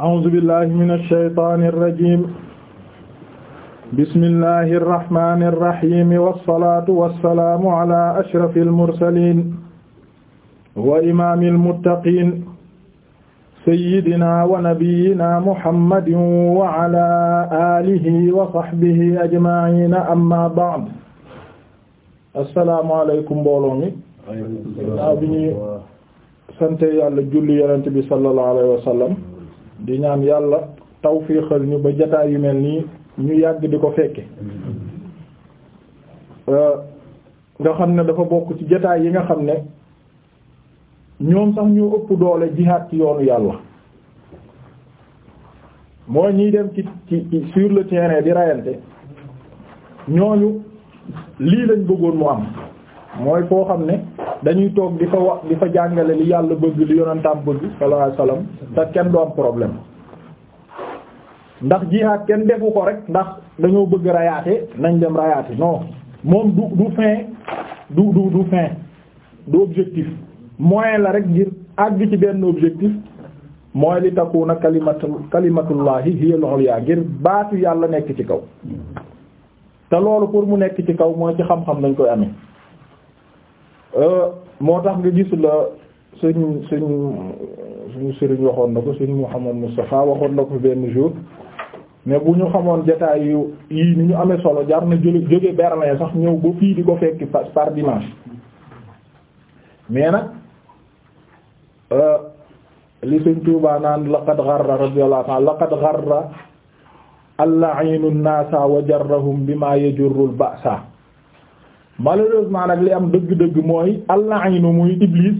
a'uuzu billaahi mina shaytaani rajiim bismillaahi rahmaani rahiim wassalaatu wassalaamu alaa ashrafil mursaliin wa imaamil muttaqiin sayyidinaa wa nabiyyinaa muhammadin wa alaa aalihi wa sahbihi ajma'iin ammaa ba'd. assalaamu aleykum mbooloo mi. waaleykum salaam bi ñu sant yàlla julli yonent bi sallallaahu alayhi wa sallam. di ñaan yàlla taw tawfiixal ñu ba jataay yu mel nii ñu yàgg di ko fekke euh, nga xam ne dafa bokk ci jataay yi nga xam ne ñoom sax ñoo ëpp doole jihaad ci yoonu yàlla mooy ñiy dem ci ci sur le terrain di rayante ñooñu lii lañ bëggoon mu am mooy foo xam ne dañuy toog di fa wax di fa jàngale li yàlla bëgg li yonentam bëgg sallallahu alayhi wasallam kenn doon am problème ndax jihaad kenn defu ko rek ndax dañoo bëgg rayaate nañ dem rayaate non moom du du fin du du fin du objectif moyen la rek ngir àgg ci benn objectif mooy li takuna kalimatu kalimatullahi hiya al-ulya ngir baatu yàlla nekk ci kaw te loolu pour mu nekk ci kaw mooy ci xam-xam lañ koy amee Euh, moo tax nga gis la sëñ sëñ suñu sëriñ waxoon na ko sëñ Mouhamad Moustapha waxoon na ko benn jour mais bu ñu xamoon jotaay yu yii ni ñu amee solo jar na jël jóge Berlin sax ñëw ba fii di ko fekki par dimanche mais euh, li sëñ Touba naan laqad gharra radiyallahu ta'ala laqad gharra al-la'inu an-nasa wa jarrahum bima yajurru al-ba'sa malheureusement nag li am dëgg-dëgg mooy al-la'inu muy iblis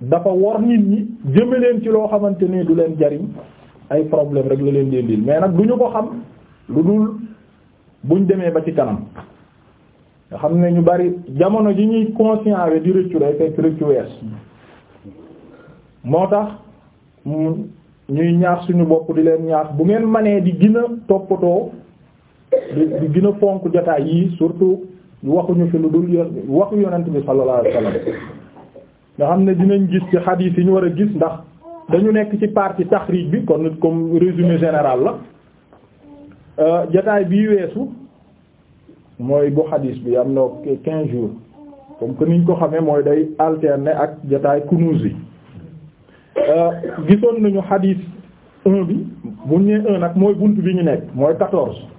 dafa wor nit ñi jëme leen ci loo xamante ni du leen jariñ ay problème rek la leen di indil mais nag du ñu ko xam lu dul buñ demee ba ci kanam nga xam ne ñu bari jamono ji ñuy conscient we di rëccu day fekk rëccu wees moo tax ñuy ñaax suñu bopp di leen ñaar bu ngeen manee di gën a toppatoo di gën a fonk jotaay yi surtout waxuñu fi lu dul yo waxu yonent bi sallallahu alayhi wasallam nga ne dinañ gis ci xadiis yi ñu war a gis ndax dañu nekk ci partie taxriij bi kon comme résumé général la euh, jataay bii weesu mooy bu xadiis bi am na quinze jours comme que niñ ko xamee mooy day alterner ak jataay kunuz yi euh, gisoon nañu xadiis un bi bu ñu nee un nag mooy bunt bi ñu nekk mooy quatorze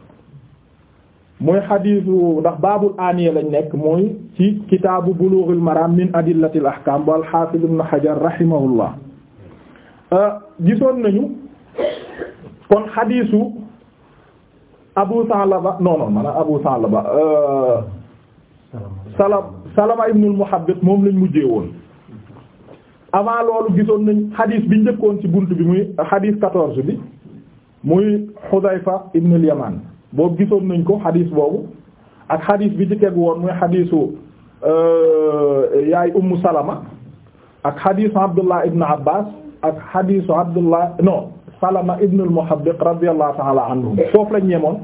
mooy xadiisu ndax baabul aaniya lañ nekk mooy ci kitaabu bulughul maram min adillatil ahkam wal hafiz ibn hajar rahimahullah euh, gisoon nañu kon xadiisu abu salaba non non abu salaba euh, salama ibnul muhabbit moom lañ mujjee woon avant loolu gisoon nañ xadiis bi njëkkoon ci bunt bi muy xadiis quatorze bi muy xudayfa ibnul yaman boo gisoon nañ ko xadis boobu ak xadis bi ci teg woon muy xadisu euh, yaay ummu salama ak xadisu abdullah ibn abbas ak xadisu abdullah no salama ibn al-muhabbiq radiyallahu ta'ala anhum foofu lañ ñemoon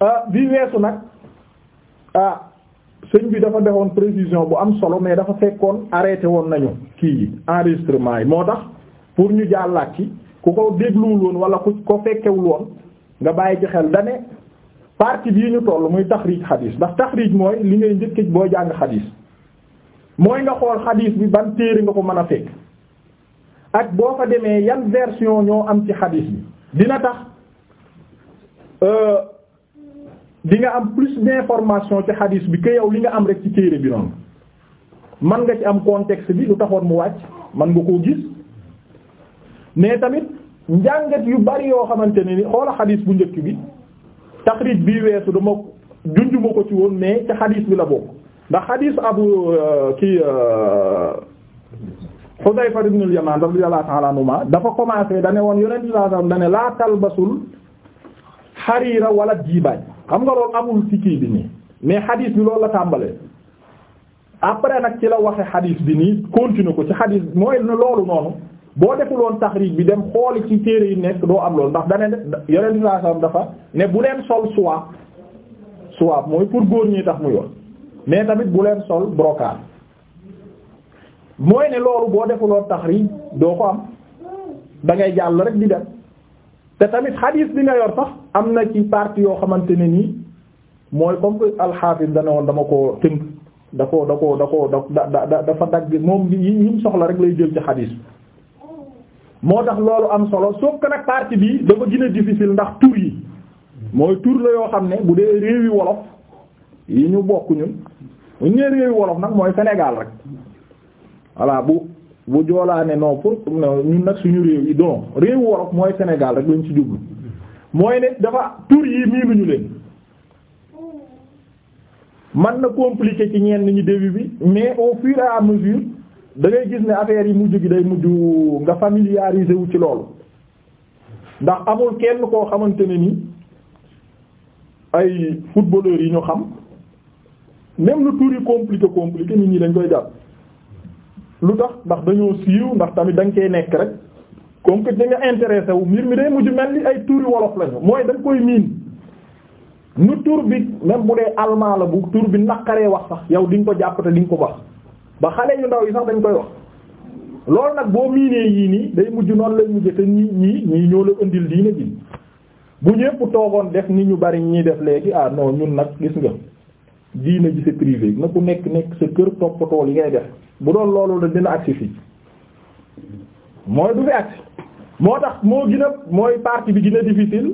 euh, bi weesu nag ah sëñ bi dafa defoon précision bu am solo mais dafa fekkoon arrêté woon nañu kii yi enregistrement moo tax pour ñu jàllaat ci ku ko dégluwul woon wala ku ko fekkewul woon nga bàyyi ci xel dane parti bii ñu toll muy tax taxriij xadiis ndax taxriij mooy li ngay njëkk boo jàng xadiis mooy nga xool xadiis bi ban téere nga ko mën a fekk ak boo fa demee yan version ñoo am ci xadiis bi dina tax euh, di nga am plus d'information ci xadiis bi que yow li nga am rek ci téere bi noonu man nga ci am contexte bi lu taxoon mu wàcc man nga koo gis mais tamit njàngat yu bari yoo xamante ne ni xoola xadiis bu njëkk bi taxrij bii weesu dama junjuma ko ci woon mais ci xadiis bi la bokk ndax xadiis abu euh, kii Xudayfa euh, ibn al-Yaman radiyallahu ta'ala anhuma dafa commencé da ne woon yonent sallallahu alayhi wasallam da ne laa talbasul xariira wala jibaaj xam nga loolu amul ci kii bi nii mais xadiis bi loolu la tàmbalee après nag ci la waxe xadiis bi nii continuer ko ci xadiis mooy ne loolu noonu boo defuloon taxriij bi dem xooli ci téere yi nekk doo am loolu ndax da ne yonent bi sallam dafa ne bu leen sol soie soie mooy pour góor ñi tax mu yoon mais tamit bu leen sol brocart mooy ne loolu boo defuloon taxriij doo ko am dangay jàll rek di dem te tamit xadiis bi nga yor sax am na ci partie yoo xamante ne nii mooy comme que alxaafis dana woon dama ko tënk da ko da ko da ko da da dafa dagg moom yi mu soxla rek lay jël ci xadiis moo tax loolu am solo sauf que nag partie bi dafa gën a ndax tur yi mooy tur la yoo xam ne bu dee réewi wolof yi ñu bokk ñun ñu nee réewi wolof nag mooy senegal rek voilà bu bu joolaa ne pour pour ñun nag suñu réew yi don réewi wolof mooy Sénégal rek lañ ci jublu mooy ne dafa tur yi miinuñu leen mën na compliquer ci ñenn ñi début bi mais au fur et à mesure. da ngay gis ne affaire yi mujj gi day mujj nga familiarisé wu ci loolu ndax amul kenn koo xamante ne nii ay footballeurs yi ñu xam même lu tur yi compliqué compliqué nit ñi dañ koy jàpp lu tax ndax dañoo siiw ndax tamit da koy nekk rek comme que da nga intéressé wu mbir mi day mujj mel ni ay turi wolof lañu mooy da koy miin nu tur bi même bu dee allemand la bu tur bi naqaree wax sax yow di nga ko jàpp te di ko wax. ba xale ñu ndaw yi sax dañ koy wax loolu nag boo miinee yii nii day mujj noonu lay mujj te ñii ñii ñuy ñoo la indil diina bi bu ñëpp toogoon def ni ñu bari ñii def léegi ah no ñun nag gis nga diina ji c'est privé na ku nekk nekk sa kër toppatoo li ngay def bu doon loolu la dina agsi fii mooy du fi agsi moo tax moo gën a mooy partie bi gën a difficile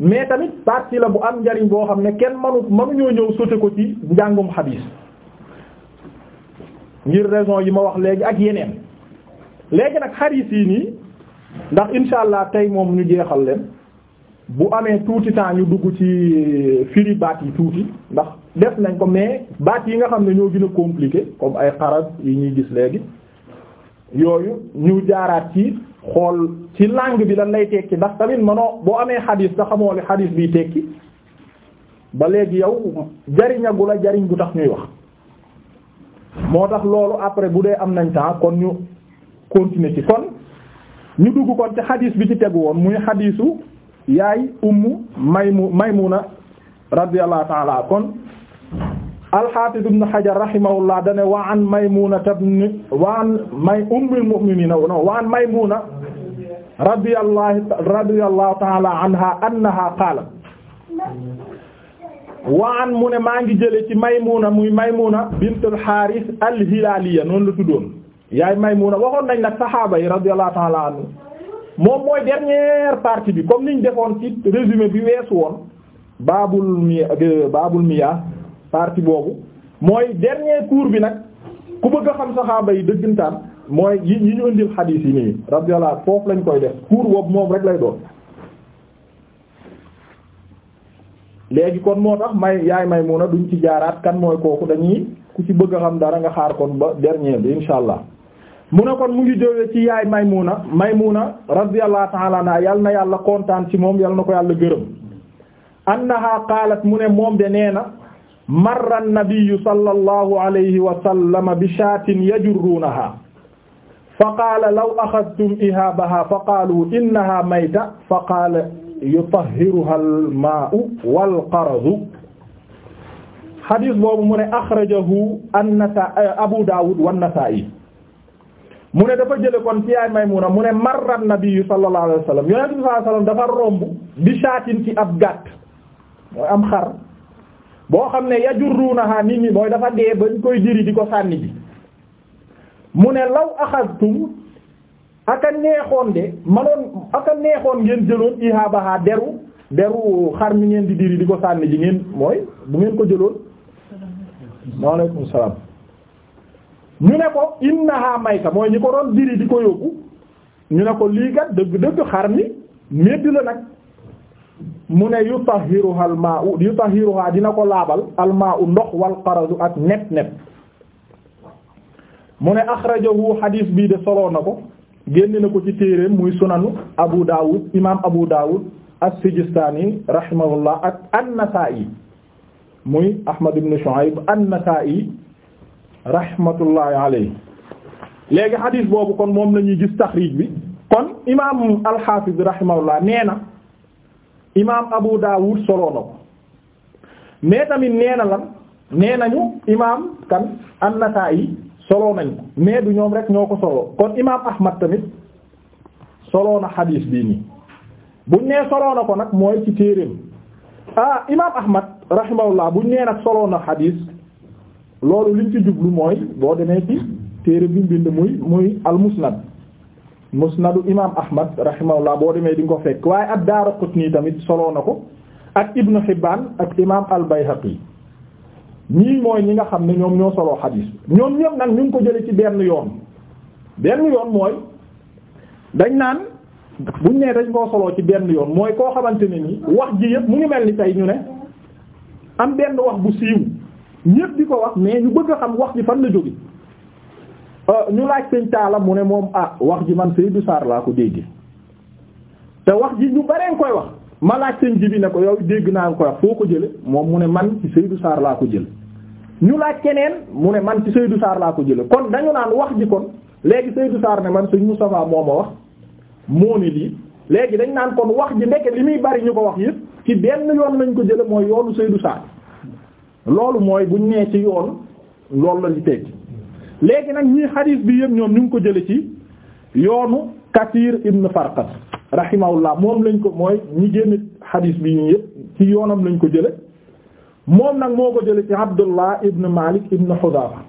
mais tamit partie la bu am njariñ boo xam ne kenn manu manuñoo ñëw sote ko ci njàngum xadiis ngir raison yi ma wax léegi ak yeneen léegi nag xarit yi nii ndax insha allah tey moom ñu jeexal leen bu amee tuuti temps ñu dugg ci firi baat yi tuuti ndax def nañ ko mais baat yi nga xam ne ñoo gën a compliqué comme ay xarab yi ñuy gis léegi yooyu ñu jaaraat ci xool ci langue bi lan lay tekki ndax tamit manoo boo amee xadis da xamoo li xadis biy tekki ba léegi yow jariñagu la jariñ bu tax ñuy wax moo tax loolu après bu dee am nañ temps kon ñu continuer ci kon ñu dugg kon ci xadiis bi ci tegu woon muy xadiisu yaay ummu maymu maymuna radiyallahu ta'ala kon al-Hafiz ibn Hajar rahimahullah dane wa an maymuna ibn wa an may ummul mu'minina wa an maymuna radiyallahu radiyallahu ta'ala anha annaha qaala waan mu ne maa ngi jële ci maymuna muy maymuna bintul xaaris alhilaliya noonu la tuddoon yaay maymuna waxoon nañ nag saxaaba yi radiyallahu ta'ala anhu moom mooy dernière partie bi comme niñ defoon ci résumé bi weesu woon baabul mi baabul miyaa partie boobu mooy dernier cours bi nag ku bëgg a xam saxaaba yi dëggantaan mooy yi ñu indil xadiis yi nii radiyallahu foofu lañ koy def cours boobu moom rek lay doon léegi kon moo tax may yaay Maymuna duñ ci jaaraat kan mooy kooku dañuy ku ci bëgg a xam dara nga xaar kon ba dernier bi insha allah mu ne kon mu ngi jóge ci yaay Maymuna Maymuna radiyallahu ta'ala yal na yàlla kontaan ci moom yal na ko yàlla gërëm annaha qaalat mu ne moom de nee na marra an-nabiyyu sallallahu alayhi wa sallam bi shaatin yajurruunaha fa qaala law axadtum ihaabaha fa qaalu innaha mayta fa qaala yutahhiruha al-maa'u wal-qaradu xadis boobu mu ne axrajahu an-Nasa eh, Abu Dawud wan-Nasa'i mu ne dafa jële kon ci Maymuna mu ne marra an-nabi sallallahu alayhi wa sallam yonent bi sallallahu alayhi dafa romb bi shaatin ci ab gàtt mooy am xar boo xam ne yajurruunaha nit ñi mooy dafa dee bañ koy jëri di ko sànni ji mu ne law axadtum aka neexoon de manoon aka neexoon ngeen jëloon ihaabaha deru deru xar mi ngeen di diri di ko sànni ji ngeen mooy bu ngeen ko jëloon waaleykum salaam ñu ne ko innaha mayta mooy ñi ko doon diri di ko yóbbu ñu ne ko lii kat dëgg dëgg xar mi métti la nag mu ne yutahiruha al ma'u yutahiruha dina ko laabal al ma'u ndox wal qarazu ak net net mu ne akhrajahu hadis bii de soloo na ko génne na ko ci téereem muy sunanu Abu Dawud imaam Abu Dawud as-Sijistani rahimahullah ak an-Nasa'i muy Ahmad ibn Shu'ayb an-Nasa'i rahmatullahi alayhi léegi xadiis boobu kon moom lañuy ñuy gis taxriij bi kon imaam al-Hafiz rahimahullah nee na imaam Abu Dawud solo na ko mais tamit nee na lan nee nañu imaam kan an-Nasa'i soloo nañ mais du ñoom rek ñoo ko soloo kon imaam Ahmad tamit soloo na xadiis bii nii buñ nee soloo na ko nag mooy ci téereem ah imaam Ahmad rahimahullah buñ nee nag soloo na xadiis loolu liñ ci jublu mooy boo demee ci téere bi mu bind muy muy al musnad musnadu imaam Ahmad rahimahullah boo demee di nga ko fekk waaye ad-Daaraqutni tamit soloo na ko ak Ibn Hibbaan ak imaam al Bayhaqi ñii mooy ñi nga xam ne ñoom ñoo soloo xadiis bi ñoom ñoom nag ñu ngi ko jële ci benn yoon benn yoon mooy dañ naan buñ nee dañ koo soloo ci benn yoon mooy koo xamante ne ni wax ji yëpp mu ngi mel ni tey ñu ne am benn wax bu siiw ñëpp di ko wax mais ñu bëgg a xam wax ji fan la jóge euh, ñu laaj sëñ taala mu ne moom ah wax ji man Seydou Sarr laa ko déggee te wax ji ñu bareen koy wax ma laaj sëñ ji ne ko yow dégg naa ko wax foo ko jële moom mu ne man ci Seydou Sarr laa ko jële ñu laaj keneen mu ne man ci Seydou saar laa ko jële kon dañu naan wax ji kon léegi Seydou saar ne man sëñ Moustapha moo ma wax moo ne lii léegi dañ naan kon wax ji ndeke li muy bari ñu ko wax yëpp ki benn yoon lañ ko jële mooy yoonu Seydou Sarr loolu mooy buñ nee ci yoon lool la di teg léegi nag ñii xadiis bi yëpp ñoom ñu ngi ko jële ci yoonu Kathir ibn Farqat rahimahullah moom lañ ko mooy ñi génn xadiis bi ñu yëpp ci yoonam lañ ko jële moom nag moo ko jële ci Abdullah ibn Malik ibn Hudafa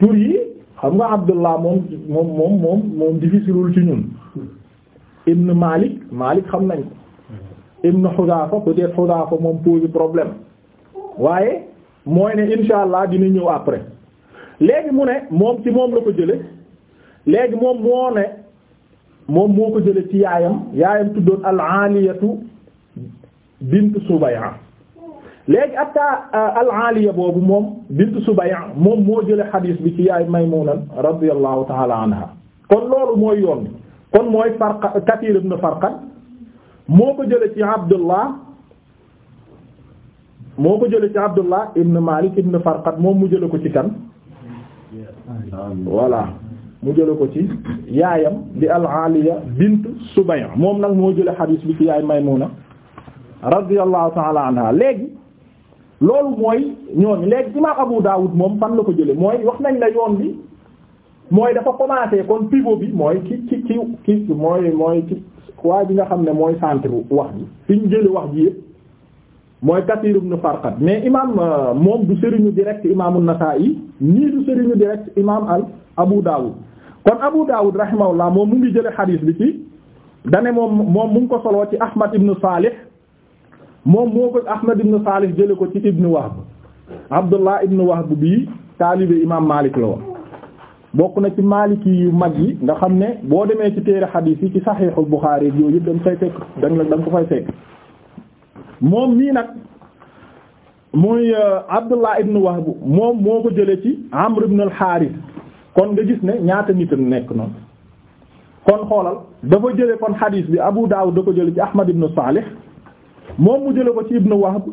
tur yi xam nga Abdullah moom moom moom moom moom difficile ci ñun ibn Malik Malik xam nañ ko ibn Hudafa peut-être Hudafa moom pose problème waaye mooy ne insha allah dina ñëw après léegi mu ne moom ci moom la ko jële léegi moom moo ne moom moo ko jële ci yaayam yaayam tuddoon al-Aliyatu bint Subay'a léegi atta euh, al-Aliya boobu moom bint Subay'a moom moo jële xadiis bi ci yaay Maymuna radiyallahu ta'ala anha kon loolu mooy yoon kon mooy Farqa Kathir ibn Farqad moo ko jële ci Abdullah moo ko jële ci Abdullah ibn Malik ibn Farqad moom mu jële ko ci kan voilà mu jële ko ci yaayam di al-Aliya bint Subay moom nag moo jële xadiis bi ci yaay Maymuna radiyallahu ta'ala anha léegi loolu mooy ñooñu léegi imaam Abu Dawud moom fan la ko jële mooy wax nañ la yoon bi mooy dafa commencé kon pivot bi mooy ki ki ki ki mooy mooy ki waa bi nga xam ne mooy centre wax bi fi ñu jële wax bi yëpp mooy Kathir ibn Farqad mais imam euh, moom du sëriñu direct imaamu Nasaa'i nii du sëriñu direct imam al Abu Dawud kon Abu Dawud rahimahullah moom mu ngi jële xadiis bi ci dane moom moom mu ngi ko soloo ci Ahmad ibn Salih moom moo ko Ahmad ibn Salih jële ko ci Ibn Wahb Abdullah ibn Wahb bii taalibe imam Malik la woon bokk na ci Maliki yu mag yi nga xam ne boo demee ci téere xadiis yi ci Sahihul Bukhari yooyu yëpp dañ fay fekk dañ la dañ ko fay fekk moom mii nag mooy euh, Abdullah ibn Wahb moom moo ko jële ci Amr ibn al-Harith kon nga gis ne ñaata nit nekk noonu kon xoolal dafa jële kon xadiis bi Abu Daawud da ko jële ci Ahmad ibn Salih moom mu jële ko ci Ibn Wahb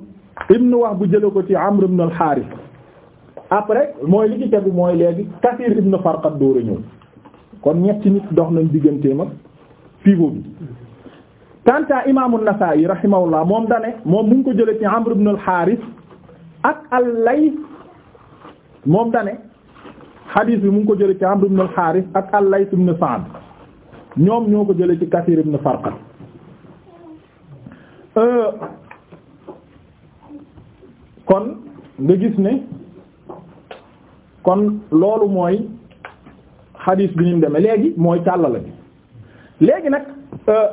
Ibn Wahb jële ko ci Amr ibn al après mooy li ci tegu mooy léegi Kathir ibn Farqad dóor a ñëw kon ñetti nit dox nañ digganteem ak pivot bi kanta imaamu Nasaa'i rahimahullah moom dane moom mu ko jële ci Amr ibn al-Harith ak al moom dane xadiis bi mu ngi ko jële ci Amr ibn al-Harith ak al-Layth ibn Sa'd ñoom ñoo ko jële ci Kathir ibn Farqad euh, kon nga gis ne kon loolu mooy xadiis bi ñu demee léegi mooy càllala bi léegi nag euh,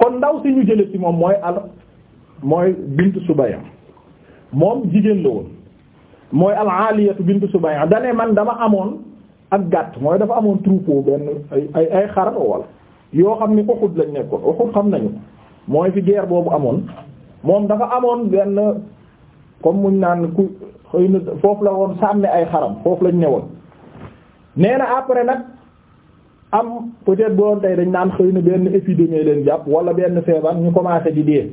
kon ndaw si ñu jële ci moom mooy al mooy bint Subaya moom jigéen la woon mooy al-Aliyatu bintu Subay'a dane man dama amoon ak gàtt mooy dafa amoon troupeau benn ay ay xar wala yoo xam ni Uhud lañ nekkoon Uhud xam nañu mooy fi guerre boobu amoon moom dafa amoon benn comme muñ naan ku xëy na foofu la woon sànni ay xaram foofu lañ newoon nee na après nag am peut-être boo tey dañ naan xëy na benn épidémie leen jàpp wala benn feebar ñu commencé di dee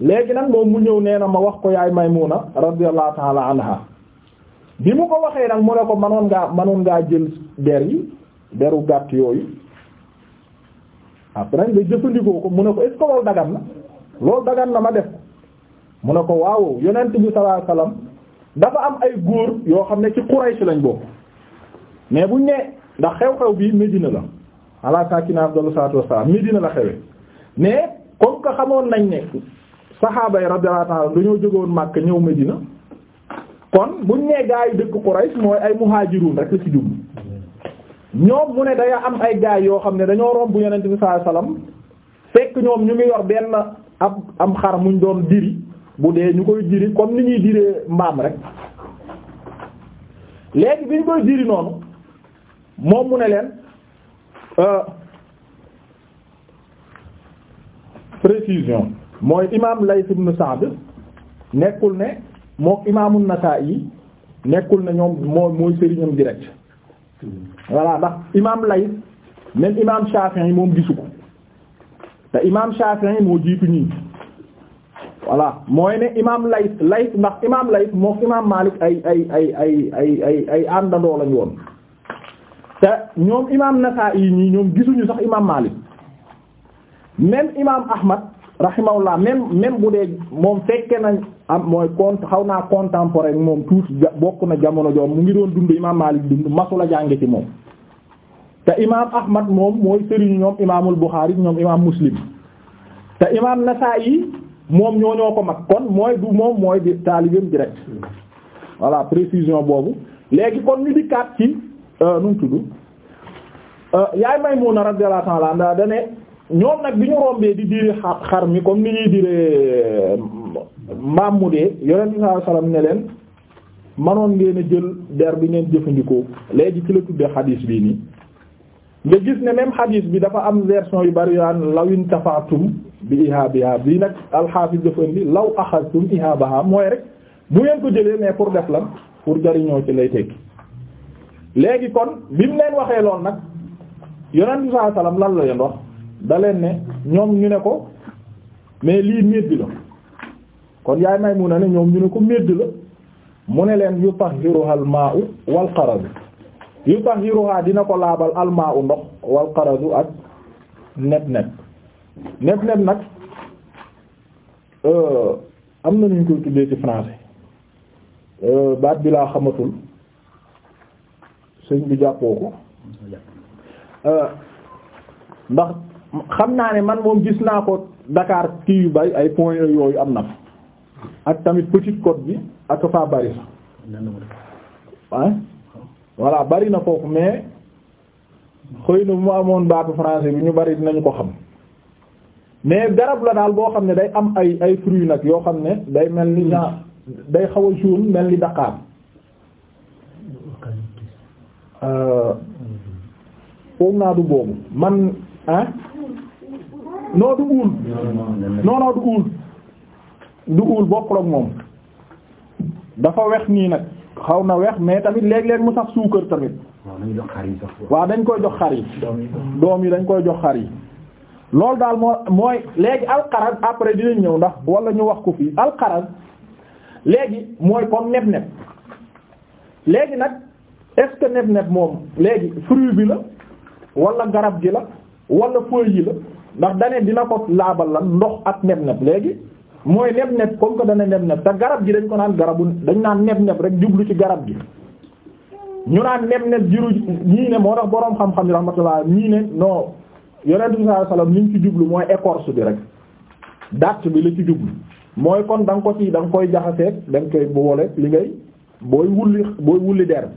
léegi nag moom mu ñëw nee na ma wax ko yaay Maymuna radiyallahu ta'ala anha bi mu ko waxee nag mu ne ko manoon ngaa manoon ngaa jël der yi deru gàtt yooyu après nga jëfandikoo ko mu ne ko est-ce que loolu dagan na loolu dagan na ma def mu ne ko waaw yonent bi sallallahu alayhi dafa am ay góor yoo xam ne ci Quraysh lañ bokk mais buñ ne ndax xew-xew bi Médina la ala sakina abdallah salatu wassalam Médina la xewee mais comme que xamoon nañ ne saxaaba yi radiyallahu anhum dañoo jógoon Makka ñëw Medina kon buñ nee gaa yu dëkk Quraysh mooy ay muhaajiruun rek la ci jublu ñoom mu ne day am ay gaa yoo xam ne dañoo romb Yonent bi sallallahu alayhi wasallam fekk ñoom ñu ngi yor benn ab am xar muñ doon diri bu dee ñu koy diri comme ni ñuy diree mbaam rek léegi bi ñu koy diri noonu moom mu ne leen euh, précision mooy imaam Layth ibn Sa'd nekkul ne moo imaamu Nasaa'i nekkul ne ñoom moo mooy sëriñam direct voilà ndax imaam Layth même imaam Shafi'i moom gisu ko imaam Shafi'i moo jiitu ñii voilà mooy ne imaam Layth Layth ndax imaam Layth mook imaam Maalik ay ay ay ay ay ay ay àndandoo lañu woon te ñoom imaam Nasaa'i ñii ñoom gisuñu sax imaam Maalik même imaam Ahmad rahimahullah même même bu dee moom fekke nañ am mooy con xaw naa contemporain moom tuuti bokk na jamono joom mu ngi doon dund imaam Maalik dund masula jànge ci moom te imaam Ahmad moom mooy sëriñ ñoom imaamul Buxaari ñoom imaam Muslim te imaam Nasaa'i moom ñoo ko mag kon mooy du moom mooy di taalibeem direct voilà précision boobu léegi kon ñu di kaat ci euh, nu mu tudd euh, yaay Maymuna radiyallahu ta'ala anha dane ñoom nag bi ñu rombee di diire xar mi comme ni ñuy diire mbaam mm, mu dee yonent saa salaam ne leen manoon ngeen a jël der bi ngeen jëfandikoo léegi ci la tuddee xadiis bii nii nga gis ne même xadiis bi dafa am version yu bari law lawin tafaatum bi ihaabiha bii nag alxaafis jëfandi law axastum ihaabaha mooy rek bu ngeen ko jëlee ne pour def lan pour jariñoo ci lay tekki léegi kon bi mu leen waxee lool nag yonent saa salaam lan la leen wax da ne ñoom ñu ne ko mais lii médd la kon yaay Maymuna ne ñoom ñu ne ko médd la mu ne leen yutahhiruha al-maa'u wal qaradu yutahhiruha dina ko laabal al-maa'u ndox wal qaradu ak neb-neb neb-neb nag euh, am na ñu koy tuddee ci français euh, baat bi laa xamatul sëñ bi jàppoo ko euh, ndax xam naa ne man moom gis naa ko Dakar kii yu bay ay point yooyu am na ak tamit Petite Côte bi ak fa bari sax ah voilà bari na foofu mais xoy na mu amoon baatu français bi ñu bari dinañu ko xam mais garab la daal boo xam ne day am ay ay fruits nag yoo xam ne day mel ni na day xaw a mel ni Dakar euh, foog naa du boobu man ah. non du uul non non du uul du uul bokkul ak moom dafa weex nii nag xaw na weex mais tamit léeg leen mu sax suukar tamit waaw dañ koy jox xar yi doom yi dañ koy jox xar yi loolu daal moo mooy léegi alxaraz après dinañ ñëw ndax wala ñu wax ko fii alxaraz léegi mooy comme neb-neb léegi nag est-ce que neb-neb moom léegi fruit bi la walla garab gi la wala feuille yi la ndax dane dina ko laabal la ndox ak neb-neb léegi mooy neb-neb comme que dana neb-neb te garab gi dañ ko naan garabu dañ naan neb-neb rek jublu ci garab gi ñu naan neb-neb jiru ñii ne moo tax boroom xam-xam ni rahmatullah ñii ne non yonente bi sallallahu alayhi wasallam ci jublu mooy écorce bi rek date bi la ci jublu mooy kon da nga ko ci da koy jaxaseeg da nga koy boole li ngay booy wulli booy wulli der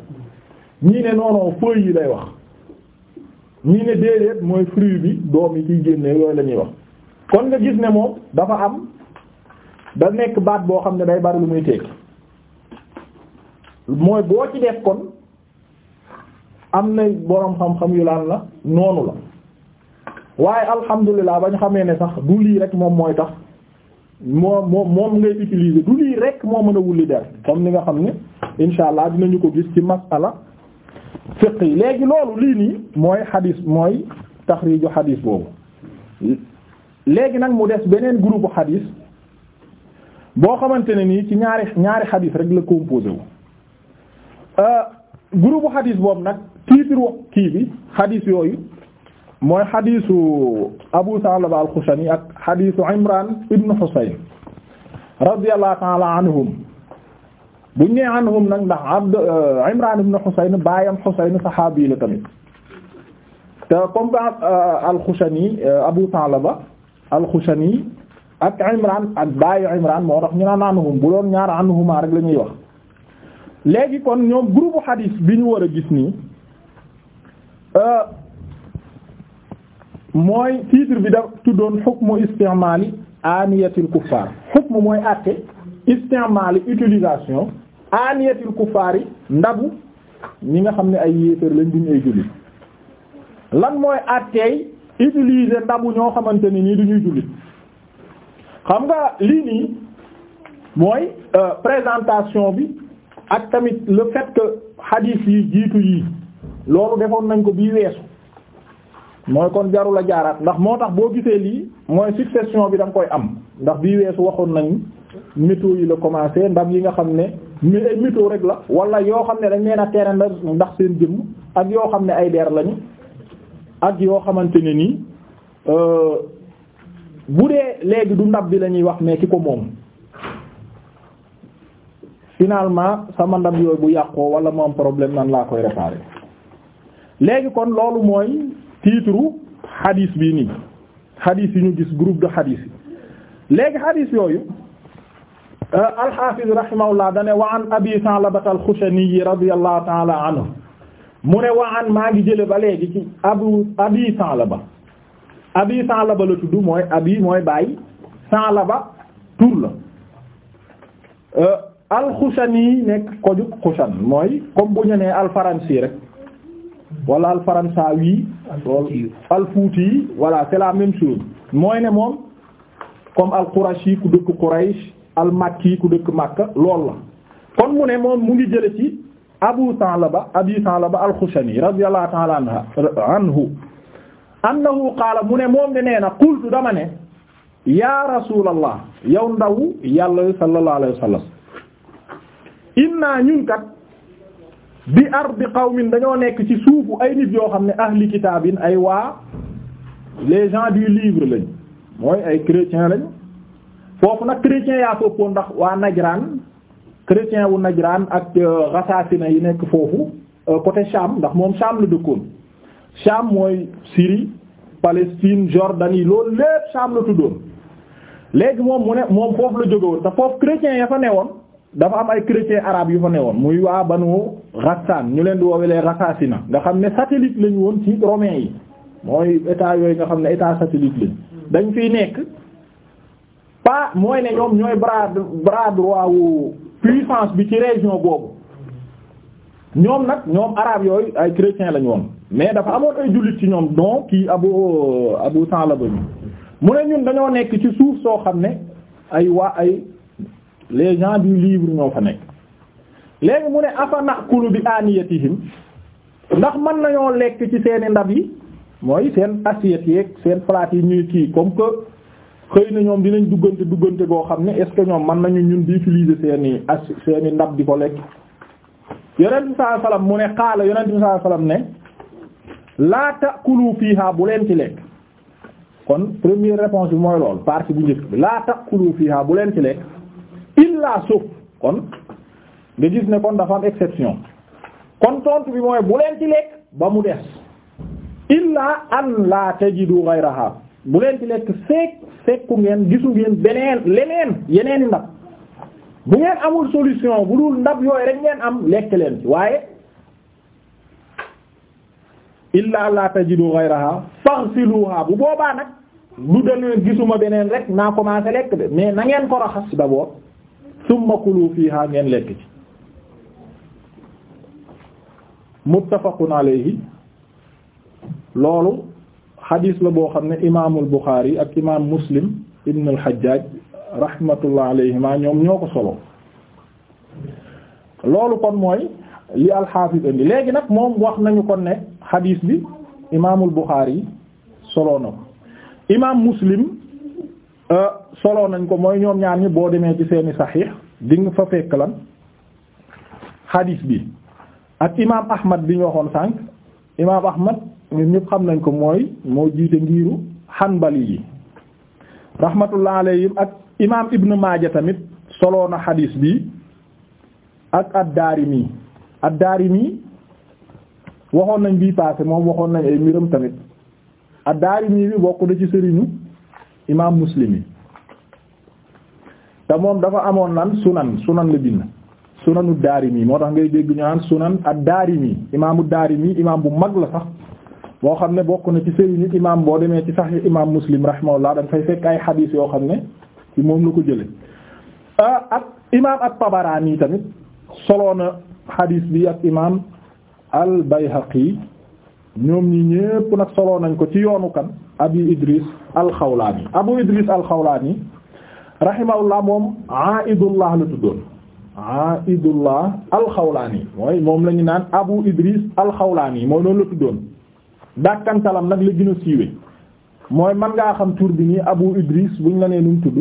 ñii ne non non yi lay wax ñii ne déedéet mooy fruit bi doom yi ciy génne yooyu la ñuy wax kon nga gis ne moom dafa am da nekk baat boo xam ne day bari lu muy tekki mooy boo ci def kon am na boroom xam-xam yu laan la noonu la waaye alhamdulilah ba ñu xamee ne sax du lii rek moom mooy tax moom moom moom ngay utiliser du lii rek moo mën a wulli der comme ni nga xam ne incha dina ñu ko gis ci masala fiq yi léegi loolu lii nii mooy xadis mooy taxriiju xadis boobu léegi nag mu des beneen groupe xadis boo xamante ne nii ci ñaari ñaari xadis rek la composé wu euh, groupe boobu nag titre kii bi xadis yooyu mooy xadisu Abu Sa'laba al-Xushani ak xadisu Imran ibn Husayn radiyallahu ta'ala anhum buñ nee anhum nag ndax Abd euh, Imran ibn Husayn baayam Husayn saxaabi la tamit te comme que euh, al-Khushani euh, Abu Talaba al-Khushani ak Imran ak baayu Imran moo tax ñu naan anhum bu doon ñaar anhuma rek la ñuy wax. léegi kon ñoom groupe hadis bi ñu war a gis nii mooy titre bi da tuddoon hukmu istimaali aniyatil kuffaar hukmu mooy àtte istimaali utilisation. aniyatil kufaari ndabu ñi nga xam ne ay yéeféer lañ duñ ay jullit lan mooy àtteey utiliser ndabu ñoo xamante ni nii duñuy jullit xam nga lii nii mooy euh, présentation bi ak tamit le fait que hadith yi jiitu yi loolu defoon nañ ko bii weesu mooy kon jarul a jaaraat ndax moo tax boo gisee lii mooy succession bi da koy am ndax bii weesu waxoon nañ météo yi la commencé ndam yi nga xam ne mi ay météo rek la wala yoo xam ne dañ leen a tere ndax seen jëmm ak yoo xam ne ay der lañu ak yoo xamante ne nii euh, bu dee léegi du ndab bi la ñuy wax mais ki ko moom finalement sama ndab yooyu bu yàqoo wala mu am problème laa koy réparer léegi kon loolu mooy titre hadith bii nii hadith yi ñu gis groupe de hadith yi léegi hadith yooyu. Euh, alxaafiz rahimahullah dane wa an abi Sa'labata al-Xushani radiyallahu ta'ala anhu mu ne wa an maa ngi jële ba léegi ci abu abi Sa'laba abi Sa'laba la tudd mooy abi mooy bàyyi Sa'laba tur la euh, al-Xushani nekk koju Xushan mooy comme bu ñu nee rek wala al-Faransawi loolu al-Fuuti mooy ne moom comme al ku dëkk Quraysh al-Makki ku dëkk Makka lool la kon mu ne moom mu ngi jële ci Abu Salaba Abi Salaba al-Khushani radiyallahu ta'ala anhu annahu qaala mu ne moom de nee na qultu dama ne ya rasulallah yow ndaw yàlla sallallahu alayhi wa sallam inna ñun kat bi ardi qawmin dañoo nekk ci suufu ay nit yoo xam ne ahli kitaabin ay waa les gens du livre lañ mooy ay chrétiens lañ foofu nag chrétiens yaa fëppoon ndax waa Najran chrétien wu Najran ak Ghassaasina euh, yi nekk foofu euh, côté Sham ndax moom Sham la dëkkoon Sham mooy Syrie Palestine Jordanie loolu lépp Sham la tuddoon léegi moom mu ne moom foofu la jóge woon te foofu chrétiens ya fa woon dafa am ay chrétiens arabes yu fa woon muy waa ba Banu Ghassan ñu leen di woowelee Ghassaasina nga xam ne satellite lañu woon ci romains yi mooy état yooyu nga xam ne état satellite lañu dañ fiy nekk pas mooy ne ñoom ñooy bras bras droit wu puissance bi ci région boobu ñoom nag ñoom arabe yooyu ay chrétiens lañu woon mais dafa amoon ay jullit ci ñoom don kii abu abu Salaba ñu mu ne ñun dañoo nekk ci suuf soo xam ne ay waa ay les gens du livre ñoo fa nekk léegi mu ne afa naqulu bi aniyatihim ndax man nañoo lekk ci seeni ndab yi mooy seen assiette yeek seen plate yi ñuy kii comme que xëy na ñoom dinañ duggante duggante goo xam ne est ce que ñoom mën nañu ñun bi utiliser seeni as seeni ndab di ko lekk yonent bi sallallahu alayhi wasallam mu ne xaala yonent bi sallallahu alayhi wasallam ne laa ta'kulu bu leen ci lekk kon première réponse bi mooy lool partie bu njëkk bi laa ta'kulu fiha bu leen ci lekk illa suuf kon nga gis ne kon dafa am exception kon tontu bi mooy bu leen ci lekk ba mu des illa an la tajidu ghayraha bu leen ci lekk fekk fekku ngeen gisu ngeen beneen leneen yeneen ndab bu ngeen amul solution bu dul ndab yooyu rek ngeen am lekk leen ci waaye illa la tajidu ghayraha faghsiluha bu boobaa nag lu daleen gisuma beneen rek naa commencé lekk de mais na ngeen ko raxas d'abord summa kulu fiha ngeen lekk ci muttafaqun alayhi loolu xadiis la boo xam ne imaamul Buxaari ak imaam Muslim ibn al-Hajjaj rahmatullah alayhima ñoom ñoo ko solo loolu kon mooy li al indi léegi nag moom wax nañu kon ne xadiis bi imaamul Buxaari solo na ko imaam Muslim euh, solo nañ ko mooy ñoom ñaar ñi boo demee ci seeni saxiix di nga fa fekk lan xadiis bi ak imaam Ahmad bi ñu waxoon sànq imaam Ahmad. ñun ñëpp xam nañ ko mooy moo jiite ngiiru xanbali yi rahmatullah yi ak imaam Ibn Maaja tamit solo a xadiis bi ak ad-Daarimi ad-Daarimi waxoon nañ bii passé moom waxoon nañ ay mbiram tamit ad-Daarimi bi bokk na ci sëriñu imaam Muslim yi te moom dafa amoon lan sunan sunan la bind sunanu Daarimi moo tax ngay dégg ñu naan sunan ad-Daarimi Daarimi imaam bu mag la sax. boo xam ne bokk na ci sëriñu imaam boo demee ci Sahih imaam Muslim rahimahullah da nga fay fekk ay xadiis yoo xam ne ci moom la ko jële ah, ak imaam at-Tabarani tamit solo na xadiis bi ak imaam al-Bayhaqi ñoom ñi ñépp nag solo nañ ko ci yoonu kan Abi Idris al-Xawlaani Abu Idris al-Xawlaani rahimahullah moom Aidullah la tuddoon Aidullah al-Xawlaani mooy moom la ñu naan Abu Idris al-Xawlaani moo noonu la tuddoon dàkkantalam nag la gën a mooy man ngaa xam tur bi nii Abu Idris buñ la nee nu mu tudd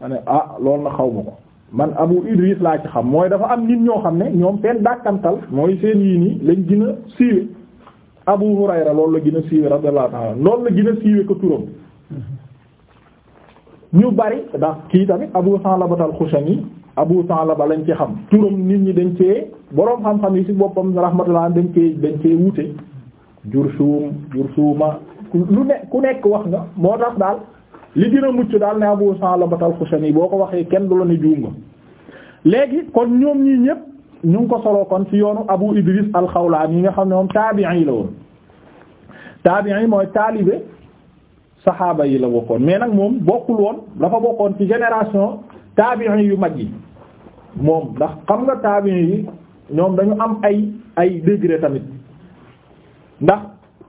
ma ne ah lool na xaw ma ko man Abu Idris laa ci xam mooy dafa am nit ñoo xam ne ñoom seen dàkkantal mooy seen yii nii lañ gën a siiwe Abu Hurayra loolu la gën a siiwe radiyallahu ta'ala loolu la gina a siiwe ko turam ñu bari ndax kii tamit Abu Salaba al-Khushani Abu Salaba lañ ci xam turam nit ñi dañ cee boroom xam-xam yi ci boppam rahmatullah dañ cee dañ cee wuute jur Jurshum Jurshuma lu nekk ku nekk wax nga moo tax daal li gën a mucc daal ne Abu Salaba al-Xushani boo ko waxee kenn du la ne juum nga léegi kon ñoom ñii ñëpp ñu ngi ko soloo kon ci yoonu Abu Idris al yi nga xam ne moom taabi'i yi la woon taabi'i mooy taalibe saxaaba yi la bokkoon mais nag moom bokkul woon dafa bokkoon ci génération taabi'i yu mag yi moom ndax xam nga taabi'i yi ñoom dañu am ay ay degré tamit ndax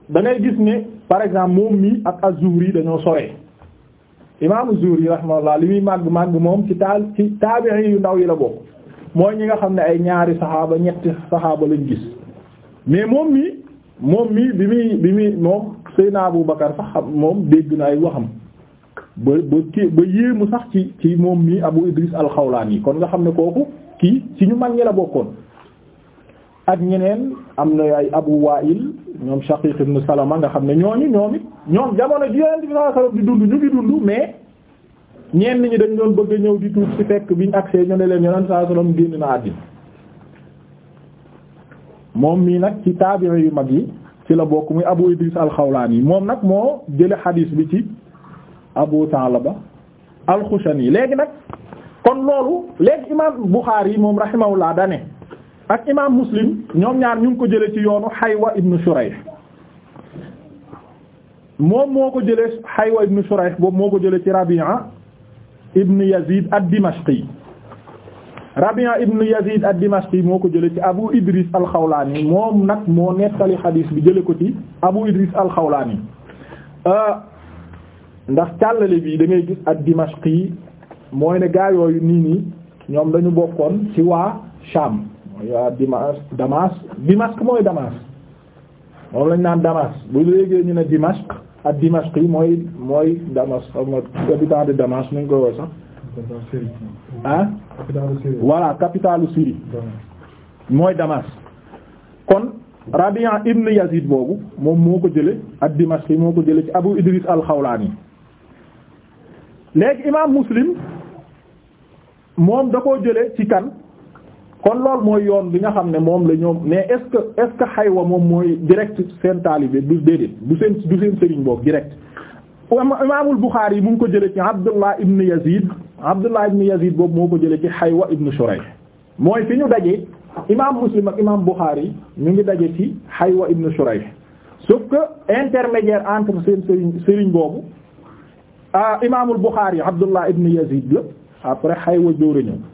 da gis ni par exemple moom mi ak az-Zuhri dañoo soree imaamu Zuhri rahimahullah li muy màgg màgg moom ci taal ci taabi'i yu ndaw yi la bokk mooy ñi nga xam ne ay ñaari saxaaba ñetti saxaaba lañ gis mais moom mi moom mi bi muy bi muy moom Seydina Abu Bakar sax moom dégg na ay waxam ba ba kii ba yéemu sax ci ci moom mii Abu Idris alxawlaan yi kon nga xam ne kooku kii ci ñu mag ñi la bokkoon ak ñeneen am na ay Abu Wa'il ñoom Shaqiq ibn Salama nga xam ne ñooñu ñoom it ñoom jamono ji Yonent bi sallallahu ñu ngi dund mais ñenn ñi dañ doon bëgg ñëw di tuub ci fekk ñu agsee ñu ne leen Yonent sallallahu alayhi wasallam génn na àddina moom mii nag ci taabi'i yu mag yi ci la bokk muy Abu Idris al-Xawlaani moom nag moo jële xadiis bi ci Abu Taalaba al-Xushani léegi nag kon loolu léegi imaam yi moom laa dane ak imaam muslim ñoom ñaar ñu ngi ko jëlee ci yoonu Haywa ibn Shurayh moom moo ko jëlee Haywa ibn Shurayh boobu moo ko jëlee ci Rabi'a ibn Yazid ad-Dimashqi Rabi'a ibn Yazid ad-Dimashqi moo ko jëlee ci Abu Idris al-Khawlani moom nag moo nettali xadiis bi jëlee ko ci Abu Idris al-Khawlani ndax càllale bi da gis ad-Dimashqi mooy ne gaa yooyu nii nii ñoom dañu bokkoon ci waa Sham. waa Dimas Damas Dimask mooy Damas moom lañ naan Damas bu léegi ñu ne Dimask ak Dimashq yi mooy mooy Damas xam nga koy wax sax. ah. capitale Syrie voilà capitale Syrie. mooy Damas. kon Rabi'a ibn Yazid moom ci Abu Idris al-Khawlani léegi imaam Muslim moom da koo jële ci kan. kon loolu mooy yoon bi nga xam ne moom la ñoom mais est-ce que est-ce que xaywa moom mooy direct seen taalibe du déedéet du seen du seen sëriñ boobu direct imaamul Buxaari yi mu ngi ko jële ci Abdullah ibn Yazid Abdullah ibn Yazid boobu moo ko jële ci xaywa ibn Shurayh mooy fi ñu dajee imaam Muslim ak imaam Buxaari ñu ngi daje ci xaywa ibn Shurayh sauf que intermédiaire entre seen sëriñ sëriñ boobu ah imaamul Buxaari Abdullah ibn Yazid la après xaywa jóor a ñëw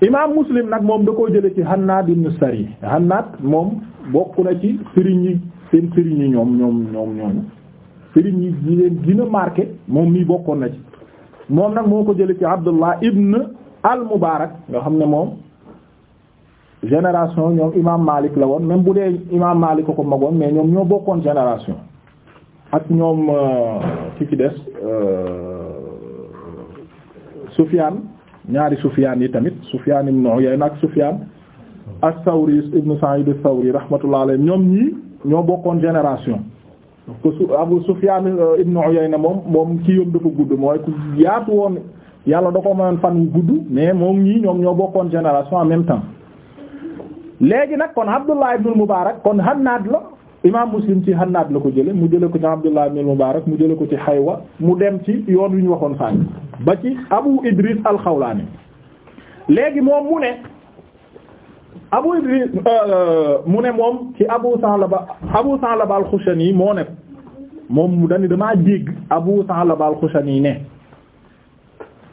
imaam muslim nag moom da koo jële ci Hannaad ibn Sari Hannaad moom bokk na ci sëriñ yi seen sëriñ yi ñoom ñoom ñoom ñoom sëriñ yi ñi leen moom mii bokkoon na ci moom nag moo ko jële ci Abdullah ibn al Mubaarak nga xam ne moom génération ñoom imaam Maalik la woon même bu dee imaam Maalik ko ko magoon mais ñoom ñoo bokkoon génération ak ñoom euh, ki ci des euh, Sufyaan ñaari Sufyaan yi tamit Sufyaan ibn Uyayna ak Sufyaan as-Sawri ibn Sa'id as-Sawri rahmatullah alayhi ñoom ñii ñoo bokkoon génération ko su Abu Sufyaan euh, ibn Uyayna moom moom ci yoon dafa gudd mooy ku yaatu woon yàlla da ko fan wu gudd mais moom ñii ñoom ñoo bokkoon génération en même temps léegi nag kon Abdullah ibn al-Mubarak kon Hannaad la imaam muslim ci Hannaad la ko jële mu jële ko ci Abdullah ibn al-Mubarak mu jële ko ci Haywa mu dem ci yoon yu ñu waxoon sànq ba ci Abu Idris al léegi moom mu ne Abu Idris euh, euh, mu ne moom ci Abu Sa'laba Abu Sa'laba al-Xushani moo ne moom mu dani dama jégg Abu Sa'laba al-Xushani ne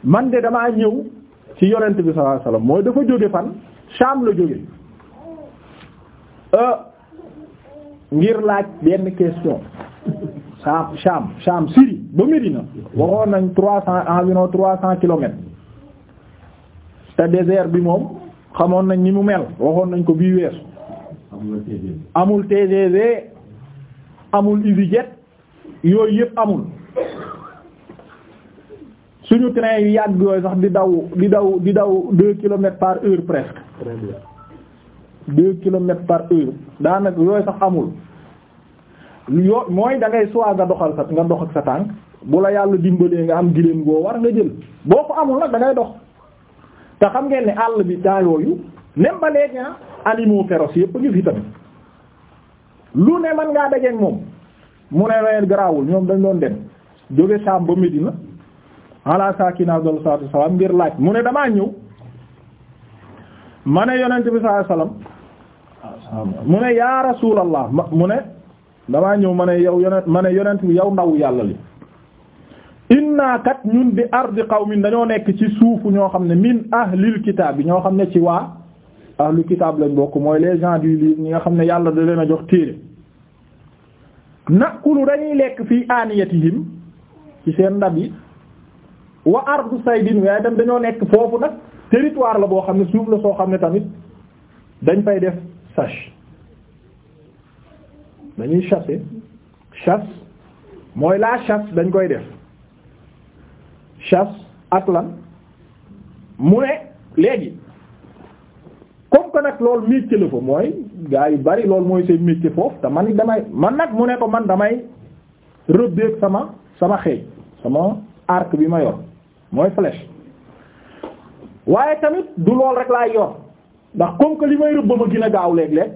man de damaa ñëw ci yonent bi sallallahu alayhi mooy dafa jóge fan Sham la jóge euh, ngir laaj benn question Saam Saam Saam Syrie ba Médina waxoon nañ trois cent environ trois cent kilomètres te désert bi moom xamoon nañ ni mu mel waxoon nañ ko bii weesu amul TGV amul EasyJet yooyu yëpp amul suñu train yu yàgg yooyu sax di daw di daw di daw deux kilomètres par heure presque deux kilomètres par heure daanaka yooyu sax amul yoo mooy da ngay soit nga doxal sa nga dox ak sa tànk bu la yàlla dimbalee nga am giléem goo war nga jël boo ko amul nag dangay dox te xam ngeen ni àll bi daa yooyu même ba léegi ah animaux féroces yëpp ñu fi lu ne man ngaa dajeeg moom mu ne nawet garaawul ñoom dañ doon dem jóge Saam ba Medina ala saakina abdal salaam ngir laaj mu ne damaa ñëw ma ne yonent bi sallallahu alayhi mu ne yaa rasuulallah mu ne damaa ñëw ma ne yow yonent ma ne yonent bi yow ndaw yàlla li inna kat ñun bi ardi qawmin dañoo nekk ci suufu ñoo xam ne min ahlil kitaab yi ñoo xam ne ci waa ahlu kitaab lañ bokk mooy les gens du livre ñi nga xam ne yàlla da leen a jox téere nakulu dañuy lekk fii aaniyatihim ci seen ndab yi wa ardu saydin waaye tam dañoo nekk foofu nag territoire la boo xam ne suuf la soo xam ne tamit dañ fay def chasse dañuy chasser chasse mooy laa chasse dañ koy def chasse ak la mu ne léegi comme que nag loolu métier la fa mooy gaa yu bari loolu mooy seen métier foofu te man damay man nag mu ne ko man damay rëbbeeg sama sama xeej sama arc bi ma yor mooy flèche waaye tamit du lool rek laa yor. ndax comme que li may rëbba ma gën a gaaw léeg-léeg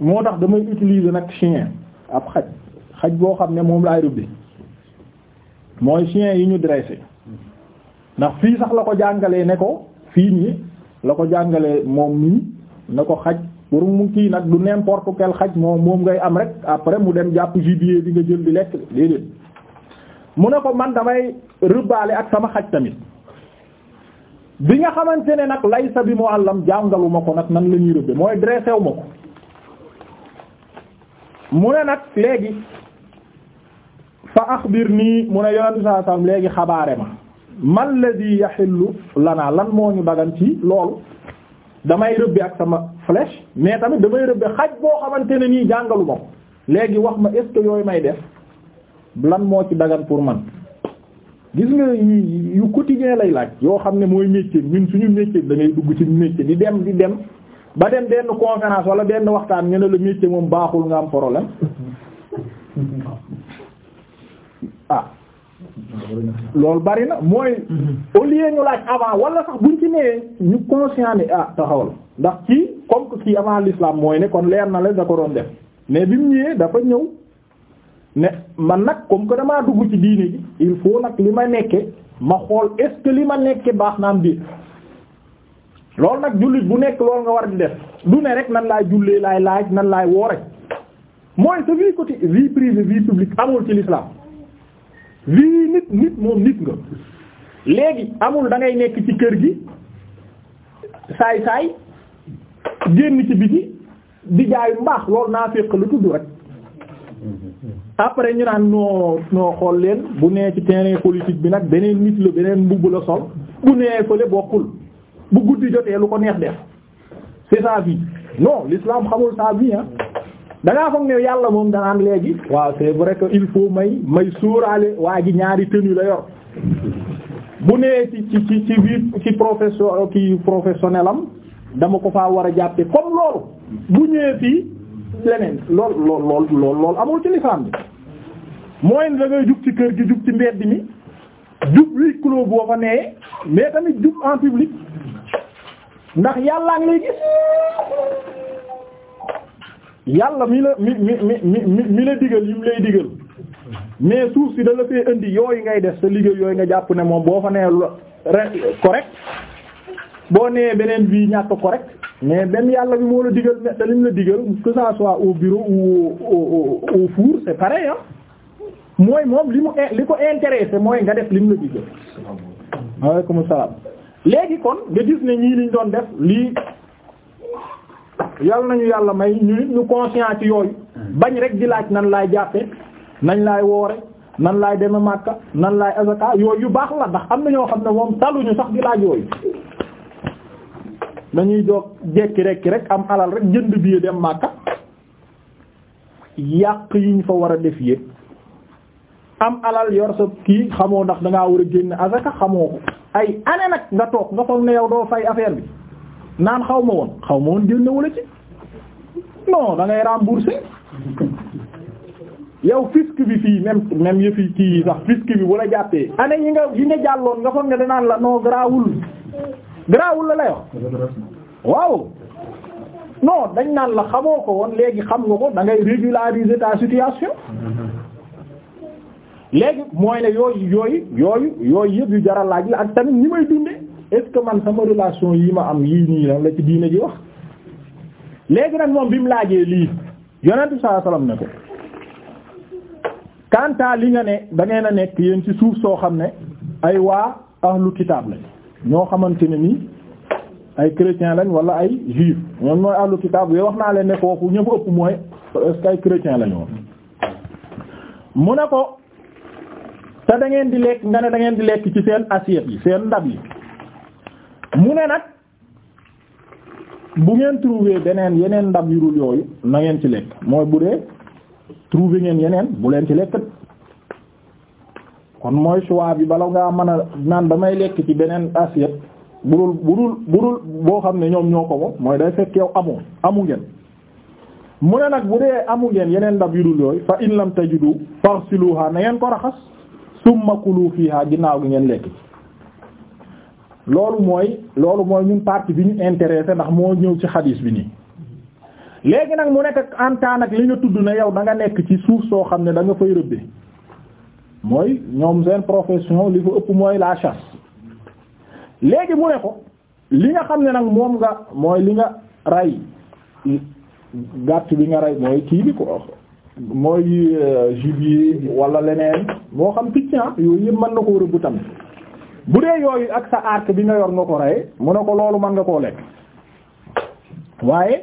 moo tax damay utiliser nag chien ab xaj xaj boo xam ne moom laay rëbbi mooy chien yi ñu dressé ndax fii sax la ko jàngalee ne ko fii nii la ko jàngale moom nii ne ko xaj pour mu kii nag du n'importe quel xaj moom moom ngay am rek après mu dem jàpp gibier bi nga jël di lekk déedéet mu ne ko man damay rëbbaale ak sama xaj tamit bi nga xamante ne nag laysa bi muallam jàngalu ma ko nag nan la ñuy rëbbe mooy dressé wu ma ko mu ne nag léegi fa axbir nii mu ne yonente saa sallam léegi xabaare ma man ladhi yaxillu lanaa lan moo ñu dagan ci loolu damay rëbbe ak sama flèche mais tamit damay rëbbe xaj boo xamante ne nii jàngalu ma ko léegi wax ma est yooyu may def lan moo ci dagan pour man gis nga yu quotidien lay laaj yoo xam ne mooy métier ñun suñu métier da ngay dugg ci métier di dem di dem ba dem benn conférence wala benn waxtaan nga ne la métier moom baaxul nga am problème ah loolu bari na mooy au lieu ñu laaj avant wala sax buñ ci nee ñu conscient ah taxawal ndax kii comme que avant l'islam mooy ne kon leer na la da ko doon def mais bi mu ñëwee dafa ñëw ne man nag comme que damaa dugg ci diine ji il faut nag li ma nekke ma xool est li ma nekke baax na am biir loolu nag jullit bu nekk loolu nga war di def du ne rek nan laay jullee laay laaj nan laay woore mooy sa vie côté vie privée vie publique amul ci l'islam vie nit nit moom nit nga léegi amul dangay nekk ci kër gi saay saay génn ci biti di jaay mbaax loolu naa féq lu tudd rek après ñu naan noo noo xool leen bu nee ci terrain politique bi nag beneen nit la beneen mbubb la sol bu nee fële bokkul bu guddi jotee lu ko neex def c'est sa vie non l'islam xamul sa vie ah da ngaa foog ne yàlla moom danaan léegi waaw c'est vrai que il faut may may sóoraale waa ji ñaari tenue la yor bu nee ci ci ci ci biir ci profession ci professionnel dama ko fa war a jàppe comme loolu bu ñëwee fii leneen lool lool lool lool lool amul ci lislaam bi mooy da ngay jug ci kër gi jug ci mbedd mi jub huis clos boo fa nee mais tamit jub en public ndax yàllaa ngi gis yàlla mi la mi mi mi mi mi la digal yim lay digal mais suuf si da la fee indi yooyu ngay def sa liggéey yooyu nga jàpp ne moom boo fa nee correct boo nee beneen bi ñàkk correct mais benn yàlla bi moo la digal mais dalim la digal que ça soit au bureau ou au au four c'est pareil mooy moom li mu li ko intéressé mooy nga def lim la digal. waaleykum salaam léegi kon nga gis ne ñii liñ doon def lii yal nañu yàlla may ñu ñu conscient ci yooyu bañ rek di laaj nan laay jàppe nañ laay woore nan laay deme Makka nan laay azaka yooyu yu baax la ndax am na ñoo xam ne moom talu ñu sax di laaj yooyu. dañuy jox jekki rek rek am alal rek jënd billet dem Makka yàq yi ñu fa war a def yépp am alal yor kii xamoo ndax danga war a génn asaka xamoo ko ay année nag nga toog nga foog ne yow doo fay affaire bi naan xaw ma woon xaw ma woon génn wala ci non da ngay rembourser yow bi fii même même yëfi kii yi sax fisc bi bu la jàppee année yi nga yi nga jàlloon nga foog ne danaan la non garaawul garaawul la lay wax waaw non dañ naan la xamoo ko woon léegi xam nga ko dangay ngay régulariser ta situation léegi mooy ne yooyu yooyu yooyu yooyu yëpp yu jar laaj la ak tamit ñi may dundee est man sama relation yi ma am yii nii lan la ci diine ji wax léegi nag moom bi mu laajee lii yonentu saa salaam ne ko quant li nga ne dangeen ngeen a nekk yéen ci suuf soo xam ne ay waa ahlu kitaab lañ ñoo xamante ne ni ay chrétien lañ wala ay juif ñoom ñooy ahlu kitaab yooyu wax naa leen ne foofu ñëpp ëpp mooy est-ce que ay chrétien lañ mu ne ko te da ngeen di lekk nga ne da ngeen di lekk ci seen assiette yi seen ndab yi mu ne nag bu ngeen trouver beneen yeneen ndab yu dul yooyu na ngeen ci lekk mooy bu dee trouver ngeen yeneen bu leen ci lekk kon mooy choix bi bala ngaa mën a naan damay lekk ci beneen assiette budul budul budul boo xam ne ñoom ñoo ko moom mooy day fekk yow amu amu ngeen mu ne nag bu dee amu ngeen yeneen ndab yu dul yooyu fa in lam si farsiluha na ngeen ko raxas summa kulu fiha ginnaaw gi ngeen lekk ci loolu mooy loolu mooy ñun partie bi ñu intéressé ndax moo ñëw ci xadiis bi nii léegi nag mu nekk ak antaan ak li nga tudd ne yow da nga nekk ci suuf soo xam ne da nga fay rëbbee mooy ñoom seen profession li ko ëpp mooy laa chasse léegi mu ne ko li nga xam ne nag moom nga mooy li nga rey gàtt bi nga rey mooy kii bi ko mooy euh, gibier wala leneen moo xam picc yooyu yëpp mën na ko rëbb tamit bu dee yooyu ak sa arc bi nga yor nga ko rey mu ne ko loolu mën nga koo lekk waaye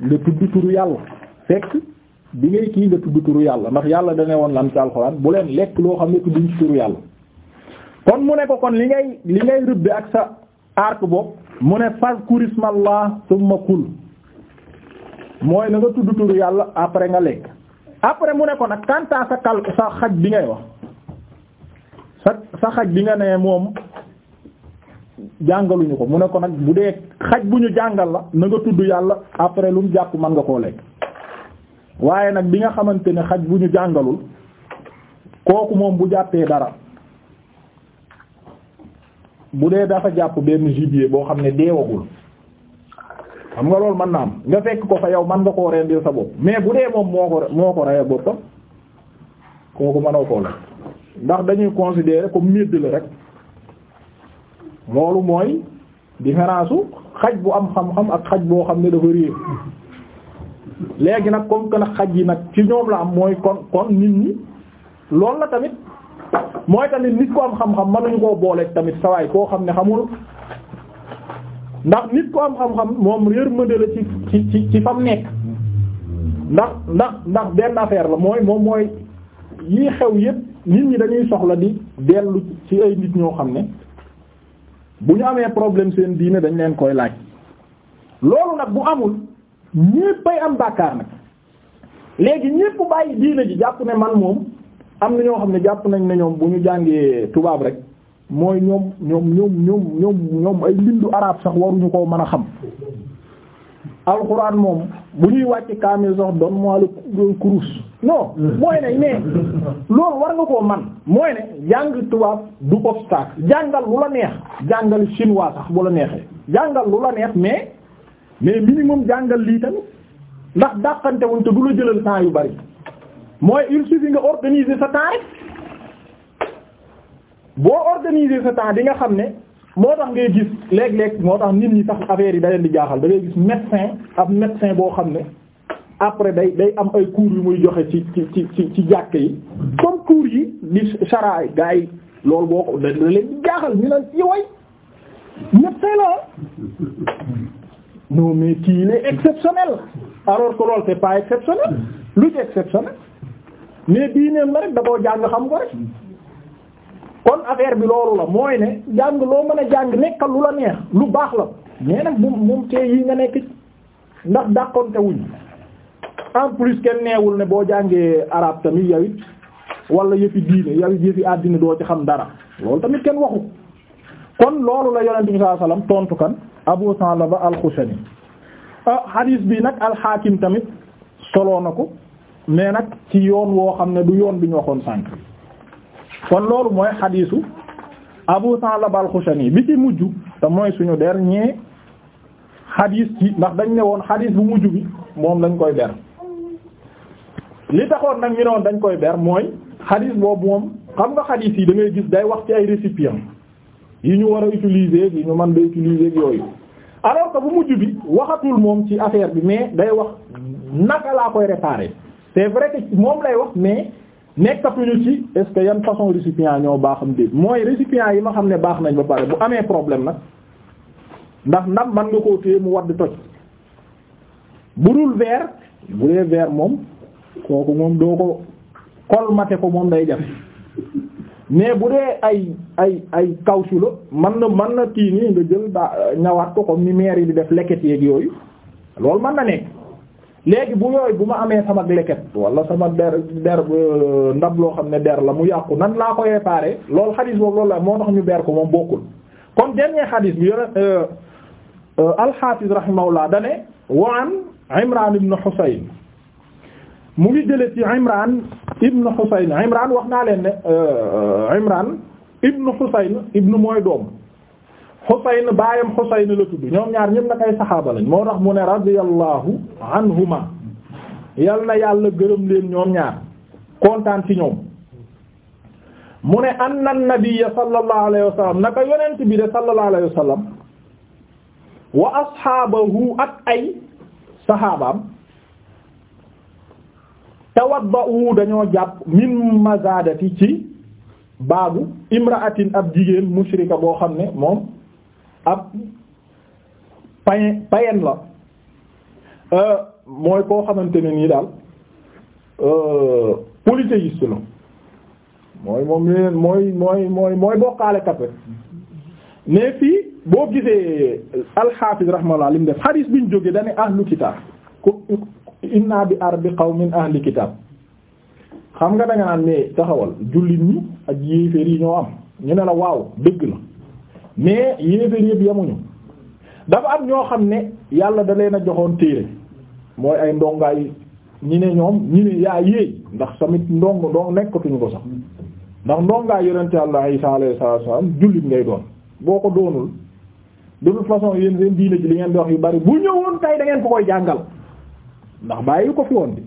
nga tudd turu yàlla fekk bi ngay kii nga tudd turu yàlla ndax yàlla da ne woon lan ci bu leen lekk loo xam ne tudduñ ci turu yàlla kon mu ne ko kon li ngay li ngay rëbbe ak sa arc bopp mu ne fazkurismallah summa kul mooy na nga tudd turu yàlla après nga lekk après mu ne ko nag kanta sa kal sa xaj bi ngay wax sa xaj bi nga ne moom jàngaluñu ko mu ne ko nag bu dee xaj bu ñu jàngal la na nga tudd yàlla après lu mu jàpp mën nga koo lekk waaye nag bi nga xamante ne xaj bu ñu jàngalul kooku moom bu jàppee dara bu dee dafa jàpp benn gibier boo xam ne deewagul xam nga loolu mën naa am nga fekk ko fa yow man nga koo rendil sa bopp mais bu dee moom moo ko moo ko rey boppam kooku mënoo koo la ndax dañuy considérer comme midd la rek loolu mooy différence xaj bu am xam-xam ak xaj boo xam ne dafa réer léegi nag comme que nag xaj yi nag ci ñoom la am mooy kon kon nit ñi loolu la tamit mooy tamit nit ko am xam-xam nañu koo booleeg tamit sawaay koo xam ne xamul ndax nit ko am xam-xam moom yërmande la ci ci ci fam nekk ndax ndax ndax benn affaire la mooy moom mooy yii xew yépp nit ñi dañuy soxla di dellu ci ay nit ñoo xam ne bu ñu amee problème seen diine dañ leen koy laaj loolu nag bu amul ñépp bay am bàkkaar nag léegi ñépp bàyyi diine ji jàpp ne man moom am na ñoo xam ne jàpp nañ ne ñoom bu ñu jàngee tubaab rek mooy ñoom ñoom ñoom ñoom ñoom ñoom ay lindu arab sax waruñu koo mën a xam alxuraan moom bu ñuy wàcc kaamil sax doon mois le kurus non mooy ne mais loolu war nga koo man mooy ne jàng tubaab du obstacle jàngal lu la neex jàngal chinois sax bu la neexee jàngal lu la neex mais mais minimum jàngal lii tamit ndax dàqante wuñ te du la jëlal temps yu bari mooy il yi nga organiser sa temps boo organiser sa temps di nga xam ne moo tax ngay gis léeg-léeg moo tax nit ñi tax affaire yi da leen di jaaxal da ngay gis médecin ab médecin boo xam ne après day day am ay cours yu muy joxe ci ci ci ci ci jàkk yi comme cours yi di charaay gars yi loolu boo ko da leen di jaaxal ñu naan ci way médecin la non mais kii il est exceptionnel alors que loolu c'est pas exceptionnel lu ci exceptionnel mais diineem la rek da jàng xam ko rek kon affaire bi loolu la mooy ne jàng loo mën a jàng nekkal lu la neex lu baax la mais nag moom moom tee yi nga nekk ndax dàqonte wuñ en plus kenn neewul ne boo jàngee arabe tamit yow it wala yëfi diine yow it yëfi àddina doo ci xam dara loolu tamit kenn waxu kon loolu la yonent bi sallallahu tontu kan. Abu la ba xushani ah hadis bi nag al tamit soloo na ko mais nag ci yoon woo xam ne du yoon bi ñu waxoon sànq kon loolu mooy hadisu Abu Salaba al-Xushani bi ci mujj te mooy suñu der dernier hadis ci ndax dañ ne woon hadis bu mujj bi moom lañ koy ber li taxoon nag ñu ne woon dañ koy ber mooy hadis boobu moom xam nga hadis yi da ngay gis day wax ci ay récipients yi ñu war a utiliser yi ñu mën da utiliser yooyu. alors que bu mujj bi waxatul moom ci affaire bi mais day wax naka laa koy réparer c'est vrai que moom lay wax mais nekkatuñu ci est-ce que yan façon récipient ñoo baaxam déet mooy récipient yi ma xam ne baax nañ ba pare bu amee problème na ndax ndam man nga koo téye mu wadd toj bu dul verre bu dee verre moom kooku moom doo ko colmater ko moom day jafe mais bu dee ay ay ay caoutchouc la mën na mën na kii nii nga jël daa ñawaat ko comme ni maire yi di def leket yeeg yooyu loolu mën na nekk léegi bu yooyu bu ma amee sama leket wala sama der der euh, ndab loo xam ne der la mu yàqu nan laa koy réparer loolu xadis boobu loolu la moo tax ñu beer ko moom bokkul kon dernier xadis bi yore euh, euh, alxaafis rahimahullah dane waan imran ibn husayn mu ngi jële ci imran Ibn Husayn Imran wax naa leen ne euh, Imran Ibn Husayn Ibn mooy doom Husayn baayam Husayn la tudd ñoom ñaar ñëpp nag ay saxaaba lañ moo tax mu ne radiyallahu anhuma yal na yàlla gërëm leen ñoom ñaar kontaan ci ñoom mu ne anna nabiyya sallallahu alayhi wa sallam naka yonent bi de sallallahu alayhi wa wa ashaabahu ak ay saxaabaam tawadda'u dañoo jàpp min mazadati ci baabu imra'atin ab jigéen mushrika boo xam ne moom ab païen païen la euh, mooy koo xamante ne nii daal euh, polythéiste la mooy moom leneen mooy mooy mooy mooy bokkaale kat rek fii boo gisee alxaafis rahmallah li mu def xadiis bi ñu jógee dañuy ahlu kitaab inna bi arbi qawmin ahli kitab xam nga da nga naan mais taxawal jullit ñi ak yéeféer yi ñoo am ñu ne la waaw dëgg la mais yéeféer yëpp yamuñu dafa am ñoo xam ne yàlla da leen a joxoon téere mooy ay ndongaay ñi ne ñoom ñi ne yaa yéey ndax tamit ndong ndong nekkatuñu ko sax ndax ndongaay yonente Yàlla Isaa alayhi salaam jullit ngay doon boo ko doonul de toute façon yéen seen diine li ngeen di wax yu bari bu ñëwoon tay da ngeen ko koy jàngal ndax bàyyi ko fi woon bi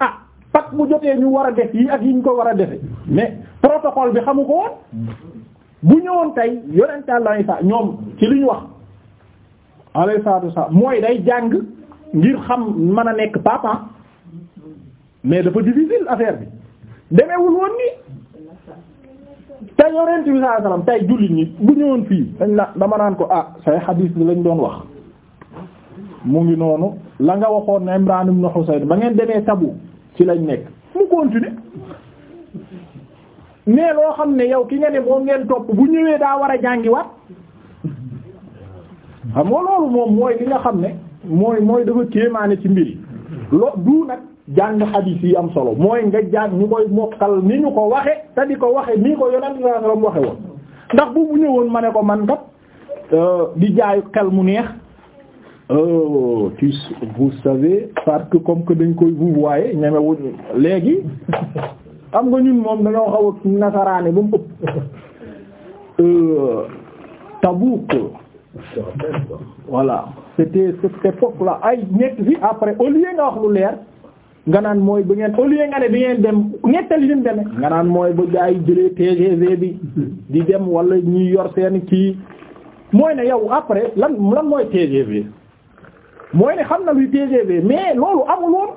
ah pat bu jotee ñu war a def yi ak yi ñu ko war a defe mais protocole bi xamu ko woon bu ñëwoon tey yonent Yàlla Isaa ñoom ci li ñu wax alayhi salaatu mooy day jàng ngir xam mën a nekk papa mais dafa difficile affaire bi demeewul woon nii te yonent bi sallallahu alayhi wasallam tey bu ñëwoon fii dañ na dama naan ko ah say xadiis bi doon wax mu ngi noonu la nga waxoon ne Imran ibn Husayn ba ngeen demee tabu ci lañ nekk mu continuer mais loo xam ne yow ki nga ne moom ngeen topp bu ñëwee daa war a jàngiwaat xam nga loolu moom mooy li nga xam ne mooy mooy dafa kéemaane ci mbir yi lo du nag jàng xadiis yi am solo mooy nga jàng ñu koy mokkal ni ñu ko waxe te di ko waxe nii ko yonent sallallahu alayhi wasallam waxe woon ndax bu mu ñëwoon ma ne ko man kat euh, di jaayu xel mu neex oh tu vous savez parce que comme que dañ koy vous voyez ñemewuñ léegi xam nga ñun moom dañoo xaw a nasaraane ba mu ëpp euh, Tabouk voilà c'était cette époque-là ay nekk fi après au lieu nga wax lu leer nga naan mooy bu ngeen au lieu nga ne bi ngeen dem ñettali lim deme nga naan mooy ba gaa yi jëlee TGV bi di dem walla ñuy yor seen kii mooy ne yow après lan lan mooy TGV mooy ne xam na luy TGV mais loolu amul woon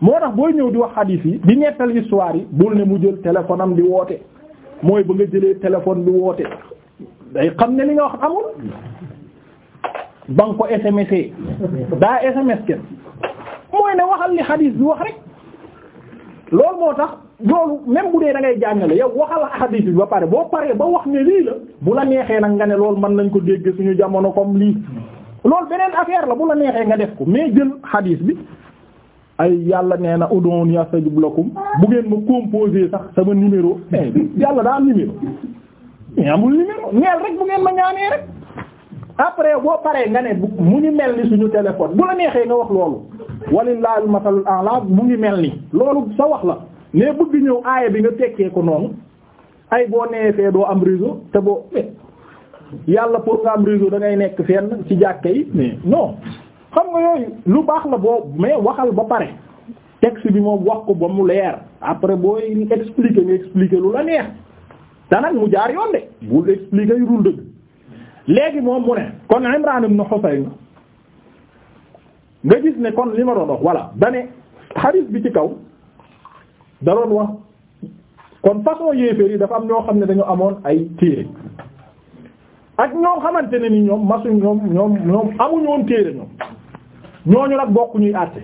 moo tax booy ñëw di wax hadith yi di nettal histoire yi bul ne mu jël téléphone am di woote mooy ba nga jëlee téléphone bi woote day xam ne li nga wax amul ba nga ko SMS daa SMS kenn mooy ne waxal li hadith bi wax rek loolu moo tax loolu même bu dee da ngay jàngale yow waxal hadith bi ba pare boo paree ba wax ne lii la bu la neexee nag nga ne loolu mën nañ ko dégg suñu jamono comme lii loolu beneen affaire la bu la neexee nga def ko mais jël xadiis bi ay yàlla nee na uduni astajib lakum bu ngeen ma composé sax sama numéro mais eh, yàlla daa am numéro mais amul numéro ñeel rek bu ngeen ma ñaanee rek après boo paree nga ne mu ngi mel ni suñu téléphone bu la neexee nga wax loolu walillahi al-masalul a'la mu ngi mel ni loolu sa wax la mais bëgg ñëw aaya bi nga tekkee ko noonu ay boo neexee doo am réseau te boo yàlla pour nga am réseau da nekk fenn ci jàkke yi mais non xam nga yooyu lu baax la boo mais waxal ba pare texte bi moom wax ko ba mu leer après booy expliquer nga expliquer lu la neex te nag mu jaar yoon de bul expliquer yu dul dëgg léegi moom mu ne kon Imran ibn Husayn nga gis ne kon li ma doon wax voilà xarit bi ci kaw da doon wax kon façon yéeféer yi dafa am ñoo xam ne dañu amoon ay téere ak ñoo xamante ne ni ñoom masu ñoom ñoom ñoom amuñu woon téere ñoom ñooñu nag bokk àtte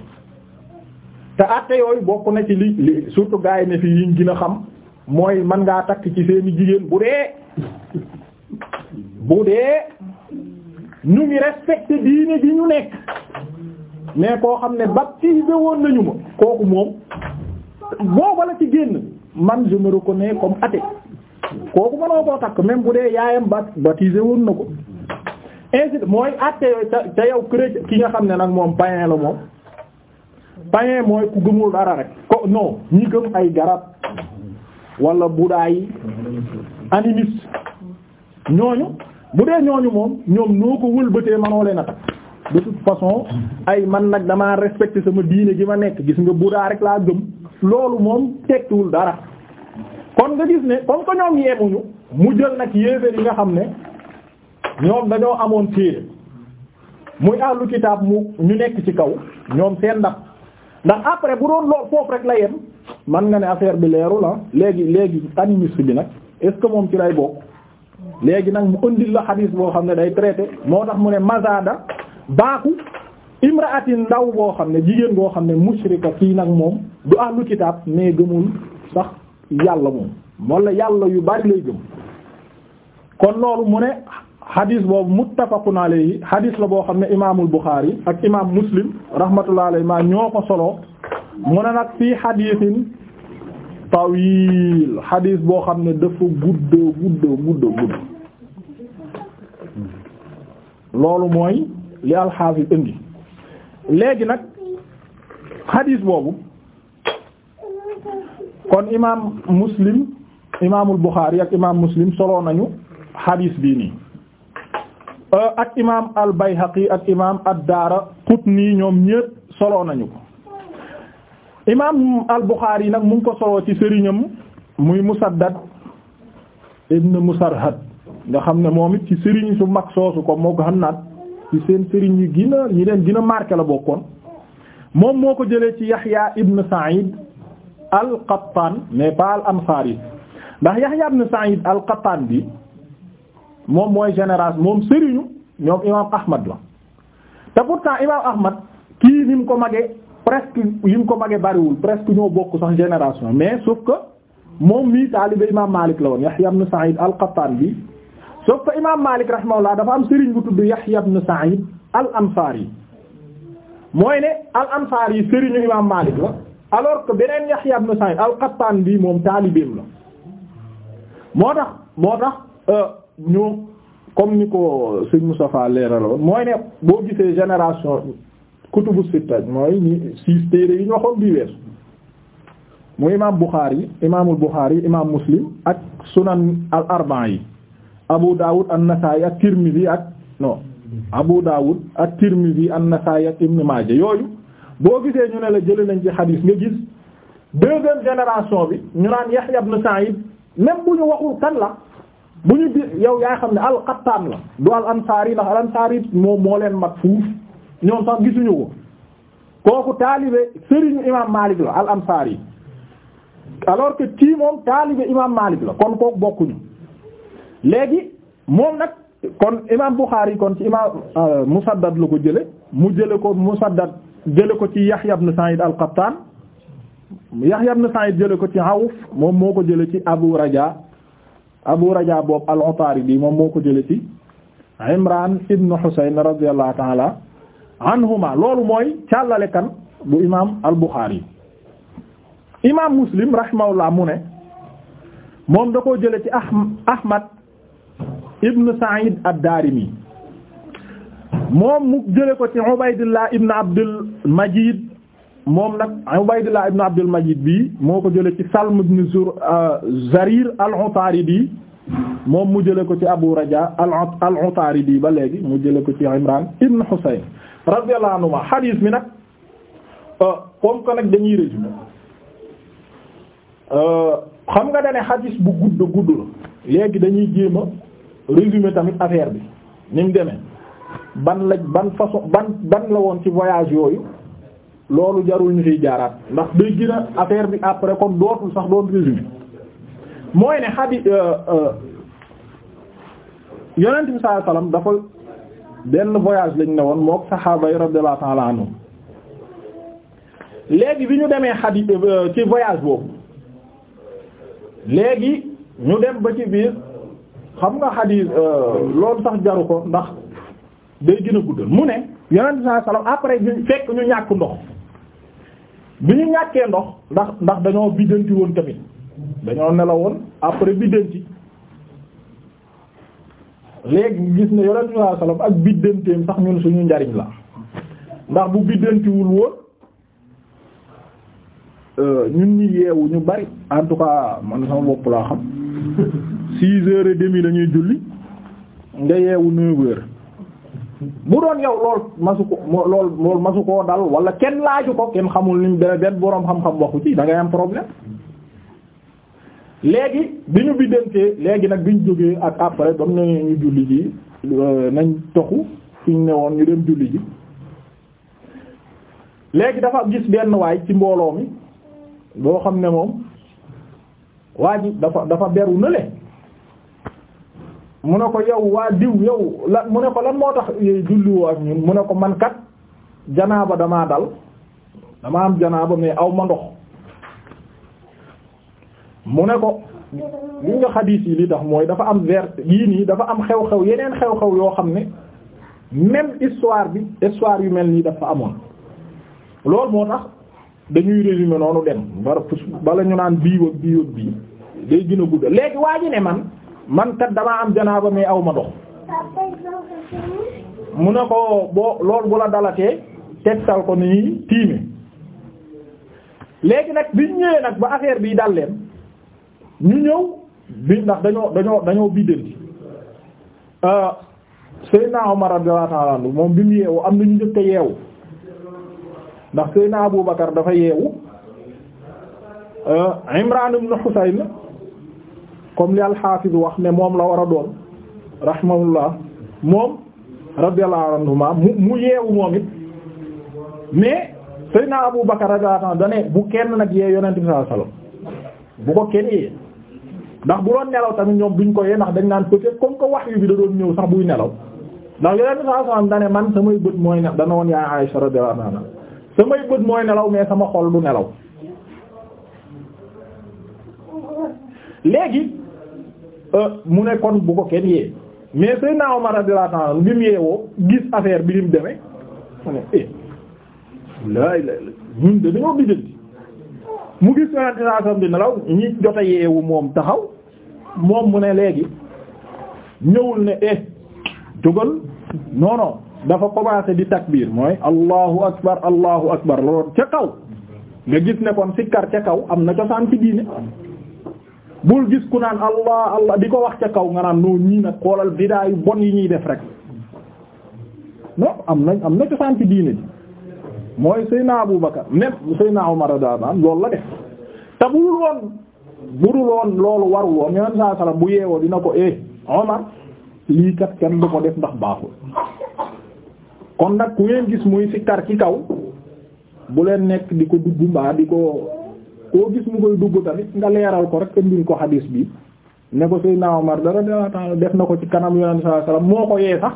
te àtte yooyu bokk na ci li li surtout gars yi ne fii yiñ gën a xam mooy man ngaa takk ci seeni jigéen bu dee bu dee ñu ngi respecté diine gi ñu nekk mais koo xam ne baptisé woon nañu ma kooku moom booba la ci génn man je me reconnais comme athée kooku mënoo koo takk même bu dee yaayam ba baptisé woon na ko ainsi mooy àtte yooyu ca ca yow ki nga xam ne nag moom païen la moom païen mooy ku gëmul dara rek ko non ñi gëm ay garab wala budaa yi ñooñu bu dee ñooñu moom ñoom noo ko wëlbatee manoo leen a takk de toute façon ay man nag damaa respecté sama diine gi ma nekk gis nga budaa rek laa gëm loolu moom tekkiwul dara kon nga gis ne comme que ñoom yeemuñu mu jël nag yéeféer yi nga xam ne ñoom dañoo amoon téere muy àllu kitaab mu ñu nekk ci kaw ñoom seen ndab ndax après bu doon lool foofu rek la yem man nga ne affaire bi leeru la ah léegi léegi animiste bi nag est que moom ci lay bokk léegi nag mu ëndil la xadiis boo xam ne day traité moo tax mu ne mazada baaku imraatin ndaw boo xam ne jigéen boo xam ne mushrika kii nag moom du ahlu kitaab mais gëmul sax yàlla moom wala yàlla yu bari lay gëm kon loolu mu ne hadis boobu muttafaqun alayhi xadiis la boo xam ne imaamul Bukhari ak imaam Muslim rahmatullahi alayhi ma ñoo ko solo mu ne nag fii hadisin tawil hadis boo xam ne dafa gudd gudd gudd gudd loolu mooy li al-Hafiz léegi nag hadis boobu kon imaam muslim imaamul buxaari ak imaam muslim solo nañu hadis bii nii euh, ak imaam al bayhaqi ak imaam ad-daara qutni ñoom ñépp solo nañu ko imaam al buxaari nag mu ngi ko solo ci sëriñam muy musaddad ibn musarhad nga xam ne moom it ci sëriñ su mag soosu ko moo ko xam naat ci seen sëriñ yi gën a leen gën a la bokkoon moom moo ko jëlee ci yaxya ibn sa'id al-Qattaan mais pas al yi ndax Yahya ibn Sa'id al-Qattaan bi moom mooy génération moom sëriñu ñoom imaam Ahmad la te pourtant imaam Ahmad kii ni mu ko magee presque yi mu ko magee bariwul presque ñoo bokk sax génération mais sauf que moom mii taalibe imaam Maalik la woon Yahya ibn Sa'id al-Qattaan bi sauf que imaam Maalik rahimahullah dafa am sëriñ bu tudd Yahya ibn Sa'id al yi mooy ne al-Ansaari sëriñu imaam Maalik la. alors que beneen Yahya ibn Sa'id al-Qattan bi moom taalibeem la moo tax moo tax euh, ñu comme ni ko sëñ Moustapha leeraloon mooy ne boo gisee génération kutubu sitta mooy ñi six téere yi ñu waxoon bii weesu mu imaam Bukhari imaamul Bukhari imaam Muslim ak sunan al arba'a yi Abu Dawud an-Nasa'i ak Tirmidhi ak non Abu Dawud ak Tirmidhi an-Nasa'i ak Ibn Majah yooyu boo gisee ñu ne la jëlee nañ ci xadiis nga gis deuxième génération bi ñu naan Yahya ibn Sa'id même bu ñu waxul kan la bu ñu di yow yaa xam ne al-Qattaan la du al-Ansaari ndax al-Ansaari moom moo leen mag fuuf ñoom sax gisuñu ko kooku taalibe sëriñu imaam Maalik la al-Ansaari alors que kii moom taalibe imaam Maalik la kon kooku bokkuñu léegi moom nag kon imaam Buxaari kon ci imaam euh, Musaddad la ko jële mu jële ko Musaddad jële ko ci Yahya ibn Sa'id al-Qattan Yahya ibn Sa'id jële ko ci Awf moom moo ko jële ci Abu Raja Abu Raja boobu al bii moom moo ko jële ci Imran ibn Husayn radiyallahu ta'ala anhuma loolu mooy càllale kan bu imaam al-Bukhari imaam Muslim rahimahullah mu ne moom da koo jële ci Ahmad ibn Sa'id ad-Darimi moom mu jële ko ci Ubaydillah ibn Abdul Majid moom nag Ubaydillah ibn Abdul Majid bi moo ko jële ci Salm ibn Zur euh, Zarir al-Utaridi moom mu jële ko ci Abu Raja al-Utaridi ba léegi mu jële ko ci Imran ibn Husayn radiyallahu anhuma hadith mi nag euh, comme dañuy résumé euh, xam nga dane hadith bu gudd gudd la léegi dañuy jéem a résumé tamit affaire bi ni mu demee ban la ban façon ban ban la woon ci voyage yooyu loolu jarul ñu fiy jaaraat ndax day gën a affaire bi après kon dootul sax doon résumé mooy ne xadi euh, euh, yonent bi sallallahu alayhi wasallam dafa benn voyage lañ ne woon mook saxaaba yi léegi bi ñu demee xadi euh, ci voyage boobu léegi ñu dem ba ci biir xam nga xadi loolu sax jaru ko ndax day gën a guddal mu ne yonent saa salaam après ñu fekk ñu ñàkk ndox bi ñu ñàkkee ndox ndax ndax dañoo biddanti woon tamit dañoo nelawoon après biddanti léegi gis ne yonent saa salaam ak biddanteem sax ñun suñu njariñ la ndax bu biddantiwul woon euh, ñun ñi yeewu ñu bari en tout cas man sama bopp laa xam six heures et demie julli nga yeewu neuf heures bu doon yow lool masu ko lool lool masu koo dal wala kenn laaju ko kenn xamul ni benn benn boroom xam-xam waxu ci da ngay am problème léegi bi ñu biddantee léegi nag bi ñu jógee ak après ba mu ne ñu julli ji euh, nañ toxu fi ñu ne woon ñu dem julli ji léegi dafa gis benn waay ci mbooloo mi boo xam ne moom waa ji dafa dafa beru na mu ne ko yow waa diw yow lan mu ne ko lan moo tax yow julliwoo ak ñun mu ne ko man kat janaaba damaa dal dama am janaaba mais aw ma ndox mu ne ko liñ nga xadiis yi li tax mooy dafa am vert yii nii dafa am xew-xew yeneen xew-xew yoo xam ne même histoire bi histoire yu mel nii dafa amoon loolu moo tax dañuy résumer noonu dem bara bala ñu naan bii ak bii ak bii day gën a gudd léegi waa ne man man kat damaa am janaaba mais aw ma ndox mu ne ko boo loolu bu la dalatee tegtal ko ni tiime léegi nag biñ ñëwee nag ba affaire bi dal leen ñu ñëw bi ndax dañoo dañoo dañoo biddanti euh, Seydina Omar radiyallahu ta'ala anhu moom bi mu yeewu am na ñu njëkk a yeewu ndax Seydina Abubakar dafa yeewu euh, Imran ibn Husayn comme li alxaafis wax ne moom la war a doon rahimahullah moom radiyallahu anhuma mu mu yeewu moom it mais Seydina Abu Bakar radiyallahu anhu dane bu kenn nag yee yonent bi sallallahu bu ko kenn yee ndax bu doon nelaw tamit ñoom buñ ko yee ndax dañ naan peut-être comme que wax yu bi da doon ñëw sax buy nelaw ndax yonent bi dane man samay bët mooy ne dana woon yaay Aisha radiyallahu anha samay bët mooy nelaw mais sama xol du nelaw léegi Euh, mu ne kon bu ko kenn yee mais Seydina Omar radiyallahu anhu bi mu yeewoo gis affaire bi ni mu demee mu ne eh laay laay ñun de dañoo ñi jot a yeewu moom taxaw moom mu ne léegi ñëwul ne eh jógal non dafa commencé di takbiir mooy allahu akbar allahu akbar la ca kaw nga gis ne kon sikkar ca kaw am na cosaan ci diine bul gis ku naan allah allah di ko wax ca kaw nga naan noonu ñii nag xoolal bidaayu bon yi ñuy def rek non am nañ am na cosaan ci diine ji mooy Seyna Abu Bakar même Seyna Umar radiyallahu loolu la def te bu dul woon bu dul woon loolu warul woon yeneen saa sala bu yeewoo dina ko eh Omar lii kat kenn du ko def ndax baaxul kon nag ku ngeen gis muy sikkar ci kaw bu leen nekk di ko dugg mbaa di ko. koo gis mu koy dugg tamit nga leeral ko rek ëndil ko xadiis bi ne ko Seydina Omar dara dara def na ko ci kanam Yonent sallallahu alayhi wasallam moo ko yee sax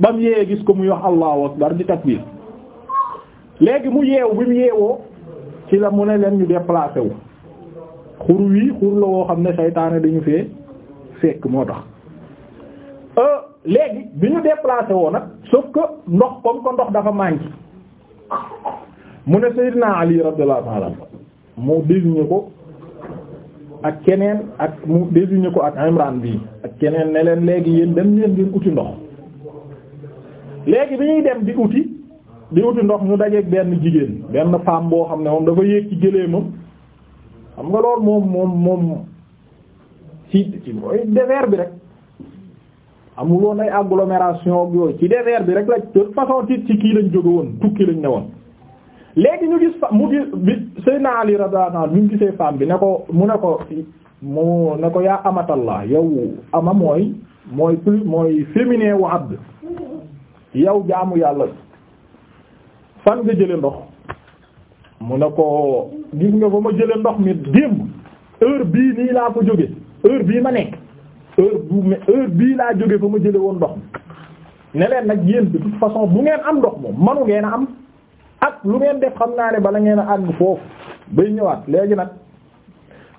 ba mu yee gis ko muy wax allahu akbar di takbir léegi mu yeew bi mu yeewoo ci la mu ne leen ñu déplacé wu xur wii xur la woo xam ne seytaane dañu fee fekk moo tax euh, léegi bi ñu déplacé woo nag sauf que ndox comme ko ndox dafa manqué mu ne Seydina Ali radiyallahu anhu mu désigné ko ak keneen ak mu désigné ko ak Imran bi ak keneen ne leen léegi yéen dem leen ngeen uti ndox léegi bi ñuy dem di uti di uti ndox ñu dajeeg benn jigéen benn femme boo xam ne moom dafa yéeg ci gëléemam xam nga lool moom moom moom ci ci désert bi rek amuloon ay agglomération yooyu ci désert bi rek la de façon ci ci kii lañ jóge woon tukki lañ ne woon léegi ñu gis fa mu gis bi Seydina Ali radiyallahu bi mu gisee femme bi ne ko mu ne ko mu ne ko yaa amatallah yow ama mooy mooy plus mooy féminin wu abd yow jaamu yàlla fan nga jële ndox mu ne ko gis nga fa ma jële ndox mi démb heure bii nii laa ko jóge heure bii ma nekk heure bu heure bii laa jóge ba ma jële woon ndox mi ne leen nag yéen de toute façon bu ngeen am ndox moom manu ngeen a am ak lu ngeen def xam naa ne bala ngeen a àgg foofu bay ñëwaat léegi nag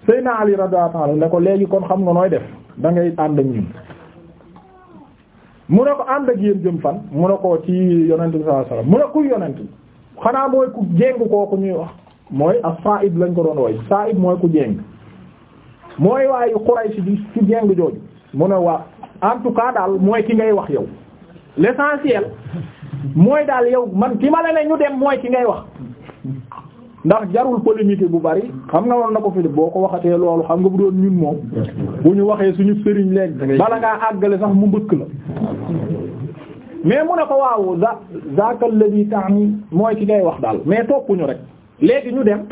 Seydina Ali radiyallahu anhu ne ko léegi kon xam nga nooy def da ngay ànd ak ñun mu ne ko ànd ak yéen jëm fan mu ne ko ci yonent bi sallallahu mu ne kuy yonent xanaa mooy ku jéng kooku ñuy wax mooy ak saib lañ ko doon woy saib mooy ku jéng mooy waayu Quraysh bi ci jéng jooju mu ne waa en daal mooy ki ngay wax yow l'essentiel mooy daal yow man ki ma la ne ñu dem mooy ki ngay wax ndax jarul polémique bu bari xam nga woon na ko fi de boo ko waxatee loolu xam nga bu doon ñun moom bu ñu waxee suñu sëriñ leen bala ngaa àggale sax mu mbëkk la mais mu ne ko waaw za zakal la di tax ni mooy ki ngay wax daal mais toppuñu rek léegi ñu dem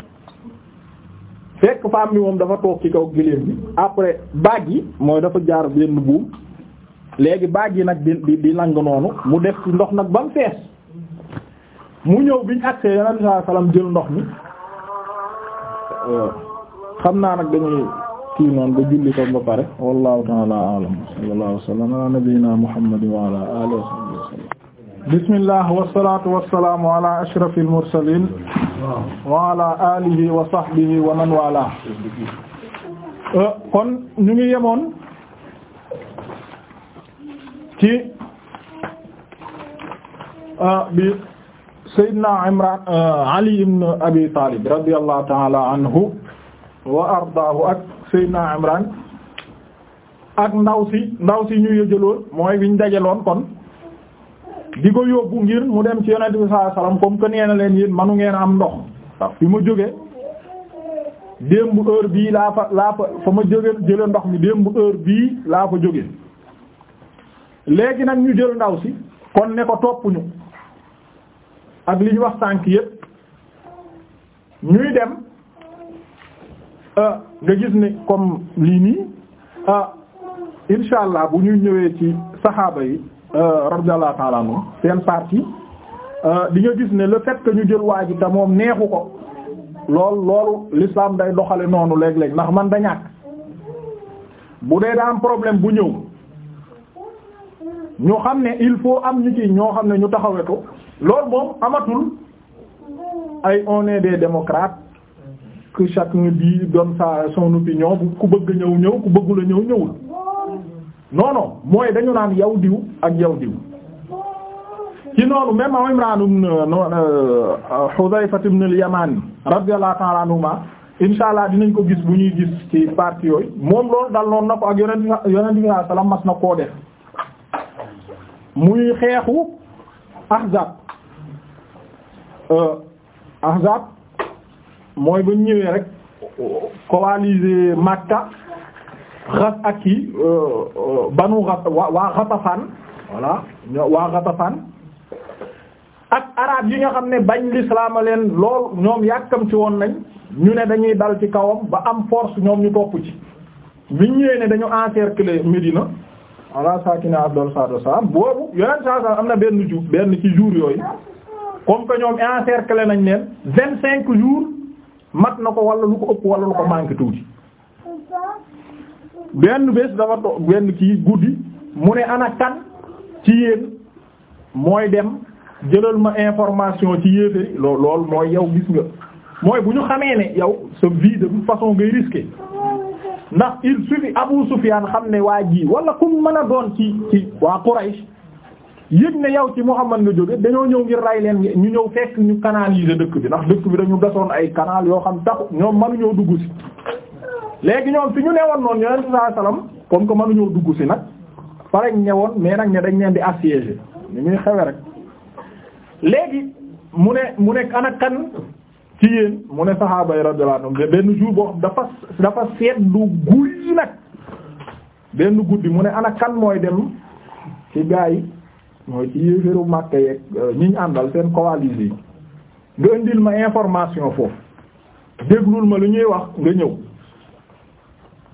fekk femme bi moom dafa toog ci kaw giléem bi après baag yi mooy dafa jaar benn buum léegi baag yi nag di di lang noonu mu def ci ndox nag ba mu fees mu ñëw biñ agsee yonent saa salaam jël ndox mi euh, xam naa nag dañuy kii noonu ba julli ko ba pare wallahu ta'ala a'lam sallallahu alayhi wa sallam ala nabiyyina muhammadin wa ala alihi wa sahbihi wa sallam bismillah wassalatu wassalamu ala ashrafil mursalin wa wa sahbihi wala euh, kon ñu ngi yemoon ci ah, bi Seydina Imran ah, Ali ibn Abi Talib radiyallahu ta'ala anhu wa ardaahu ak Seydina Imran ak ndaw si ndaw si ñu yëjaloon mooy biñ dajaloon kon di ko yóbbu ngir mu dem ci yonent bi sallallahu alayhi wasallam comme leen yéen manu ngeen am ndox ndax fi ma jóge démb heure bii laa fa laa fa fa ma jóge jële ndox mi démb heure bii laa fa jóge léegi nag ñu jël ndaw si kon ne ko topp ñu ak li ñu wax sànk yépp ñuy dem euh, nga gis ni comme lii nii ah euh, insha allah bu ñuy ñëwee ci saxaaba yi euh, radiyallahu ta'ala anhu seen partie di nga gis ne la fait que ñu jël waa ji te moom neexu ko lool loolu l'islam day doxale noonu léeg-léeg ndax man da ñàkk bu dee daan am problème bu ñëw ñoo xam ne il faut am ñu ci ñoo xam ne ñu taxawee lool loolu moom amatul ay on est des démocrates que di donne sa son opinion bu ku bëgg ñëw ñëw ku bëggula ñëw ñëwul non non mooy dañu naan yow diw ak yow diw ci noonu même Imran ibn euh, euh, Hudayfa ibn al-Yaman radiyallahu ta'ala anhuma insha allah dinañ ko gis bu ñuy gis ci parti yooyu moom loolu dal noonu na ko ak yonent yonent bi sallallahu alayhi na koo def muy xeexu ahzab euh, ahzab mooy ba ñëwee rek coalisé Makka xas ak kii euh, euh, banu xas waa Xatafaan voilà waa Xatafaan ak arab yi nga xam ne bañ lislaama leen lool ñoom yàkkam ci woon nañ ñu ne dañuy dal ci kawam ba am force ñoom ñu topp ci biñ ñëwee ne dañu encercler Médina ala sakina abdal salatu wassalam boobu yonent saa saa am na benn jour benn ci jour yooyu comme que ñoom encerclé nañ leen vingt cinq jours mat na ko wala lu ko ëpp wala lu ko manqué tuuti benn bés dafa to benn kii guddi mu ne ana ci yéen mooy dem jëlal ma information ci yéeféri lool loolu mooy yow gis nga mooy bu ñu xamee ne yow sa vie de façon ngay risqué ndax il suffit Abu Sufyan xam ne waa jii wala ku mën a doon ci ci waa Quraysh yëg ne yow ci Muhammad nga jóge dañoo ñëw ngir ray leen ñu ñëw fekk ñu canaliser dëkk bi ndax dëkk bi dañu gasoon ay canal yoo xam tax ñoom mënuñoo dugg si léegi ñoom fi ñu newoon noonu yonent bi sallallahu alayhi wasallam comme que mënuñoo dugg si nag farañ ñewoon mais nag ne dañ leen di assiéger ñu muy xewe rek léegi mu ne mu nekk ana kan ci yéen mu ne saxaaba yi radiyallahu benn jour boo xam dafa dafa seetlu guy nag benn guddi mu ne ana mooy dem ci gaa yi mooy ci yéeféeru Makka yeeg euh, ñi àndal seen coalisés yi nga indil ma information foofu déglul ma lu ñuy wax nga ñëw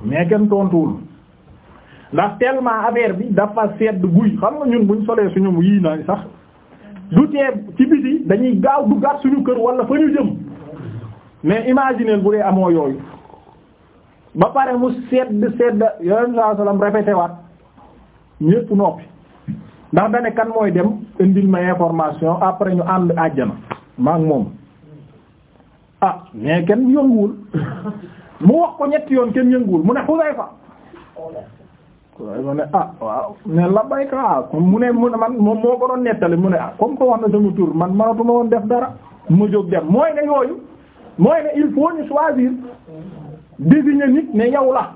mais kenn tontuwul ndax tellement affaire bi dafa sedd guy xam nga ñun buñ solee suñu yii naa sax du tee ci biti dañuy gaaw duggaat suñu kër wala fa ñu jëm mais imagine bu dee amoo yooyu ba pare mu sedd sedd yonent saa salaam répété waat ñépp noppi ndax dane kan mooy dem indil ma information après ñu ànd àjjana maa ngi moom ah mais kenn yënguwul mu wax ko ñetti yoon kenn yënguwul mu ne Xudayfa Xudayfa ne ah waaw ne la bayka ah, mu ne mu ne man moo ko doon nettali mu ne ah comme ko wax na sama tur man manatuma woon def dara mu jóg dem mooy ne yooyu mooy ne il faut ñu choisir désigner nit ne yow la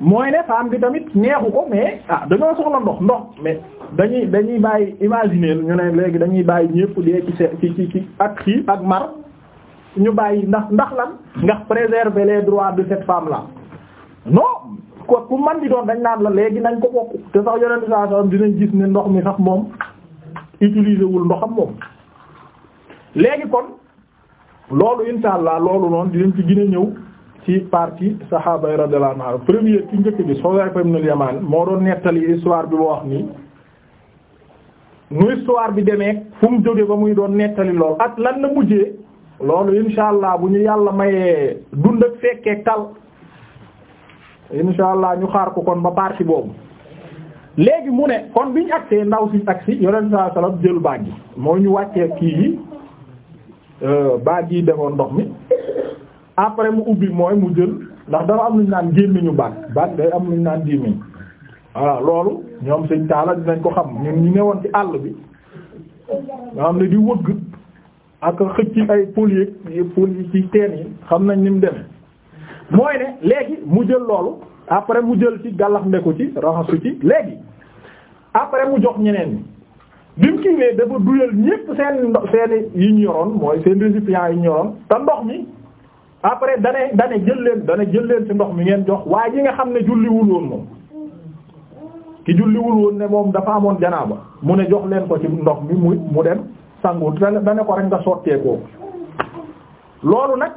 mooy ne femme bi tamit neexu ko mais ah dañoo soxla ndox ndox mais dañuy dañuy bàyyi imaginer ñu ne léegi dañuy bàyyi ñëpp dee ci ci ci ci ak xiif ak mar ñu bàyyi ndax ndax lan ndax préserver les droits de cette femme la non ko ku man di doon dañ naan la léegi nañ ko bokk te sax yonent saa sax dinañ gis ne ndox mi sax moom utiliser wul ndoxam moom léegi kon loolu insha loolu noonu dinañ ci gën a ñëw ci partie saxaaba yi radiyallahu anhu premier ci njëkk bi Hudayfa ibn al moo doon nettali histoire bi ma wax nii nu histoire bi demee fu mu jógee ba muy doon nettali loolu ak lan la mujjee loolu insha allah bu ñu yàlla mayee dund ak fekkee tal insha ñu xaar ko kon ba partie boobu léegi mu ne kon biñ agsee ndaw si agsi yonent sallallahu alayhi wasallam jël baag yi moo ñu wàccee kii yi Euh, baag yi defoon ndox mi après mu ubbi mooy mu jël ndax dafa am lu ñu naan gémmiñu baag baag day am lu ñu naan gémmiñ voilà loolu ñoom sëñ taala dinañ ko xam ñun ñu woon ci àll bi nga xam ne di wëgg ak xëcc ay polier polier ci teen yi xam nañ ni mu demee mooy ne léegi mu jël loolu après mu jël ci gàllax ndeku ci raxasu ci léegi après mu jox ñeneen ñi bi mu kiiwee dafa duyal ñépp seen seen yi ñu yoroon mooy seen récipients yi ñu yoroon te ndox mi après dane dane jël leen dane jël leen ci ndox mi ngeen jox waaye yi nga xam ne julliwul woon moom ki julliwul woon ne moom dafa amoon janaaba mu ne jox leen ko ci ndox mi mu mu dem sangu dane ko rek nga sotteekoo loolu nag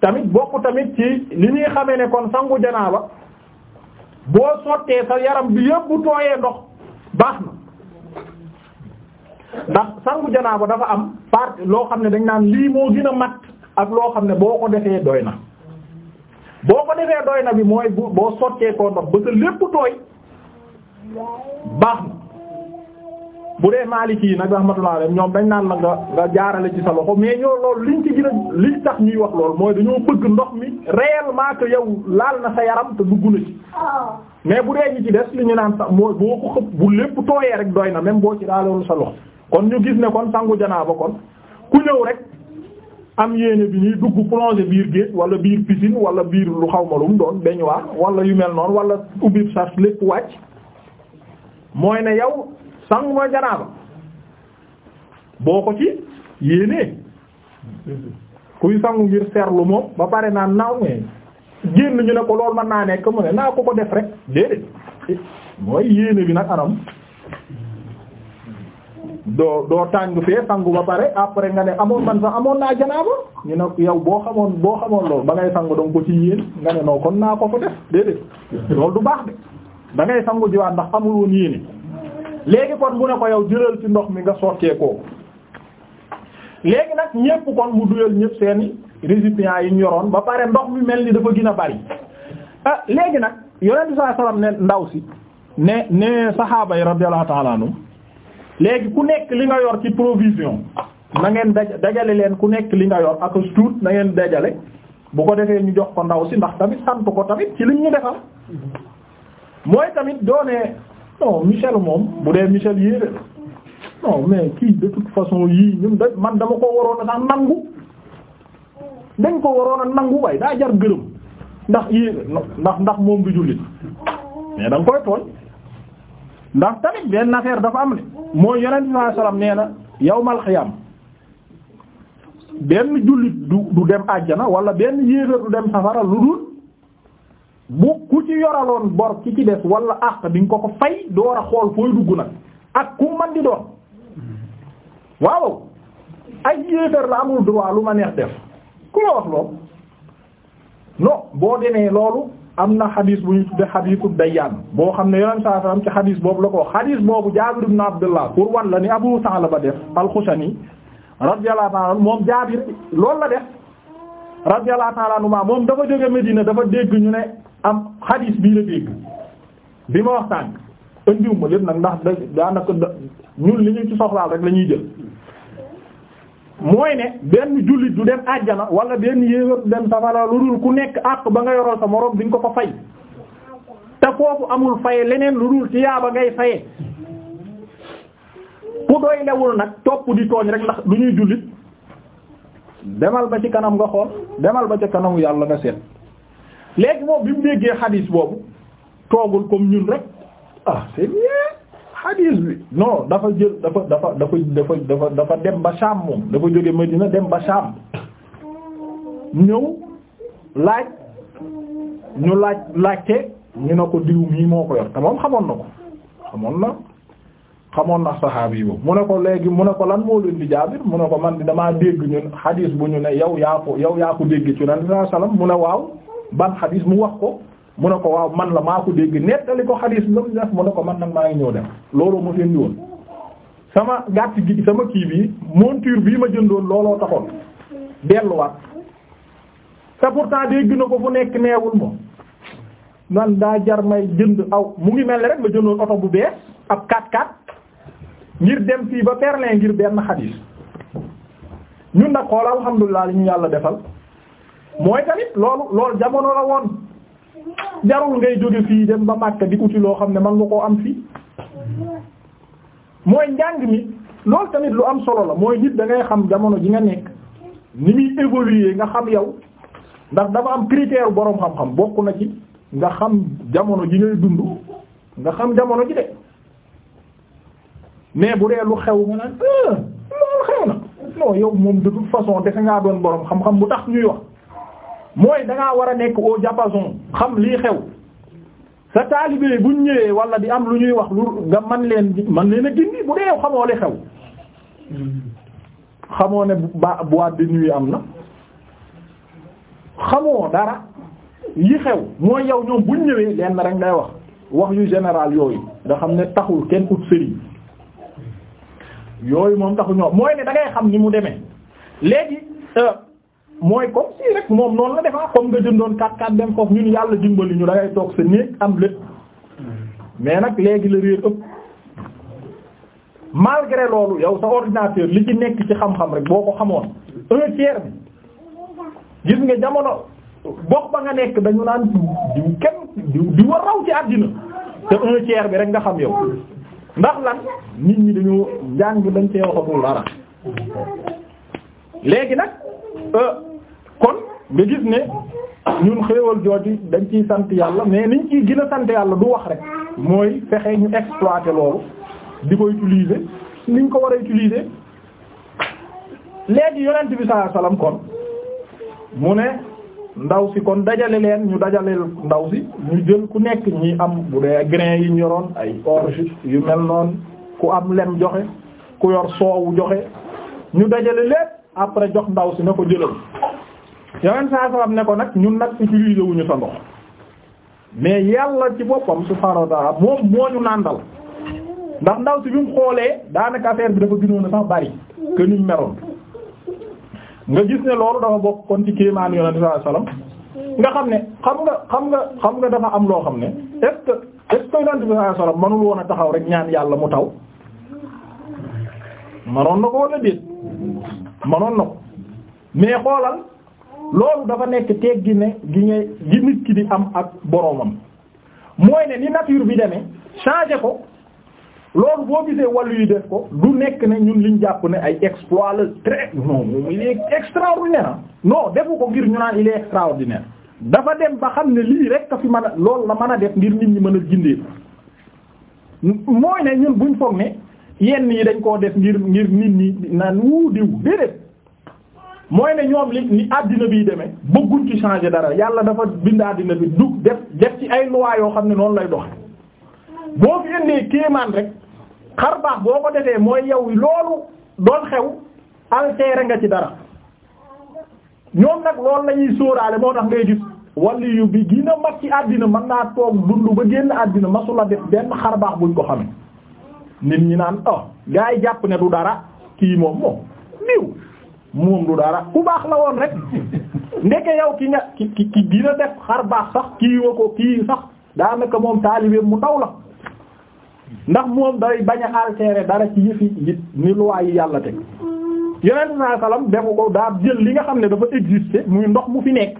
tamit bokk tamit ci li ñuy xamee ne kon sangu janaaba boo sottee sa yaram bi yëpp bu tooyee ndox baax na ndax sangu janaaba dafa am part loo xam ne dañ naan lii moo gin a mat ak loo xam ne boo ko defee doy na boo ko defee doy na bi mooy boo sottee ndox ba sa lépp tooy baax na bu dee Maliki yi nag rahmatullah alayhi ñoom dañ naan la nga nga jaarale ci sa loxo mais ñoo loolu liñ ci gën ñuy wax lool mooy dañoo bëgg ndox mi réellement que yow laal na sa yaram te dugg na oh. bu dee ñi ci des ñu naan sax mooy bu lépp tooyee rek doy na même boo ci daaloolu sa loxo kon ñu gis ne kon sangu janaaba kon ku ñëw rek am yéene bi ñuy dugg plonger biir géej wala biir piscine wala biir lu xaw ma lu mu doon wala yu mel noonu wala ubbi sas lépp wàcc mooy ne yow sangu nga janaaba boo ko ci yéenee kuy ngir seerlu moom ba pare naan naaw ne ñu ne ko loolu mën naa nekk mu ne naa ko ko def rek déedéet mooy yéene bi nag anam doo doo tàng fee sangu ba pare après nga ne amoon man sax amoon naa janaaba ñu ne yow boo xamoon boo xamoon loolu ba ngay sangu danga ko ci yéen nga ne non kon naa ko ko def déedéet loolu du baax de da ngay sangu jiwaat ndax amul woon yéene léegi kon mu ne ko yow jëlal ci ndox mi nga sottee ko léegi nag ñépp kon mu duyal ñépp seeni récipients yi ñu yoroon ba pare ndox mi mel ni dafa gën a bari ah léegi nag yonent bi sallallahu ne ndaw si ne ne saxaaba yi radiyallahu léegi ku nekk li nga yor ci provision na ngeen daj dajale leen ku nekk li nga yor ak tuut na ngeen dajale bu ko defee ñu jox ko ndaw si ndax tamit sant ko tamit ci liñ ñu defal mooy tamit doonee non Michel moom bu dee Michel yéeré non mais kii de toute façon yii ñun da man dama ko waroon a sax nangu dañ ko waroon a nangu waaye daa jar gërëm ndax yéeré ndax ndax moom du jullit mais da koy tooñ ndax tamit benn affaire dafa am ne mooy yonent bi sallallahu nee na yow xiyaam benn jullit du du dem àjjana wala benn yéefar du dem safara lu dul bu ku ci yoraloon bor ci ci des wala àq di nga ko ko fay door a xool fooy dugg nag ak ku man di doon waaw ay yéefar la amul droit lu ma neex def ku la wax loolu non boo demee loolu. am na xadis bu ñu tudde xadisu Dayyaan boo xam ne yonent sallallahu alayhi wasallam ci xadis boobu la ko xadis boobu Jaabir ibn Abdullah pour wan la ni Abu Sa'laba def al-Xushani radiyallahu ta'ala anhu moom Jaabir loolu la def radiyallahu ta'ala anhu moom dafa jóge Medina dafa dégg ñu ne am xadis bii la dégg bi ma wax tànk andiwuma lépp nag ndax daanaka ñun li ñu ci soxlaal rek la ñuy jël mooy ne benn jullit du dem àjjana wala benn yéewér du dem safara lu dul ku nekk àq ba nga yorol sa moroom di nga ko fa fay te foofu amul faye leneen lu dul ci yaaba ngay faye ku doy lewul nag topp di tooñ rek ndax du ñuy jullit demal ba ci kanam nga xool demal ba ci kanamu yàlla nga seet léegi moom bi mu déggee xadiis boobu toogul comme ñun rek ah c'est bien xadiis bi non dafa jël dafa dafa dafa dafa dafa dafa dem ba Sham moom dafa jóge Medina dem ba Sham ñëw laaj ñu laaj laajte ñu ne ko diw mii moo ko yor te moom xamoon na ko xamoon na xamoon na saxaabi yi boobu mu ne ko léegi mu ne ko lan moo leen di jaabir mu ne ko man di damaa dégg ñun xadiis bu ñu ne yow yaa yow yaa ko dégg ci Nabi sallallahu mu ne waaw ban xadiis mu wax ko mu ne ko waaw man la maa ko dégg nettali ko xadiis bi def mu ne ko man nag maa ngi ñëw dem looloo ma seen di sama gàtt gi sama kii bi monture bii ma jëndoon looloo taxoon delluwaat te pourtant dégg na ko fu nekk neewul ma nan daa jar may jënd aw mu ngi mel rek ma jëndoon oto bu bees ab 4 x ngir dem fii ba Berlin ngir benn xadiis ñun nag xool alhamdulilah li ñu yàlla defal mooy tamit loolu loolu jamono la woon. jarul ngay jóge fii dem ba Makka di uti loo xam ne man nga koo am fii mooy njàng mi loolu tamit lu am solo la mooy nit dangay xam jamono ji nga nekk ni muy évoluer nga xam yow ndax dama am critère boroom xam-xam bokk na ci nga xam jamono ji ngay dund nga xam jamono ji de mais bu dee lu xew nga naan ah, loolu xew na non yow moom de toute façon defe ngaa doon boroom xam-xam bu tax ñuy wax. mooy da war a nekk au diapason xam lii xew sa taalibe buñ ñëwee walla di am lu ñuy wax lu nga man leen man leen a gindi bu dee xamoo li xew xamoo ne ba boîte de am na xamoo dara yi xew mooy yow ñoom buñ ñëwee lenn rek ngay wax wax yu général yooyu nga xam ne taxul kenn ut sëriñ yooyu moom taxul ñoo mooy ne da xam ni mu demee léegi. Euh, mooy comme si rek moom noonu la defaa ah, comme nga jëndoon kat kat dem foofu ñun yàlla dimbali ñu da ngay toog sa néeg am lépp mais nag léegi la réer ëpp malgré loolu yow sa ordinateur li ci nekk ci xam-xam rek boo ko xamoon un tiers bi gis nga jamono box ba nga nekk dañu naan diw kenn diw di war raw ci àddina te un bi rek nga xam yow ndax lan nit ñi dañu njàng dañ cee waxatul dara léegi nag Euh, kon nga gis ne ñun xéewal jooju dañ ciy sant yàlla mais niñ ciy gën sant yàlla du wax rek mooy fexe ñu exploiter loolu di ko utiliser niñ ko war a utiliser léegi yonent bi sallallahu alayhi kon mu ne ndaw si kon dajale leen ñu dajale ndaw si ñu jël ku nekk ñi am bu dee grain yi ñu yoroon ay orge yu mel noonu ku am lem joxe ku yor soowu joxe ñu dajale lépp après jox ndaw si na ko jëlal yoneen saa salaam ne ko nag ñun nag utiliser wuñu sa ndox mais yàlla ci boppam subhaanahu wa ta'ala moom moo ñu nàndal ndax ndaw si bi mu xoolee daanaka affaire bi dafa gënoon a sax bari que ni mu meroon nga gis ne loolu dafa bokk kon ci kéemaan yoneen saa salaam nga xam ne xam nga xam nga xam nga dafa am loo xam ne est ce que est ce saa salaam mënul woon a taxaw rek ñaan yàlla mu taw mënoon na ko wala manoon na ko mais xoolal loolu dafa nekk teeg gi ne gi ngay gi nit ki di am ak boroomam mooy ne ni nature bi demee changer ko loolu boo gisee wàllu yu def ko du nekk ne ñun liñ jàpp ne ay exploit la très non il est extraordinaire non defu ko ngir ñu naan il est extraordinaire dafa dem ba xam ne lii rek ka fi mën a loolu la mën a def ngir nit ñi mën a jindee mooy ne ñun buñ foog ne yenn yi dañ koo def ngir ngir nit ñi naan wuu diw déedéet mooy ne ñoom li ni àddina biy demee bëgguñ ci changer dara yàlla dafa bind àddina bi dug def def ci ay lois yoo xam ne noonu lay doxe boo fi indee rek xar boo ko defee mooy yow loolu doon xew altérer nga ci dara ñoom nag loolu la ñuy sóoraale moo tax ngay gis wàllu yu bi gën a mag ci àddina man naa toog dund ba génn àddina masula def benn xar baax buñ ko xamee. nit ñi naan ah gars yi jàpp ne du dara kii moom moom diw moom du dara ku baax la woon rek ndeke yow ki nga ki ki ki dina def xar baax sax kii ko kii sax daanaka moom taalibeem mu ndaw la ndax moom day bañ a altérer dara ci yëfi yi ni loi yi yàlla teg yeneen naa salam defu ko daa jël li nga xam ne dafa exister muy ndox mu fi nekk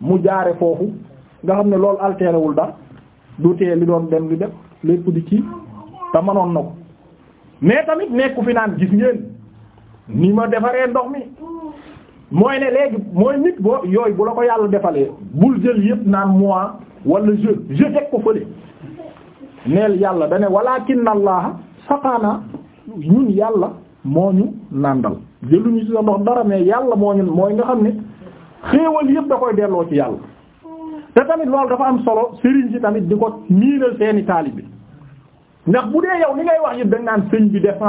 mu jaare foofu nga xam ne loolu altérer wul dara du tee li doon dem di def lépp di kii te manoon na ko mais tamit nekku fi naan gis ngeen ni ma defaree ndox mi mooy ne léegi mooy nit boo yooyu bu la ko yàlla defalee bul jël yëpp naan moi wala je je teg ko fële neel yàlla dane walakin allaha saqaana ñun yàlla moo ñu nàndal jëluñu ci sa ndox dara mais yàlla moo ñu mooy nga xam ne xéewal yëpp da koy delloo ci yàlla te tamit loolu dafa am solo sëriñ si tamit di ko miinal seeni taalibe ñax bu dee yow li ngay wax yëpp da naan sëñ bi def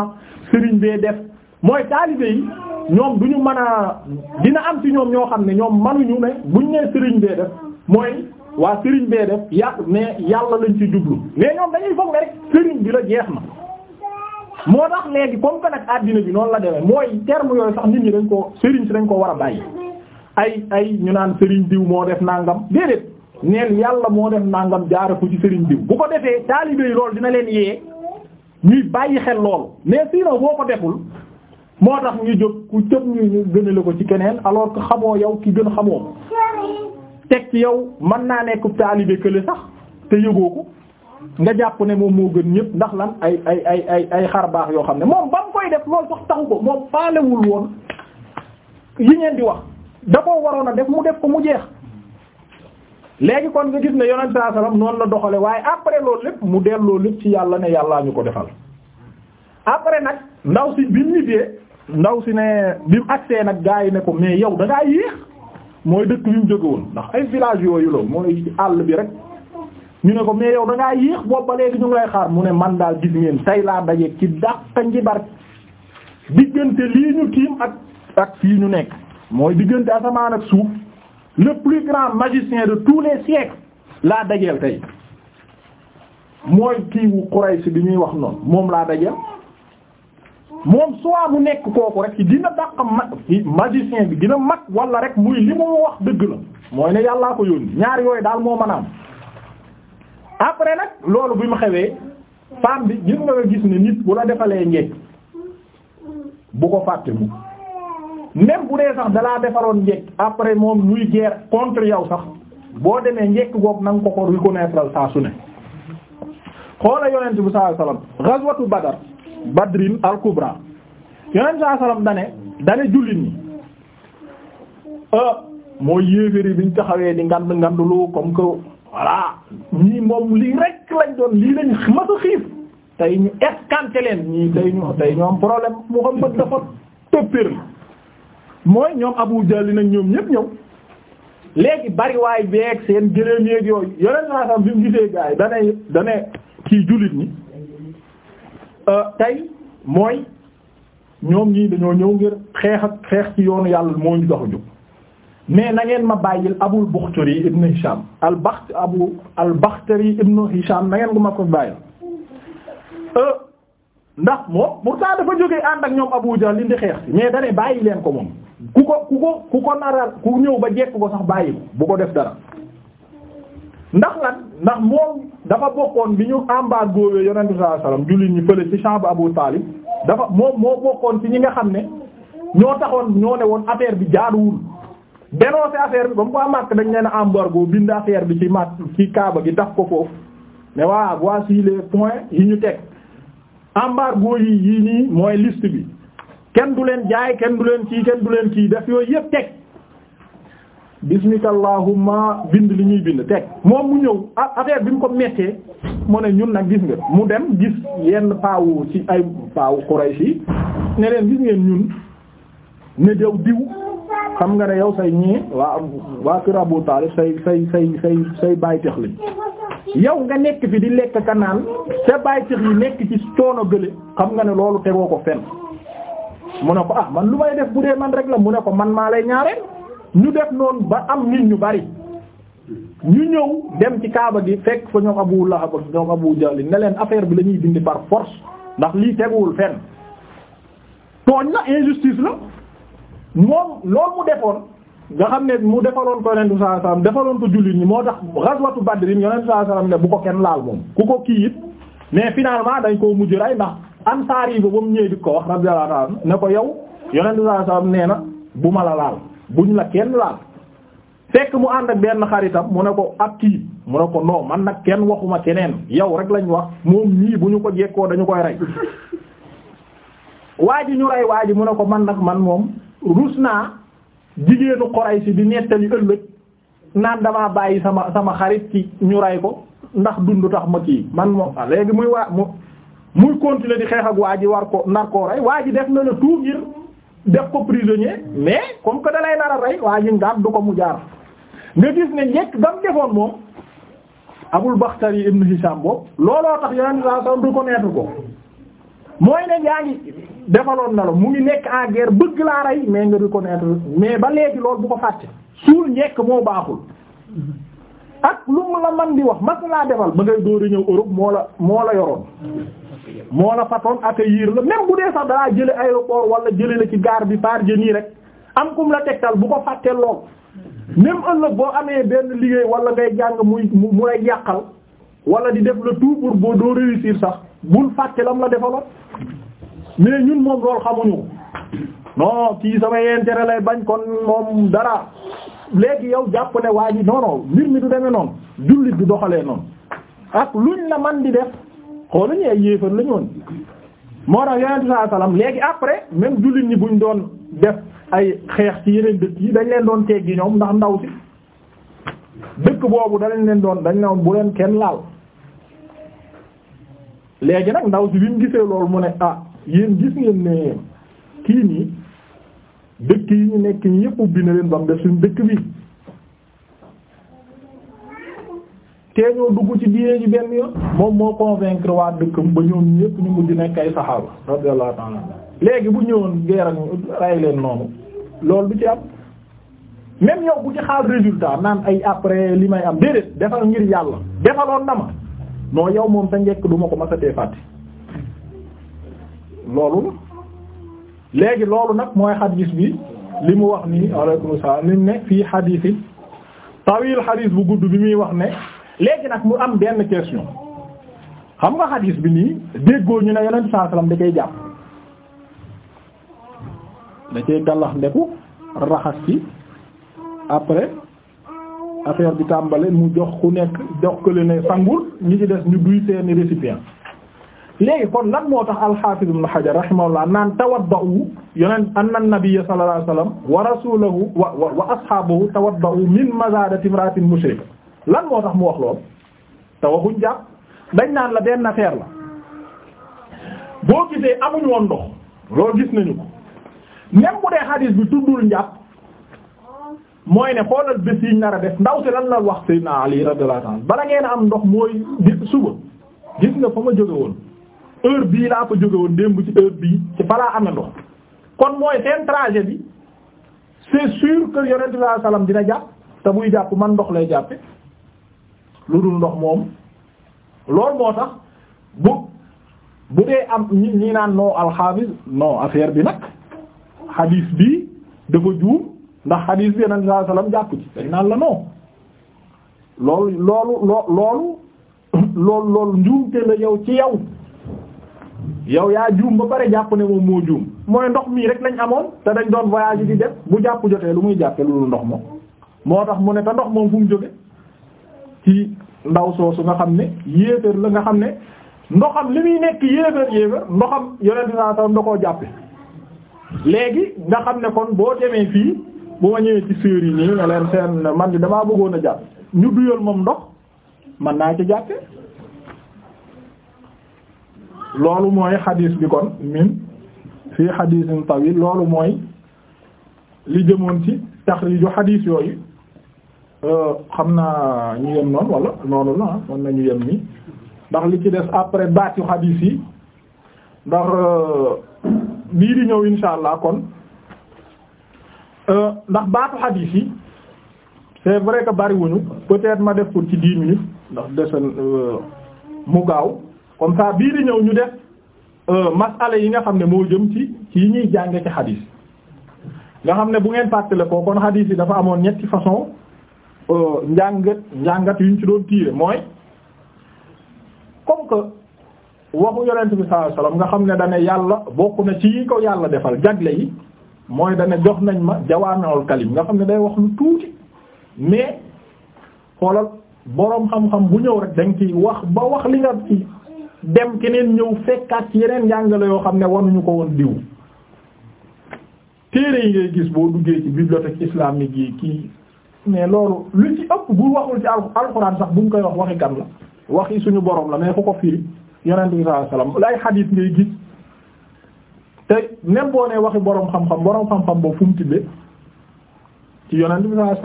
sëriñ bee def mooy taalibe yi ñoom du ñu mën a dina am ci ñoom ñoo xam ne ñoom manuñu bu buñ nee sëriñ bee def mooy waa sëriñ bee def yàq mais yàlla lañ ci jublu mais ñoom dañuy foog ne rek sëriñ bi la jeex na. moo tax léegi comme que nag àddina bi noonu la demee mooy terme yooyu sax nit ñi dañ ko sëriñ si dañ ko war a bàyyi ay ay ñu naan sëriñ diw moo def nangam déedéet. neel yàlla moo def nàngam jaare ko ci sëriñ diw bu ko defee taalibe yi loolu dina leen yee ñuy bàyyi xel loolu mais sinon boo ko deful moo tax ñu jóg ku tëb ñu gënale ko ci keneen alors que xamoo yow ki gën xamoo teg ci yow mën naa nekk taalibe kële sax te yëgoo ko nga jàpp ne moom moo gën ñëpp ndax lan ay ay ay ay ay xar baax yoo xam ne moom ba mu koy def loolu sax taxu ko moom faalewul woon yi ngeen di wax da waroon a def mu def ko mu jeex. léegi kon nga gis ne yonent saa salaam noonu la doxale waaye après loolu lépp mu delloo lépp ci yàlla ne yàllaa ñu ko defal après nag ndaw si bi mu ñibbee ndaw si ne bi mu agsee nag gaa yi ne ko mais yow da ngaa yéex mooy dëkk bi mu ndax ay village yooyu la mooy àll bi rek ñu ne ko mais yow da ngaa yéex boobu ba léegi ñu ngi xaar mu ne man daal gis ngeen tey laa daje ci dàq njibar diggante lii ñu tiim ak ak fii ñu nekk mooy diggante asamaan ak suuf. le plus grand magicien de tous les siècles laa dajeel tey mooy kiiwu Quraysh bi ñuy wax noonu moom laa dajeel moom soit mu nekk kooku rek dina dàq mag magicien bi dina mag wala rek muy li mu wax dëgg la mooy ne yàllaa ko yónni ñaar yooyu daal moo mën a am après nag loolu bi mu xewee femme bi gis nga gis ne nit bu la defalee njekk bu ko fàtte mu même bu dee sax dalaa defaroon njekk après moom luy guerre contre yow sax boo demee njekk goog na nga ko ko reconnaître saa su ne xoola yonent bi sallallahu alayhi wasallam ghazwatu badar badrin al kubra yonent bi sallallahu alayhi wasallam dane dane jullit ñi ah, mooy yéeféri biñ taxawee di ngand ngandulu comme que voilà ñii moom lii rek lañ doon lii lañ mas a xiif tey ñu escanté leen ñii tey ñu tey ñu am problème Muhammad dafa mooy ñoom Abu Jahl nag ñoom ñëpp ñëw léegi bariwaay beeg seen gëléem yeeg yooyu yeneen saa tam bi mu gisee gars yi danay danay kii jullit ñi euh, tey mooy ñoom ñii dañoo ñëw ngir xeex ak xeex ci yoonu yàlla moo ñu dox a jóg mais na ngeen ma bàyyil Abul Bakhtari ibn Hisham al Bakht Abu al Bakhtari ibn Hisham na ngeen ko ma ko bàyyil euh, ndax moom pourtant dafa jógee ànd ak ñoom Abu Jahl li di xeex si mais danay bàyyi leen ko moom. ku ko ku ko ku ko naral ku ñëw ba jekk ko sax bàyyi bu ko def dara ndax lan ndax moom dafa bokkoon bi ñu embargo yooyu yonent bi sallallahu alayhi wasallam jullit ñi fële ci chambre Abu Talib dafa moom moo bokkoon ci ñi nga xam ne ñoo taxoon ñoo ne woon affaire bi jaaduwul dénoncé affaire bi ba mu ko màkk dañ leen embargo bind affaire bi ci màkk ci kaaba gi tax ko foofu mais voilà voici les points yi ñu teg embargo yi yii nii mooy liste bi kenn du leen jaay kenn du leen kii kenn du leen kii def yooyu yëpp teg bismika allahumma bind li ñuy bind teg moom mu ñëw affaire bi mu ko mettee mu ne ñun nag gis nga mu dem gis yenn paawu ci ay paawu Quraysh yi ne leen gis ngeen ñun ne dew diw xam nga ne yow say ñii waa waa kër Abu Talib say say say say say baay tex lañ yow nga nekk fi di lekk ka naan sa baay tex yi nekk ci coono gële xam nga ne loolu tegoo ko fenn mu ne ko ah man lu may def bu dee man rek la mu ne ko man maa lay ñaareel ñu def noonu ba am nit ñu bari ñu ñëw dem ci kaaba gi fekk fa ñoom Abu Lahab ak ñoom Abu Jahl ne leen affaire bi lañuy ñuy dindi par force ndax lii teguwul fenn tooñ la injustice la moom loolu mu defoon nga xam ne mu defaloon ko yonent bi sallallahu alayhi wasallam defaloon ko jullit ñi moo tax ghazwatu Badr yonent bi sallallahu alayhi wasallam ne bu ko kenn laal moom ku ko kii it mais finalement dañ koo mujj rey ndax ansaar yi ba ba mu ñëwee di ko wax radiyallahu anhu ne ko yow yonent sallallahu alayhi nee na bu ma la laal ñu la kenn laal fekk mu ànd ak benn xaritam mu ne ko ak kii mu ne ko non man nag kenn waxuma keneen yow rek lañ wax moom nii bu ñu ko jekkoo dañu koy rey waa ji ñu rey waa ji mu ne ko man nag man moom rus naa jigéenu xoray si di nettali ëllëg naan damaa bàyyi sama sama xarit ci ñu rey ko ndax dund tax ma kii man moom ah, léegi muy waa mu muy continuer di xeex ak waa ji war ko nar koo rey waa ji def na la tout ngir def ko prisonnier mais comme que dalay lay nar a rey waa ji ngaat du ko mu jaar nga gis ne njëkk dam defoon moom Abul Bakhtari ibn Hisham boobu looloo tax yeneen saa son ko mooy ne yaa ngi defaloon na la mu ngi nekk en guerre bëgg laa rey mais nga reconnaître mais ba léegi loolu bu ko fàtte suul njëkk moo baaxul ak lu mu la man di wax mas laa defal ba ngay dóori ñëw Europe moo la moo la yoroon moo la fatoon yiir la même bu dee sax dalaa jële aéroport wala jële la ci gaar bi par nii rek am kum la tegtal bu ko fàtte lool même ëllëg boo amee benn liggéey walla ngay jàng muy mu lay yàqal wala di def le tout pour boo doo réussir sax bul fàtte lam la defaloon mais ñun moom lool xamuñu non kii samay intérêt lay bañ kon moom dara léegi yow jàpp ne waa ji non mbir mi du demee noonu jullit du doxalee noonu ak luñ la man di def xoolal ñu ay yéefar la ñu woon moo tax yonent bi sallallahu alayhi wasallam léegi après même jullit ñi buñ doon def ay xeex ci yeneen dëkk yi dañ leen doon teggi ñoom ndax ndaw si dëkk boobu danañ leen doon dañ ne bu leen kenn laal. léegi nag ndaw si bi mu gisee loolu mu ne ah yéen gis ngeen ne kii nii dëkk yi ñu nekk ñi yëpp ubbi na leen ba mu def suñu dëkk bi. tee ñoo dugg ci diine ji benn yoon moom moo convaincre waa dëkkam ba ñoom ñépp ñu mujj nekk ay saxaaba radiyallahu ta'ala léegi bu ñëwoon guerre ak ray leen noonu loolu du ci am même yow bu ci xaal résultat naan ay après li may am déedéet defal ngir yàlla defaloon na ma non yow moom sa njekk duma ko masatee fàtte loolu léegi loolu nag mooy xadis bi li mu wax nii aleykum salaam li ne fii xadis yi tawil xadis bu gudd bi muy wax ne léegi nag mu am benn question xam nga xadiis bi nii déggoo ñu ne yonent saa salaam da koy jàpp da cee gàllax ndeku raxas ci après affaire bi tàmbale mu jox ku nekk jox ko ne sangul ñi ci des ñu duy seeni récipient léegi kon lan moo tax al-Hafiz Ibn Hajar rahimahullah naan tawadda'u yonent anna an sallallahu alayhi wa sallam wa rasuluhu wa wa ashabuhu tawadda'u min mazadati imra'atin mushrika lan moo tax mu wax lool te waxuñ jàpp dañ naan la benn affaire la boo gisee amuñ woon ndox loolu gis nañu ko même bu dee xadiis bi tuddul njàpp mooy ne xoolal bés yiñ nara a def ndaw si lan la wax Seydina Ali radiyallahu ta'ala bala ngeen am ndox mooy di suba gis nga fa ma jóge woon heure bii laa fa jóge woon démb ci heure bii ci balaa amee ndox kon mooy seen trajet bi c'est sûr que yonent bi sallallahu dina jàpp te buy jàpp man ndox lay jàppe lu dul ndox moom loolu moo tax bu bu dee am ñi ñi naan noo alxamis non affaire bi nag xadiis bi dafa juum ndax xadiis bi yeneen saa salaam jàpp ci dañ naan la non loolu loolu loo loolu loolu loolu njuumte la yow ci yow yow yaa juum ba pare jàpp ne moom moo juum mooy ndox mii rek nañ amoon te dañ doon voyage di def bu jàpp jotee lu muy jàppe lu ndox moom moo tax mu ne te ndox moom fu mu jóge ci ndaw soosu nga xam ne yéeféer la nga xam ne ndoxam li muy nekk yéeféer yéeféer ndoxam yonent saa sallam da koo jàppe léegi nga xam ne kon boo demee fii bu ma ñëwee ci séer yi nii nga leen seen man di damaa bëggoon a jàpp ñu duyal moom ndox man naa ci jàppe loolu mooy xadiis bi kon min fii xadiisin tawil loolu mooy li jëmoon ci yu taxriiju xadiis yooyu xam naa ñu yem noonu wala noonu la mën nañu yem nii ndax li ci des après baat yu xadiis yi ndax bii euh, di ñëw insha allah kon euh, ndax baatu xadiis yi c'est vrai que bariwuñu peut-être ma def pour ci dix minutes ndax desen euh, mu gaaw comme ça bii di ñëw ñu def masala yi nga xam ne moo jëm ci ci ñuy jànge ci xadiis nga xam ne bu ngeen fàttale ko kon xadiis yi dafa amoon ñetti façon Euh, njàngat njàngat yu ñu ci doon tiire mooy comme que waxu yonent nga xam ne dane yàlla bokk na ci yi ko yàlla defal jagle yi mooy dane jox nañ ma jawaami'ul kalim nga xam ne day wax lu tuuti mais xoolal boroom xam-xam bu ñëw rek dañ ci wax ba wax li nga dem keneen ñëw fekkaat yeneen njàngale yoo xam ne wanuñu ko woon diw téere yi ngay gis boo duggee ci bibliothèque islamique yi kii mais loolu lu ci ëpp bu waxul ci alxuraan sax bu ñu koy wax waxi gan la waxi suñu boroom la mais ku ko firi yonent bi sallallahu alayhi wasallam lay xadiis ngay gis te même boo nee waxi borom xam-xam borom xam-xam boobu fu mu tibbee ci yonent bi sallallahu alayhi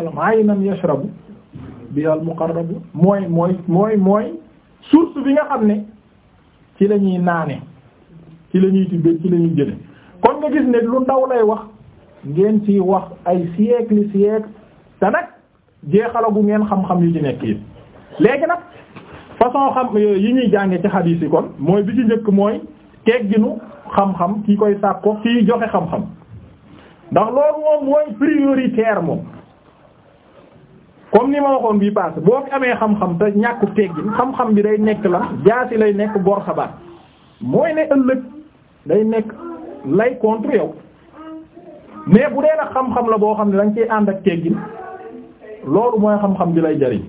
wasallam aynan bi al muqarrabu mooy mooy mooy mooy source bi nga xam ne ci la ñuy naane ci la ñuy tibbee ci la ñuy kon nga gis ne lu ndaw lay wax ngeen ci wax ay siècle siècle te nag jeexalagu ngeen xam-xam yi ci nekk yi léegi nag façon xam yi ñuy jànge ci xadiis yi kon mooy bi ci njëkk mooy tegginu xam-xam ki koy sàkko kii joxe xam-xam ndax loolu moom mooy prioritaire moom comme ni ma waxoon bii paase boo fi amee xam-xam te ñàkku teggin xam-xam bi day nekk la jaasi lay nekk bor xabaat mooy ne ëllëg day nekk lay contre yow mais bu dee nag xam-xam la boo xam ne dañ cee ànd ak teggin loolu mooy xam-xam bi lay jariñ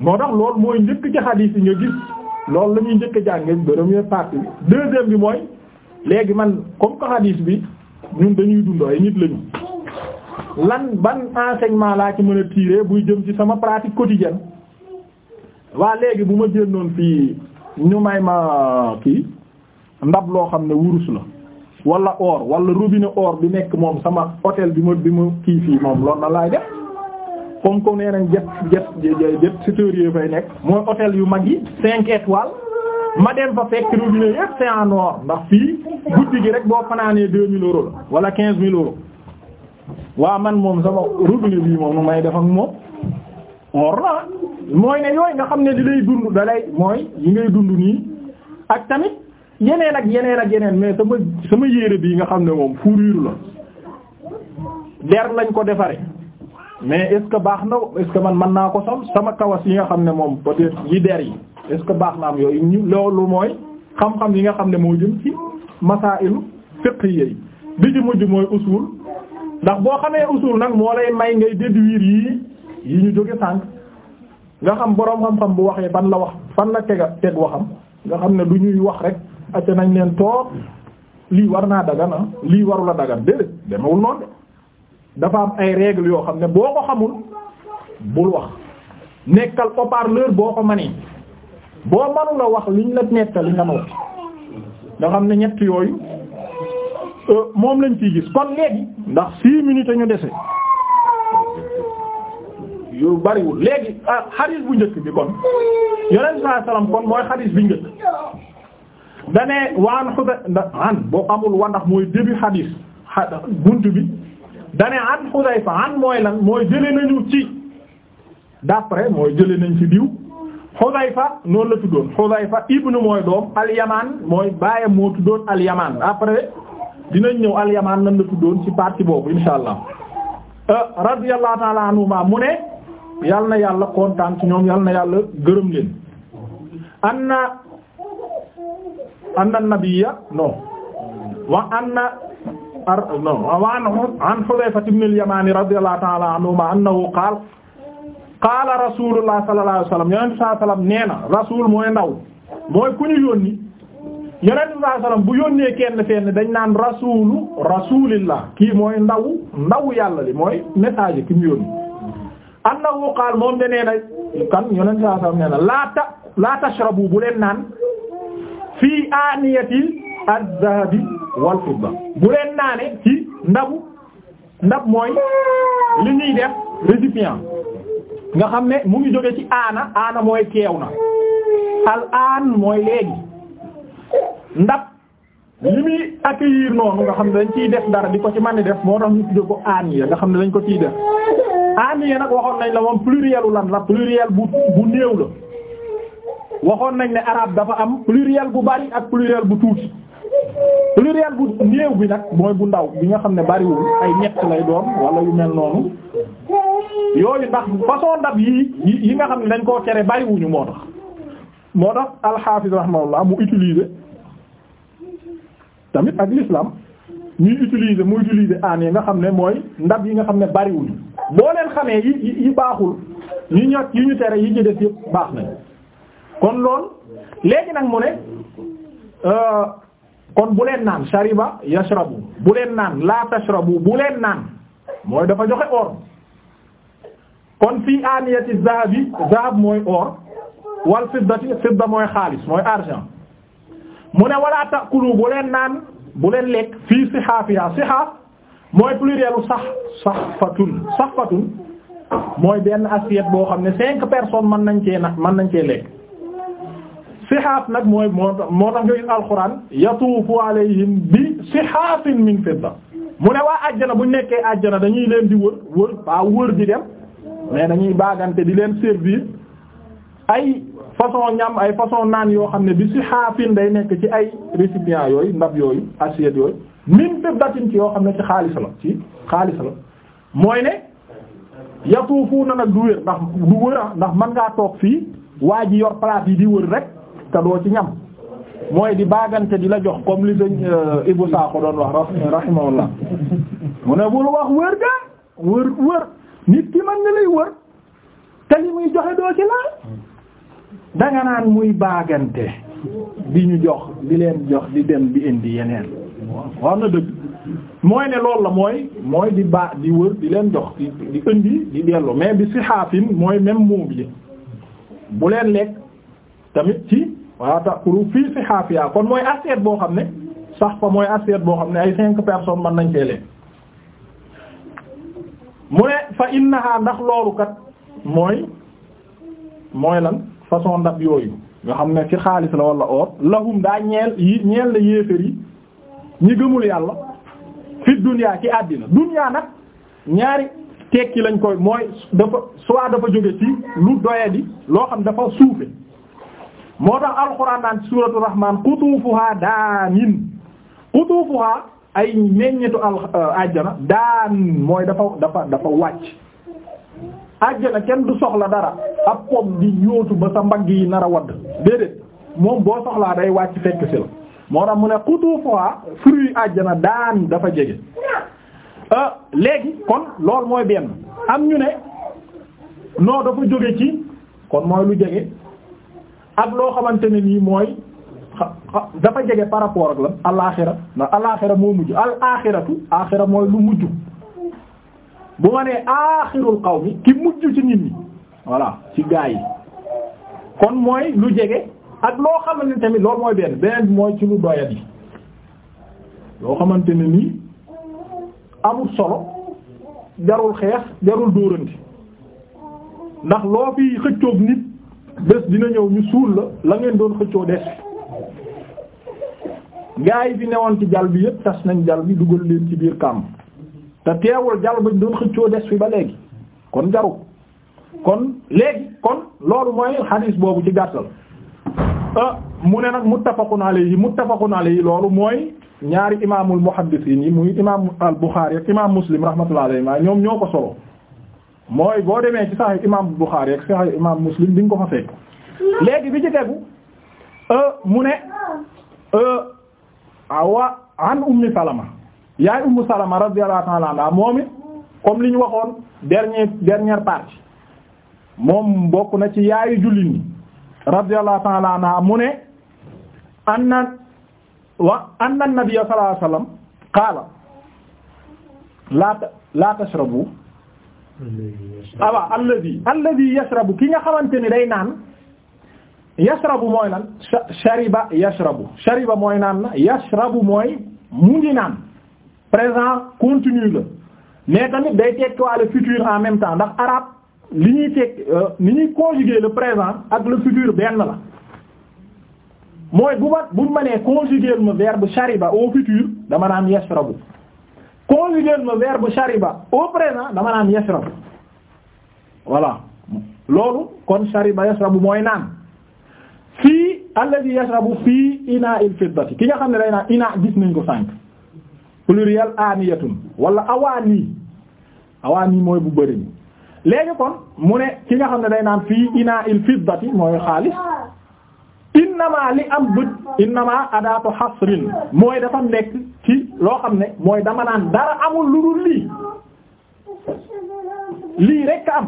moo tax loolu mooy njëkk ci xadiis yi nga gis loolu la ñuy njëkk a jànge première partie bi deuxième bi mooy léegi man comme que xadiis bi ñun dañuy dund ay nit lañu lan ban enseignement laa ci mën a tirer buy jëm ci sama pratique quotidienne waa léegi bu ma génnoon fii ñu may ma kii ndab loo xam ne wurus la wala or wala robine or bi nekk moom sama hôtel bi ma bi ma kii fii moom loolu na laay def comme comme nee nañ jet jet jet sécurité fay nekk mooy otel yu mag yi cinq étoiles ma dem fa fekk robinet yépp c'est en or ndax fii guddi gi rek boo fanaanee deux mille euros la wala quinze mille euros waa man moom sama robinet bii moom nu may def ak moom or na mooy ne yooyu nga xam ne li lay dund da mooy yi ngay dund nii ak tamit yeneen ak yeneen ak yeneen mais sama sama yére bii nga xam ne moom fourrure la der lañ ko defare mais est-ce que baax na est-ce que man mën naa ko sol sama kawas yi nga xam ne moom peut yi der yi est-ce que baax na am yooyu ñu loolu mooy xam-xam yi nga xam ne moo jëm ci masaa'ilu fiqh yi bi ci mujj mooy usul ndax boo xamee usul nag moo lay may ngay déduire yii yi ñu jóge sànq nga xam boroom xam-xam bu waxee ban la wax fan la tega teg waxam nga xam ne du ñuy wax rek acca nañ leen toog lii war naa dagan ah lii warula dagan déedéet demewul noon de dafa am ay règles yoo xam ne boo ko xamul bul wax nekkal haut-parleur boo ko manee boo mënul wax liñ la nettali nga ma wax nga xam ne ñett yooyu euh, moom lañ ciy gis kon léegi ndax six minutes ñu dese yu bariwul léegi ah, xadiis bu njëkk bi kon yonent saa salaam kon mooy xadiis bi njëkk dane waan xuda an boo amul wa ndax mooy début xadiis bunt bi dane an Xudayfa an mooy lan mooy jële nañu ci d'après mooy jële nañ ci diw Xudayfa noonu la tuddoon Xudayfa ibnu mooy doom alyamaan mooy baayam moo tuddoon alyamaan après dinañ ñëw alyamaan nan la tuddoon ci partie boobu insha allah euh, radiyallahu ta'ala anhuma mu ne yal na yàlla kontaan ci ñoom yal na yàlla gërëm leen anna anna nabiyya non wa anna ar wa an Hudayfa ibn al-Yamani radiyallahu ta'ala anhuma annahu qaala qaala rasulullah sallallahu alayhi wasallam yonent sallallahu alayhi wasallam nee na rasul mooy ndaw mooy ku ñu yónni yonent sallallahu alayhi wasallam bu yónnee kenn fenn dañ naan rasulu rasulillah kii mooy ndaw ndaw yàlla li mooy message ki mu yónni annahu qaala moom de nee na kan yonent sallallahu alayhi wasallam nee na laa ta laa tashrabu bu leen naan fii aaniyati ad-dahabi wal fidda bu naane ci ndabu ndab mooy li ñuy def récipient nga xam ne mu ngi jóge ci aana aana mooy keew na al aan mooy léegi ndab li muy accueillir noonu nga xam ne dañ ciy def dara di ko ci mën def moo tax ñu tuddee ko aan ya nga xam ne dañ ko ciy def aan ya nag waxoon nañ la moom plurielu pluriel bu bu néew la waxoon nañ ne arabe dafa am pluriel bu bari ak pluriel bu tuuti pluriel bu néew bi nag mooy bu ndaw bi nga xam ne bariwul ay ñett lay doon wala yu mel noonu yooyu ndax façon ndab yi yi nga xam ne dañ koo tere bariwuñu moo tax moo tax alxaafis rahimahullah mu utiliser tamit ak l'islam ñuy utiliser mu utiliser aan nga xam ne mooy ndab yi nga xam ne bariwuñu boo leen xamee yi yi baaxul yi ñot yi ñu tere yi ñu def yëpp baax nañ kon lool léegi nag mu ne euh, kon bu leen naan shariba yashrabu buleen naan la tashrabu bu leen naan mooy dafa joxe or kon fii aniyati zahabi zahab mooy or wal fiddati fidda mooy xaalis mooy argent mu ne wala takulu bu leen naan bu leen lekk fii sihaafiya sihaaf mooy plurielu sax sahfatun sahfatun mooy benn assiette boo xam ne cinq personnes mën nañ cee na mën nañ cee lekk sihaaf nag mooy moo moo tax nga gis alxuraan yatuufu alayhim bi sihaafin min fidda mu ne waa àjjana bu nekkee àjjana dañuy leen di wër wër waa wër di dem mais dañuy baagante di leen servir ay façon ñam ay façon naan yoo xam ne bi sihaafin day nekk ci ay récipients yooyu ndab yooyu assiette yooyu min fiddatin ci yoo xam ne ci xaalis la ci xaalis la mooy ne yatuufu na nag du wër ndax du wër ah, ndax mën ngaa toog fii waa ji yor palaat yi di wër rek. te doo ci ñam mooy di baagante di la jox comme li dañ euh, Ibou Sakho doon wax rahimahullah mu ne bul wax wër ga wër wër nit ki man nga lay wër te li muy joxe doo ci laal danga naan muy baagante bi ñu jox di leen jox di dem di indi yeneen wax na dëgg mooy ne loolu la mooy mooy di baa di wër di leen jox di indi di delloo mais bi si xaafin mooy même moom bi bu leen lekk tamit ci wala taqulu fii sihaafiha kon mooy assiette boo xam ne sax fa mooy assiette boo xam ne ay cinq personnes mën nañ cee leen mu ne fa innaha ndax loolu kat mooy mooy lan façon ndab yooyu nga xam ne ci xaalis la wala or lahum daa ñeel ñeel la yéefér yi ñi gëmul yàlla fi dunya ci àddina dunya nag ñaari tekki lañ koy mooy dafa soit dafa jóge ci lu doye loo xam dafa suufe moo tax alxuraan daan suuratu rahmaan qutuufuhaa daanin qutuufuhaa ay meññetu al euh, àjjana daan mooy dafa dafa dafa wàcc àjjana kenn du soxla dara ab pom di yóotu ba sa mbagg yi nar a wadd déedéet moom boo soxlaa day wàcc fekk si la moo tax mu ne qutuufuhaa fruit àjjana daan dafa jege euh, léegi kon loolu mooy benn am ñu ne non dafa jóge ci kon mooy lu jege ak loo xamante ne nii mooy dafa jege par rapport ak lan alaaxira ndax alaaxira moo mujj al aaxiratu mooy lu mujj bu ma nee aaxirul qawmi ki mujj ci nit ñi voilà ci gaa yi kon mooy lu jege ak loo xamante ne tamit loolu mooy benn beneen mooy ci lu doyat yi loo xamante ne nii amul solo jarul xeex jarul dóorante ndax loo fi xëccoog nit bés dina ñëw ñu suul la la ngeen doon xëccoo des gaa yi fi newoon ci jal bi yépp tas nañ jal bi dugal leen ci biir kàmm te teewul jal bañ doon xëccoo des fi ba léegi kon jaru kon léegi kon loolu mooy xadiis boobu ci gàttal ah mu ne nag muttafaqun alayhi muttafaqun yi loolu mooy ñaari imaamul muhaddisiin yi muy imaam al Buxaari ak imaam Muslim rahmatullahi alayhi ñoom ñoo ko solo mooy boo demee ci sax imam Bukhari ak sax imam Muslim bi nga ko fa fekk léegi bi ci tegu euh, mu ne awa euh, an ummi salama yaay ummu salama radiyallahu ta'ala moom it comme li ñu waxoon dernier dernière partie moom bokk na ci yaayu jullit ñi radiyallahu ta'ala mu ne anna wa anna nabiyya sallallahu alayhi wasallam qaala la la tashrabu awaa alladi alladi yashrabu ki nga xamante ni day naan yashrabu mooy naan shariba yashrabu shariba mooy naan na yashrabu mooy mu ngi naan présent continu la mais tamit day tekkiwaale futur en même temps ndax arabe li ñuy tekk li euh, ñuy conjuguer le présent ak le futur benn la mooy bu ma bu manee nee conjuguer ma verbe shariba au futur dama naan yashrabu conjuguer ma verbe shariba au présent dama naan yashrab voilà loolu kon shariba yashrabu mooy naan fii alladhi yashrabu fii ina il fiddati ki nga xam ne day naan ina gis nañ ko sànq pluriel aniyatun wala awaani awaani mooy bu bëri léegi kon mu ne ki nga xam ne day naan fii ina il fiddati mooy xaalis innama li am bët innama adaatu hasrin mooy dafa nekk ci loo xam ne mooy dama naan dara amul lu dul lii lii rekk am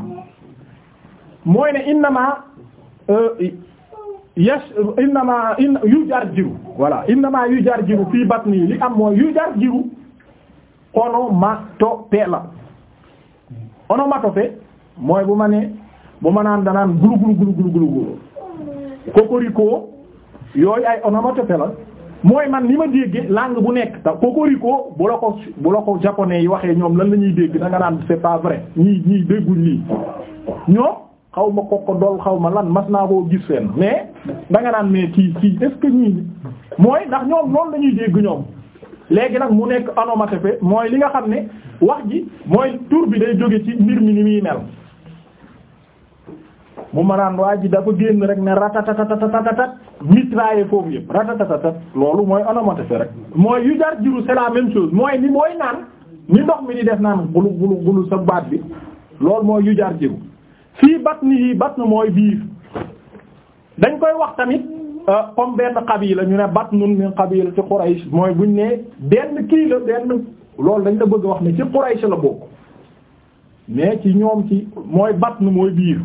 mooy ne innama euh, yes innama yu jar jiru voilà innama yu jar jiru fii batni li am mooy yu jar jiru onomatopée la onomatopée mooy bu ma ne bu ma naan danaan gulu gulu gulu gulu gulu kokoriko yooyu ay onomatopée la mooy man li ma dégg langue bu nekk te kokoriko bu la ko bu la ko japonais yi waxee ñoom lan la ñuy dégg da nga naan c'est pas vrai ñii ñii dégguñ lii ñoom xaw ma koko dool xaw ma lan mas naa koo gis seen mais da nga naan mais kii kii est-ce ñii mooy ndax ñoom loolu la ñuy dégg ñoom léegi nag mu nekk onomatopée mooy li nga xam ne wax ji mooy tur bi day jóge ci mbir mi ni muy mel mu manaan waa ji dafa génn rek ne ratatatatatat mitraillé foofu yëpp ratatatatat loolu mooy onomatopée rek mooy yu jar jiru c'est la même chose mooy ni mooy naan ni ndox mi di def naan gulu gulu gulu sa baat bi loolu mooy yu jar jiru fii batn yi na mooy biir dañ koy wax tamit euh, comme benn qabila ñu ne bat batnun min qabila ci Quraysh mooy buñ ne benn kii la benn loolu dañ la bëgg a wax ne ci Quraysh la bokk mais ci ñoom ci mooy batn mooy biir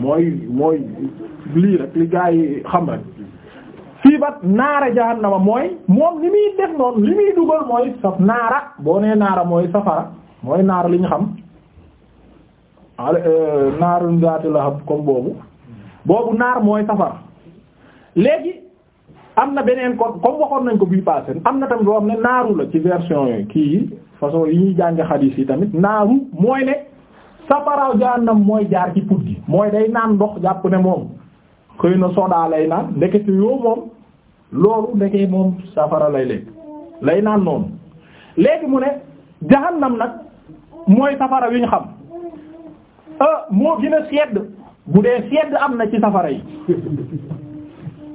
mooy mooy lii rek li yi xam rek fii ba naara jahannama mooy moom li muy def noonu li muy dugal mooy saf naara boo nee naara mooy safara mooy naara li ñu xam al euh, naaru zaati lahab comme boobu boobu naar mooy safara léegi am na beneen kon comme waxoon nañ ko bii passé am na tamit boo ne naaru la ci version kii yi façon yi ñuy jànge xadiis yi tamit naaru mooy ne safaraaw jahannam mooy jaar ci put gi mooy day naan ndox jàpp ne moom xëy na sodaa lay naan ndekete yoo moom loolu ndekee moom safara lay lekk lay naan noonu léegi mu ne jahannam nag mooy safara yu ñu xam euh, moo gën a sedd bu dee sedd am na ci safara yi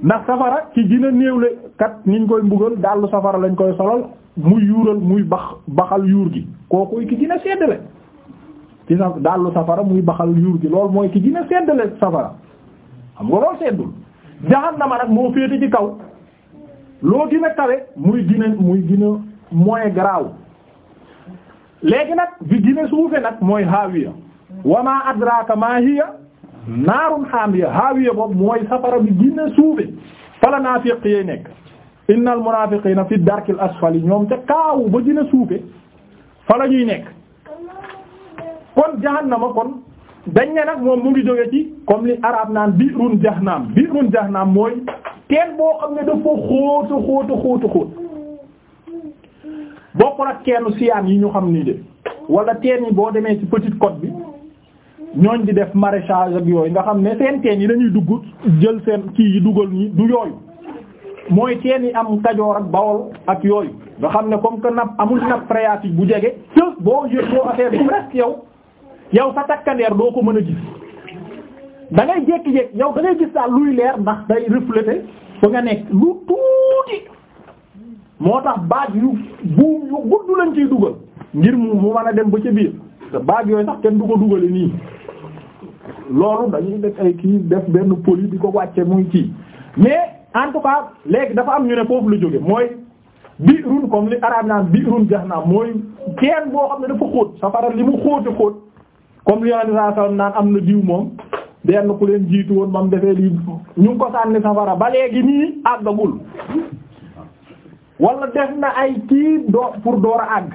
ndax safara ci gën a néewle kat niñ koy mbugal dallu safara lañ koy solal muy yuural muy bax baxal yuur gi kooku ki gën a sedd la ci sa dàllu safara muy baxal yuur gi loolu mooy ki dina seddale safara xam nga loolu seddul jahannama nag moo féete ci kaw loo gën kawe muy gën muy gën a moins léegi nag bi gën a suufe nag mooy haawiya wa ma adraka ma hiya naarun haamiya haawiya boobu mooy safara bi gën a suufe fala naafiq yey nekk innal munaafiqiina fi darkil asfali ñoom te kaawu ba gën suufe fa la nekk kon jahannama kon dañ ne nag moom mu ngi jóge ci comme li arab naan biirun jahannam biirun jahannam mooy teen boo xam ne dafa xóota xóota xóota xóot bokkul ak teenu siyaan yi ñu xam nii de wala teen yi boo demee ci Petite Côte bi ñooñ di def maraîchage ak yooyu nga xam ne seen teen yi dañuy dugg jël seen kii yi dugal ñi du yooyu mooy teen yi am Kajoor ak Bawol ak yooyu nga xam ne comme que napp amul nappe phréatique bu jege boo yëg boo affaire bi presque yow yow sa takkandeer doo ko mën a gis da ngay jékki-jékki yow da ngay luy leer ndax day refléter fa nga nekk lu tuuti moo tax baag yu buum yu gudd lañ ciy dugal ngir mu mën a dem ba ca biir te baag yooyu sax kenn du ko dugale nii loolu dañuy def ay kii def benn poli di ko wàcce muy kii mais en tout cas léegi dafa am ñu ne foofu la jóge mooy biirun comme li arab naan biirun jahannam mooy kenn boo xam ne dafa xóot safara li mu xóoti xóot comme li yonent saa naan am na diw moom benn ku leen jiitu woon ba mu defee lii ñu ngi ko sànni safara ba léegi nii àggagul wala def na ay kii doo pour door a àgg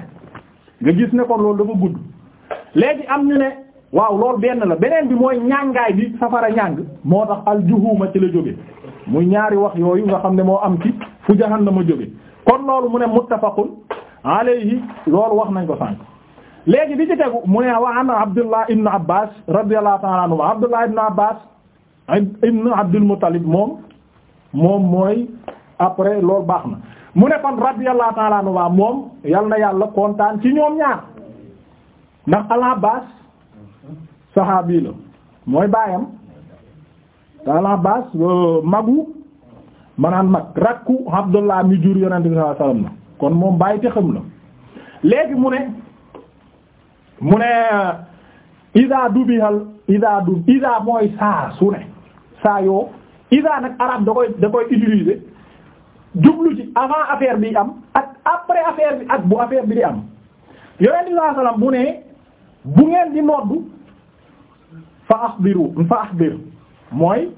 nga gis ne ko loolu dafa gudd léegi am ñu ne waaw loolu benn la beneen bi mooy ñàngaay bi safara ñàng moo tax aljuhuma ci la jóge muy ñaari wax yooyu nga xam ne moo am ci fu ma jóge kon loolu mu ne muttafaqun yi loolu wax nañ ko sànk léegi bi ci tegu mu ne wa an Abdullah ibn Abbas radiyallahu ta'ala anhu Abdullah ibn Abbas ibn Abdul moom moom mooy après loolu baax na mu ne kon radiyallahu ta'ala moom yal na yàlla kontaan ci ñoom ñaar ndax al Abbas saxaabi la mooy baayam te al Abbas euh, magu manaan mag rakku Abdullah mi jur yonent bi sallallahu alayhi la kon moom bàyyi te xam la léegi mu ne mu ne ida dubihal ida du ida mooy saa su ne saa yoo ida nag arab da koy da koy utiliser jublu ci avant affaire bi am ak après affaire bi ak bu affaire bi di am yonent bi sallallahu alayhi wasallam mu ne bu ngeen di noddu fa axbiru fa axbir mooy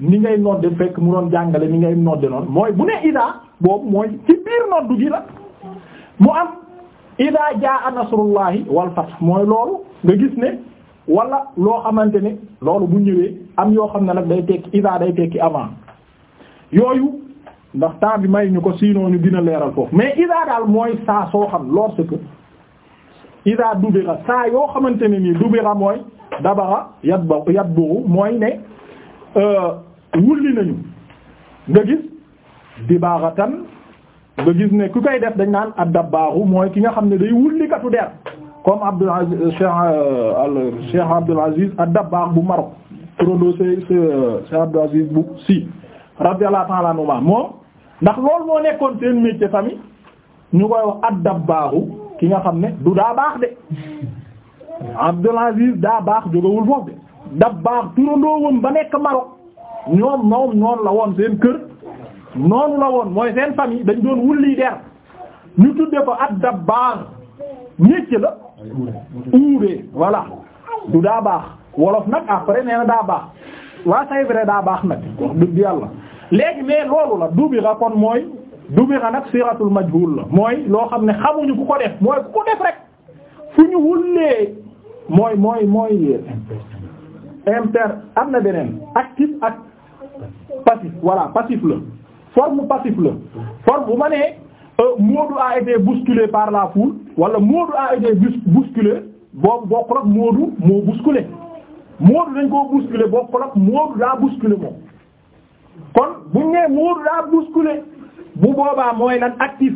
ni ngay nodde fekk mu doon jàngale ni ngay nodde noonu mooy bu ne ida boobu mooy ci biir noddu gi la mu am idaa jaa nasrullahi wal fath mooy loolu nga gis ne wala loo xamante ne loolu bu ñëwee am yoo xam ne nag day tekki idaa day tekki avant yooyu ndax temps bi may ñu ko sinon ñu dina leeral foofu mais idaa daal mooy saa soo xam lorsque que idaa dubira saa yoo xamante ne nii dubira mooy dabara yadba yadburu mooy ne euh, wulli nañu nga gis dibaaratan nga gis ne ku koy def dañ naan ab dabbaaxu mooy ki nga xam ne day wullikatu der comme Abdul Aziz euh, Cheikh euh, Abdul Aziz ad dabbaax bu Maroc prodo euh, Cheikh Cheikh Abdul Aziz bu si radiyallahu ta'ala anhu moom ndax lool moo nekkoon seen métier famille ñu koy wax ad dabbaaxu ki nga xam ne du daa baax de Abdul Aziz daa baax jógawul foofu de dabbaax turandoo woon ba nekk Maroc ñoom ñoom la woon seen kër noonu la woon mooy seen famille dañ doon wulli der ñu tudde ko ad dabbaax métier la uuree voilà du daa baax wolof nag après nee daa baax waa c'est vrai daa baax nag wax dëgg yàlla léegi mais loolu la dubira kon mooy dubira nag siratul majhul la mooy loo xam ne xamuñu ku ko def mooy ku ko def rek fu ñu wullee mooy mooy mooy imper am na beneen actif ak passif voilà passif la forme passive la forme bu ma nee euh, Moodu a été bousculé par la foule wala Moodu a été bousculé boobu bokkul ak Moodu moo bousculé Moodu dañ koo bousculé bokkul ak Moodu daa bousculé moom kon buñ nee Moodu daa bousculé bu boobaa mooy lan actif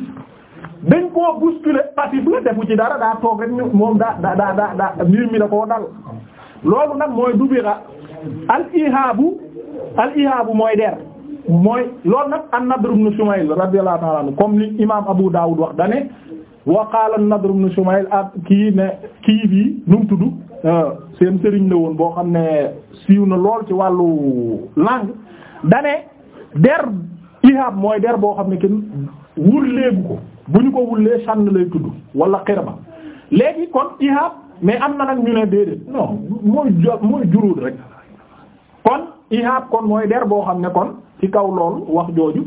dañ koo bousculé passif la defu ci dara daa toog rek moom daa daa daa daa mbir mi da koo dal loolu nag mooy dubira al ihaabu al ihaabu mooy der mooy loolu nag an-Nadr ibn Shumayl radiyallahu ta'ala anhu comme li imam Abu Dawud wax dane wa qala an-Nadr ibn Shumayl ak kii ne kii bi nu mu euh, seen sëriñ la woon boo xam ne siiw na lool ci wàllu langue dane der ihab mooy der boo xam ne kenn wulleegu ko bu ñu ko wullee sànn lay tudd wala xirba léegi kon ihab mais am na nag ñu ne déedéet mooy mooy juróot rek kon ihab kon mooy der boo xam ne kon ci kaw loolu wax jooju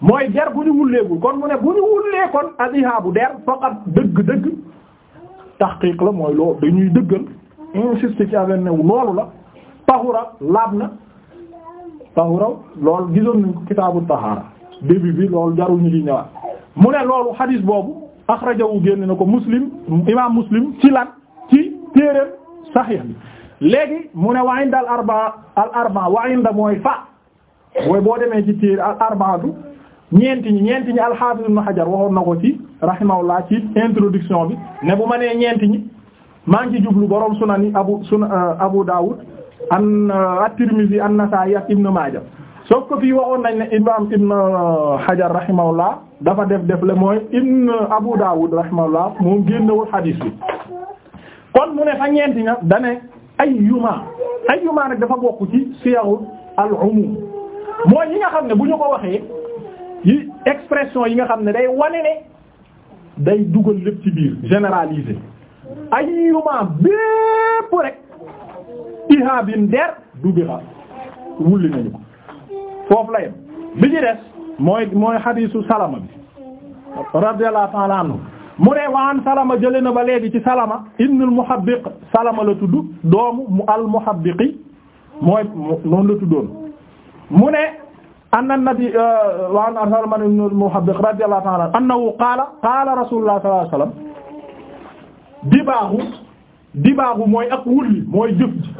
mooy der bu ñu wulleegul kon mu ne bu ñu wullee kon azihaabu der faqat dëgg-dëgg tahqiq la mooy loolu dañuy dëggal insister ci avec loolu la tahura laab na tahura lool gisoon nañ ko kitaabu tahaara début bi loolu jarul ñu di ñëwaat mu ne loolu xadiis boobu axrajawu génn na ko muslim imaam muslim ci lan ci téereem saxiix bi léegi mu ne wa inda al arba al arba wa mooy fa mooy boo demee ci téere al arbaatu ñeenti ñi ñeenti ñi al-Hafiz Ibn Hajar waxoon na ko ci rahimahullah ci introduction bi ne bu ma nee ñeenti ñi maa ngi ci jublu borom sunani abu sunan euh, Abu Dawud an euh, at na an-Nasa'i ak Ibn Majah soo ko fii waxoon nañ ne imam Ibn euh, Hajar rahimahullah dafa def def le mooy Ibn Abu Dawud rahimahullah moom génnewul hadis bi kon mu ne fa ñeenti ña dane ayyuma ayyuma nag dafa bokk ci siyaru al-umum mooy yi nga xam ne bu ñu ko waxee yi expression yi nga xam ne day wane ne day dugal lépp ci biir généraliser ayuma bépp rek ihabin der du biha wulli nañu ko foofu la yem bi ci des mooy mooy xadiisu salama bi radiyallahu ta'ala anhu mu ne waan salama jële na ba léegi ci salama ibnul muhabbiq salama la tudd doomu mu al muhabbiqi mooy noonu la tuddoon mu ne anna nabi euh, wa an Salman ibn al-Muhabbiq radiyallahu ta'ala annahu qaala qaala rasulullah sallallahu alayhi wasallam dibaaxu dibaaxu mooy ak wulli mooy jëf ji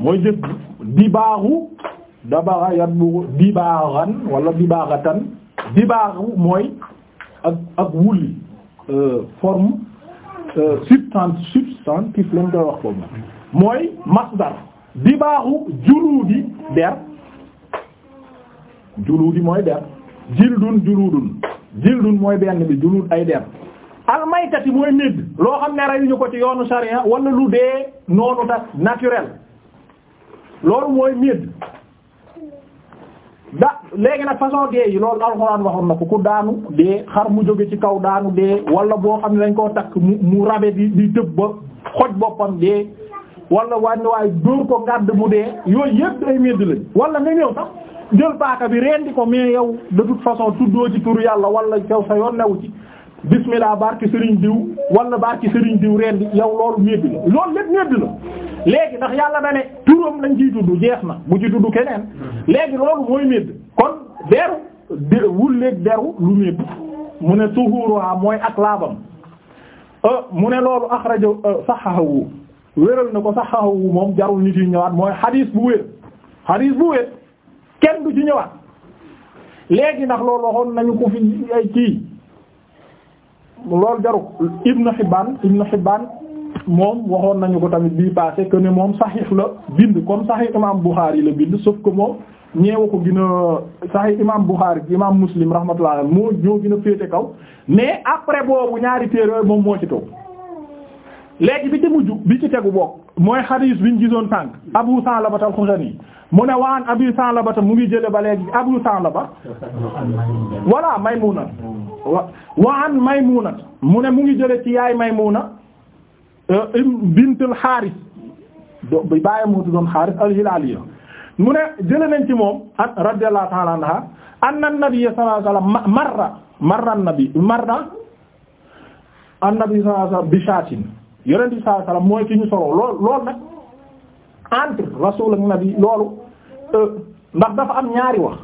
mooy jëf ji dibaaxu dabaxa yatbu dibaaxan wala dibaaxatan dibaaxu mooy ak ak wulli euh, forme euh, substance substantif lañ koy wax ko mooy masdar dibaaxu juluudi der juluudi mooy der jildun juluudun jildun mooy benn bi juluud ay der almaykati mooy médd loo xam ne rayuñu ko ci yoonu sharia wala lu dee noonu tas naturel loolu mooy médd da léegi nag façon dee yi loolu alxuraan waxoon na ko ku daanu dee xar mu jóge ci kaw daanu dee wala boo xam ne dañ koo takk mu mu rabe di di tëb ba xoj boppam dee wala wàññi waaye dóor ko ngàdd mu dee yooyu yëpp ay médd lañ wala nga ñëw sax jël paaka bi rendi ko mais yow de toute façon tuddoo ci turu yàlla wala yow sa yoon new ci bismillah barki Serigne diw wala barki Serigne diw rendi yow loolu médd la loolu lépp médd la léegi ndax yàlla na ne turam lañ ciy tudd jeex na mu ci tudd keneen léegi loolu mooy médd kon deru wulleeg deru lu médd mu ne tuhuruha mooy ak laabam euh, mu ne loolu axrajo euh, sahahawu wéral na ko sahahawu moom jarul nit yi ñëwaat mooy hadis bu wér hadis bu wér kenn du ci ñëwaat léegi ndax loolu waxoon nañu ko fi ay kii loolu jaru Ibn Hibban Ibn Hibban moom waxoon nañu ko tamit bii passé que ne moom saxiix la bind comme saxiix imam Bukhari la bind sauf que moom ñeewa ko gën a saxiix imam Bukhari imam Muslim rahmatullah moo ñoo gën a féete kaw mais après boobu ñaari téere moom moo ci taw léegi bi ci mujj bi ci tegu bokk mooy xadiis bi ñu gisoon tànk Abu Salaba al-Xushani mu ne waan Abu Salaba mu ngi jële ba léegi Abu Salaba walla Maymuna waan Maymuna mu ne mu ngi jële ci yaay Maymuna euh, bint al-Haaris do bi bàyyam mu doon Haaris mu ne jële nañ ci moom ak radiyallahu ta'ala an an-nabiy marra an-nabiy sallallahu yonent bi sallallahu mooy ki ñu soloo lool loolu nag entre rasul ak nabi loolu euh, ndax dafa am ñaari wax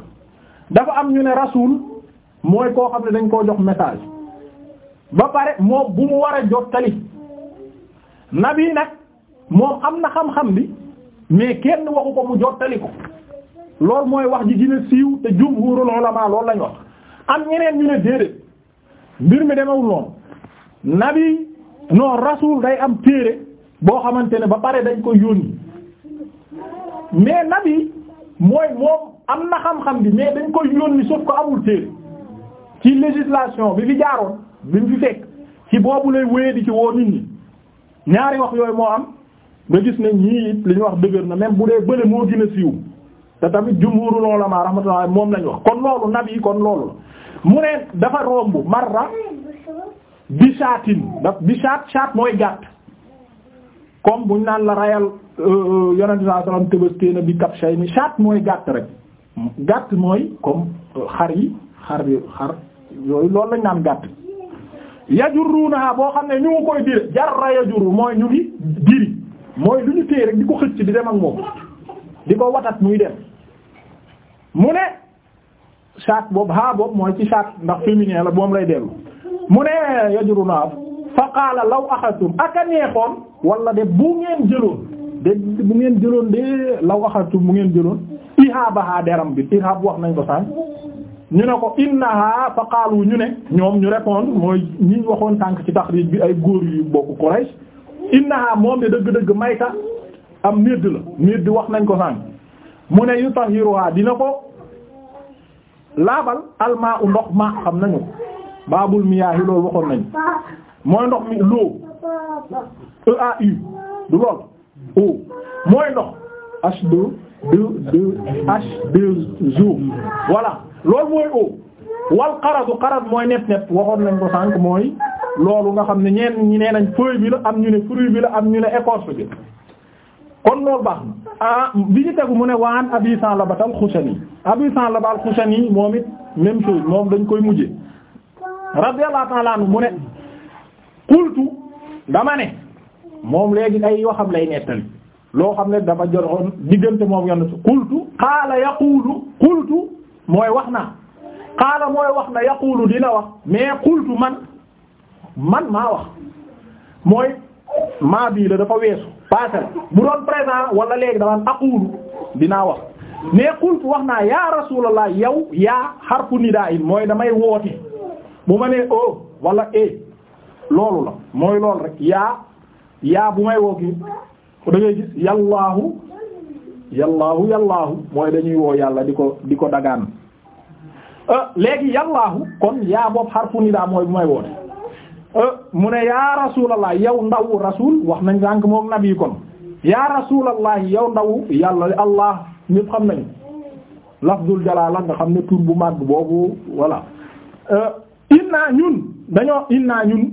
dafa am ñu ne rasul mooy koo xam ne dañ koo jox message ba pare moom bu mu war a jottali nabi nag moom am na xam-xam bi mais kenn waxu ko mu jottali ko loolu mooy wax ji gën siiw te jumhurul ulama loolu lañ wax am ñeneen ñu ne déedéet mbir mi demewul noonu nabi non rasul day am téere boo xamante ne ba pare dañ ko yónni mais nabi mooy moom am na xam-xam bi mais dañ ko yónni sauf ko amul téere ci législation bi fi jaaroon bi mu fi fekk ci boobu lay wéye di ci woo nit ñi ñaari wax yooyu moo am nga gis ne ñii it li ñu wax dëgër na même bu dee bële moo gën a siiw te tamit jumhurul ulama rahmatullah moom lañ wax kon loolu nabi kon loolu la mu ne dafa romb marra bichaatin bi saat chaat mooy gàtt comme buñ naan la rayal euh, euh, yonente saa sallam tëbastée bi kap shay ni mooy gàtt rek gàtt mooy comme euh, xar yi xar yi xar yooyu lool lañ naan gàtt yajurruunaha boo xam ne ñu koy dire jarra yajurru mooy ñu ngi diri mooy lu ñu téye rek di ko xëcc di dem ak moom di ko watat muy dem mu ne chaat boobu ha boobu mooy ci chaat ndax féminin la moom lay dellu mu ne yajuru naaf fa qaala law axatum aka neexoon wala de bu ngeen jëloon de bu ngeen jëloon de law axatum bu ngeen jëloon ihaabaha deram bi ihaab wax nañ ko saan ñu ne ko innaha fa qaalu ñu ne ñoom ñu répondre mooy ñi waxoon tànk ci taxriij bi ay góor yu bokk Quraysh innaha moom de dëgg-dëgg mayta am médd la médd wax nañ ko saan mu ne yutahiruha dina ko laabal almaa u ndox ma xam nañu baabul miyaahi loolu waxoon nañ mooy ndox mi l'eau EAU du lool eau mooy ndox H2 2 2 H2O loolu mooy wal xaradu xarad mooy nepp net waxoon nañ ko sànq mooy loolu nga xam ne ñeen ñi nee nañ feuille bi la am ñu ne fruit bi la am ñu ne écorce bi kon loolu baax na ah bi ñu tegu mu ne waan Abi Sa'laba al-Khushani Abi Sa'laba al-Khushani moom it même moom dañ koy mujje radiyallahu ta'ala anhu mu ne qultu dama ne moom léegi ay yoo lay nettali loo xam ne dafa jotoon diggante moom yonent qultu qaala yaqulu qultu mooy wax naa qaala mooy wax na yaqulu dina wax mais qultu man man maa wax mooy maa bii la dafa weesu passé la bu doon présent wala léegi dama aqulu dinaa wax mais qultu wax naa ya rasulullah yow yaa harfu nidaa mooy damay woote bu ma nee o oh wala eh, loolu la mooy loolu rek yaa yaa bu may woo gi da ngay gis yallaahu yallaahu yallaahu mooy dañuy woo yàlla di ko di ko dagaan eh, léegi yallaahu kon yaa boobu xarfu ni daa mooy bu may woote eh, mu ne yaa rasulallah yow ndaw rasul wax nañ sànq moom nabi kon yaa rasulallah yow ndaw yàlla allah ñëpp xam nañu lafzul jalaala nga xam ne tur bu mag boobu voilà innaa ñun dañoo innaa ñun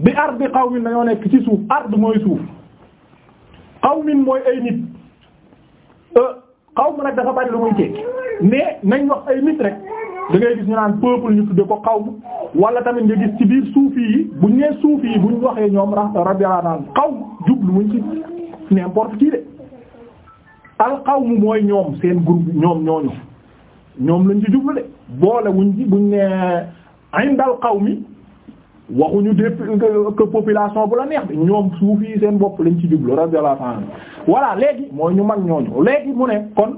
bi bi xaw qawmin dañoo nekk ci suuf ard mooy suuf qawmin mooy ay nit qawm euh, nag dafa bari lu muy tekki mais nañ wax ay nit rek da gis ñu naan peuple ñu tudde ko qawm wala tamit nga gis ci biir suufi yi buñ nee suufi yi buñ waxee ñoom rabia naan qawm jublu muñ ci n'importe qui de al qawm mooy ñoom seen groupe ñoom ñooñu ñoom lañ ci jublu de boole wuñ ci buñ nee indal qawmi waxuñu dépp que population bu la neex bi ñoom suuf yi seen bopp lañ ci jublu radiyallahu ta'ala voilà léegi mooy ñu mag ñooñu léegi mu ne kon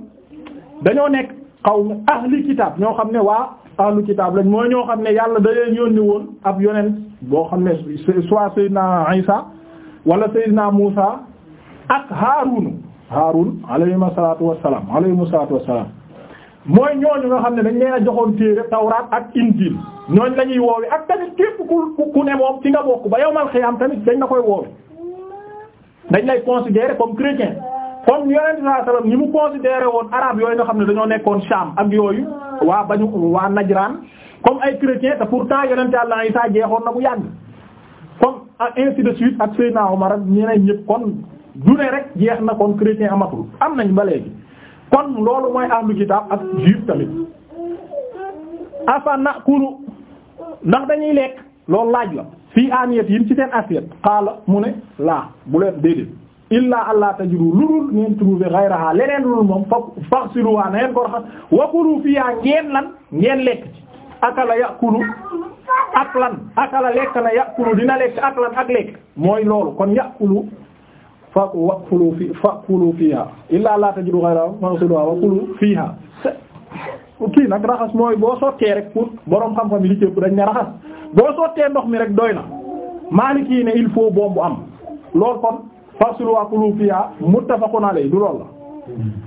dañoo nekk qawmi ahli kitaab ñoo xam ne waa ahli kitaab lañ mooy ñoo xam ne yàlla da leen yónni woon ab yonent boo xam ne so soit Seydina Isa wala Seydina Musa ak Haarun Haarun alayhi salaatu wassalaam alayhi salaatu wassalaam mooy ñooñu nga xam ne dañ leen a joxoon téere tawraat ak injil ñooñ la ñuy woowi ak tamit képp ku ku ne moom ci nga bokk ba yowmal xiyaam tanit dañ la koy woowi dañ lay considérer comme chrétien comme yonent saa sallam ñi mu considéré woon arabe yooyu nga xam ne dañoo nekkoon Sham ak yooyu waa bañu waa Najran comme ay chrétien te pourtant yonent Yàlla Isaa jeexoon na bu yàgg comme ainsi de suite ak Seydina Omar ak ñeneen ñëpp kon du ne rek jeex na kon chrétien amatul am nañ ba léegi kon loolu mooy ahlu kitaab ak juif tamit afa naqulu ndax dañuy lekk loolu laaj la fii aniyat yin ci seen assiette xaala mu ne laa bu leen déedéet illaa allah tajidu ludul ngeen trouver ghayraha leneen ludul moom fa faxsiluha na ngeen ko raxas wa kulu fiha ngeen lan ngeen lekk ci akala yakulu aklan akala lekk na yakulu dina lekk aklan ak lekk mooy loolu kon yakulu fa wakulu fi fa kulu fiha illaa laa tajidu ghayra mawsiduha wa kulu fiha kii nag raxas mooy boo sottee rek pour borom xam-xam li cëpp dañ ne raxas boo sottee ndox mi rek doy na Maliki ne il faut bombu am loolu kon fasul wa kulu fiha muttafaqun alayhi du loolu la.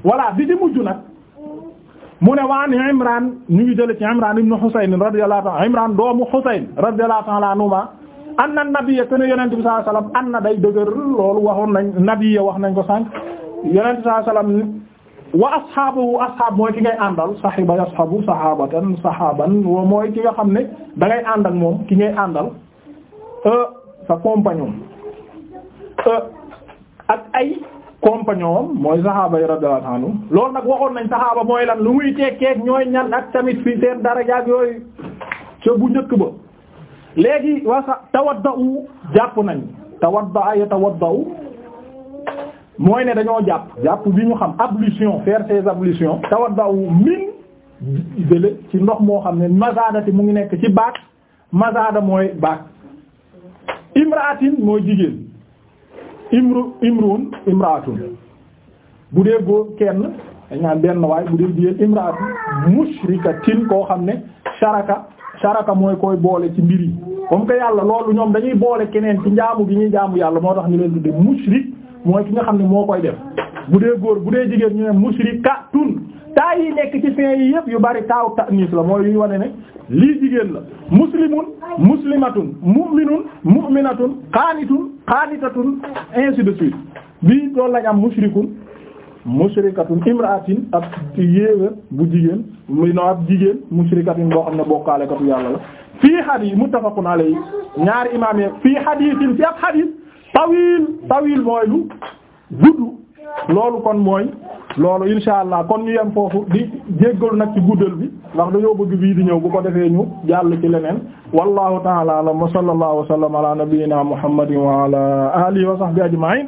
voilà bi di mujj nag mu ne waa ni Imran ñu ngi jëlee ci Imran ibn Husayn radiyallahu ta'ala Imran doomu Husayn radiyallahu ta'ala anna nabiyya te ne yonent bi sallallahu anna day dëgër loolu waxoon nañ nabiyya wax nañ ko sànq yonent bi sallallahu alayhi wasallam wa asxaabu asxaab mooy ki ngay àndal saxiba yasxabu saxaabatan saxaaban wa mooy ki nga xam ne dangay àndal moom ki ngay àndal e, sa compagnon e, ak ay compagnon mooy saxaaba yi radiyallahu anhu nag waxoon nañ saxaaba mooy lan lu muy tekkeek ñooy ñan ak tamit fii seen daraja yooyu ca bu njëkk ba léegi wasa tawadda'u jàpp nañ tawadda'a mooy ne dañoo jàpp jàpp bi mu xam ablution faire ses ablutions tawadda'u min jële ci ndox moo xam ne mazada ti mu ngi nekk ci baat mazada mooy baat imraatin mooy jigéen imru imruun imraatun bu dee góor kenn dañ naan benn waay bu dee jigéen imraatun mushrikatin koo xam ne sharaka saraka mooy koy boole ci mbir yi comme que yàlla loolu ñoom dañuy boole keneen ci njaamu gi ñuy jaamu yàlla moo tax ñu leen tudde mushrik mooy ki nga xam ne moo koy def bu dee góor bu dee jigéen ñu ne mushrikatun taa yi nekk ci fin yi yëpp yu bari taaw ta'nis la mooy yuy wane ne lii jigéen la muslimun muslimatun mu'minun mu'minatun qaanitun qaanitatun ainsi de suite bii loolu lañ am mushrikun mushrikatun imraatin ab yéewér bu jigéen mu no ab jigéen mushrikatun boo xam ne bokkaalekatu yàlla la fii hadith muttafaqun alayhi ñaari imaam yi fii hadithin fi ab hadith tawil tawil mooy lu gudd loolu kon mooy loolu insha allah kon ñu yem foofu di jéggalu nag ci guddal bi ndax dañoo bëgg bii di ñëw bu ko defee ñu jàll ci leneen wallahu ta'ala a'lam wa sallallahu wa sallam ala nabiyyina muhammadin wa alihi wa sahbihi ajma'in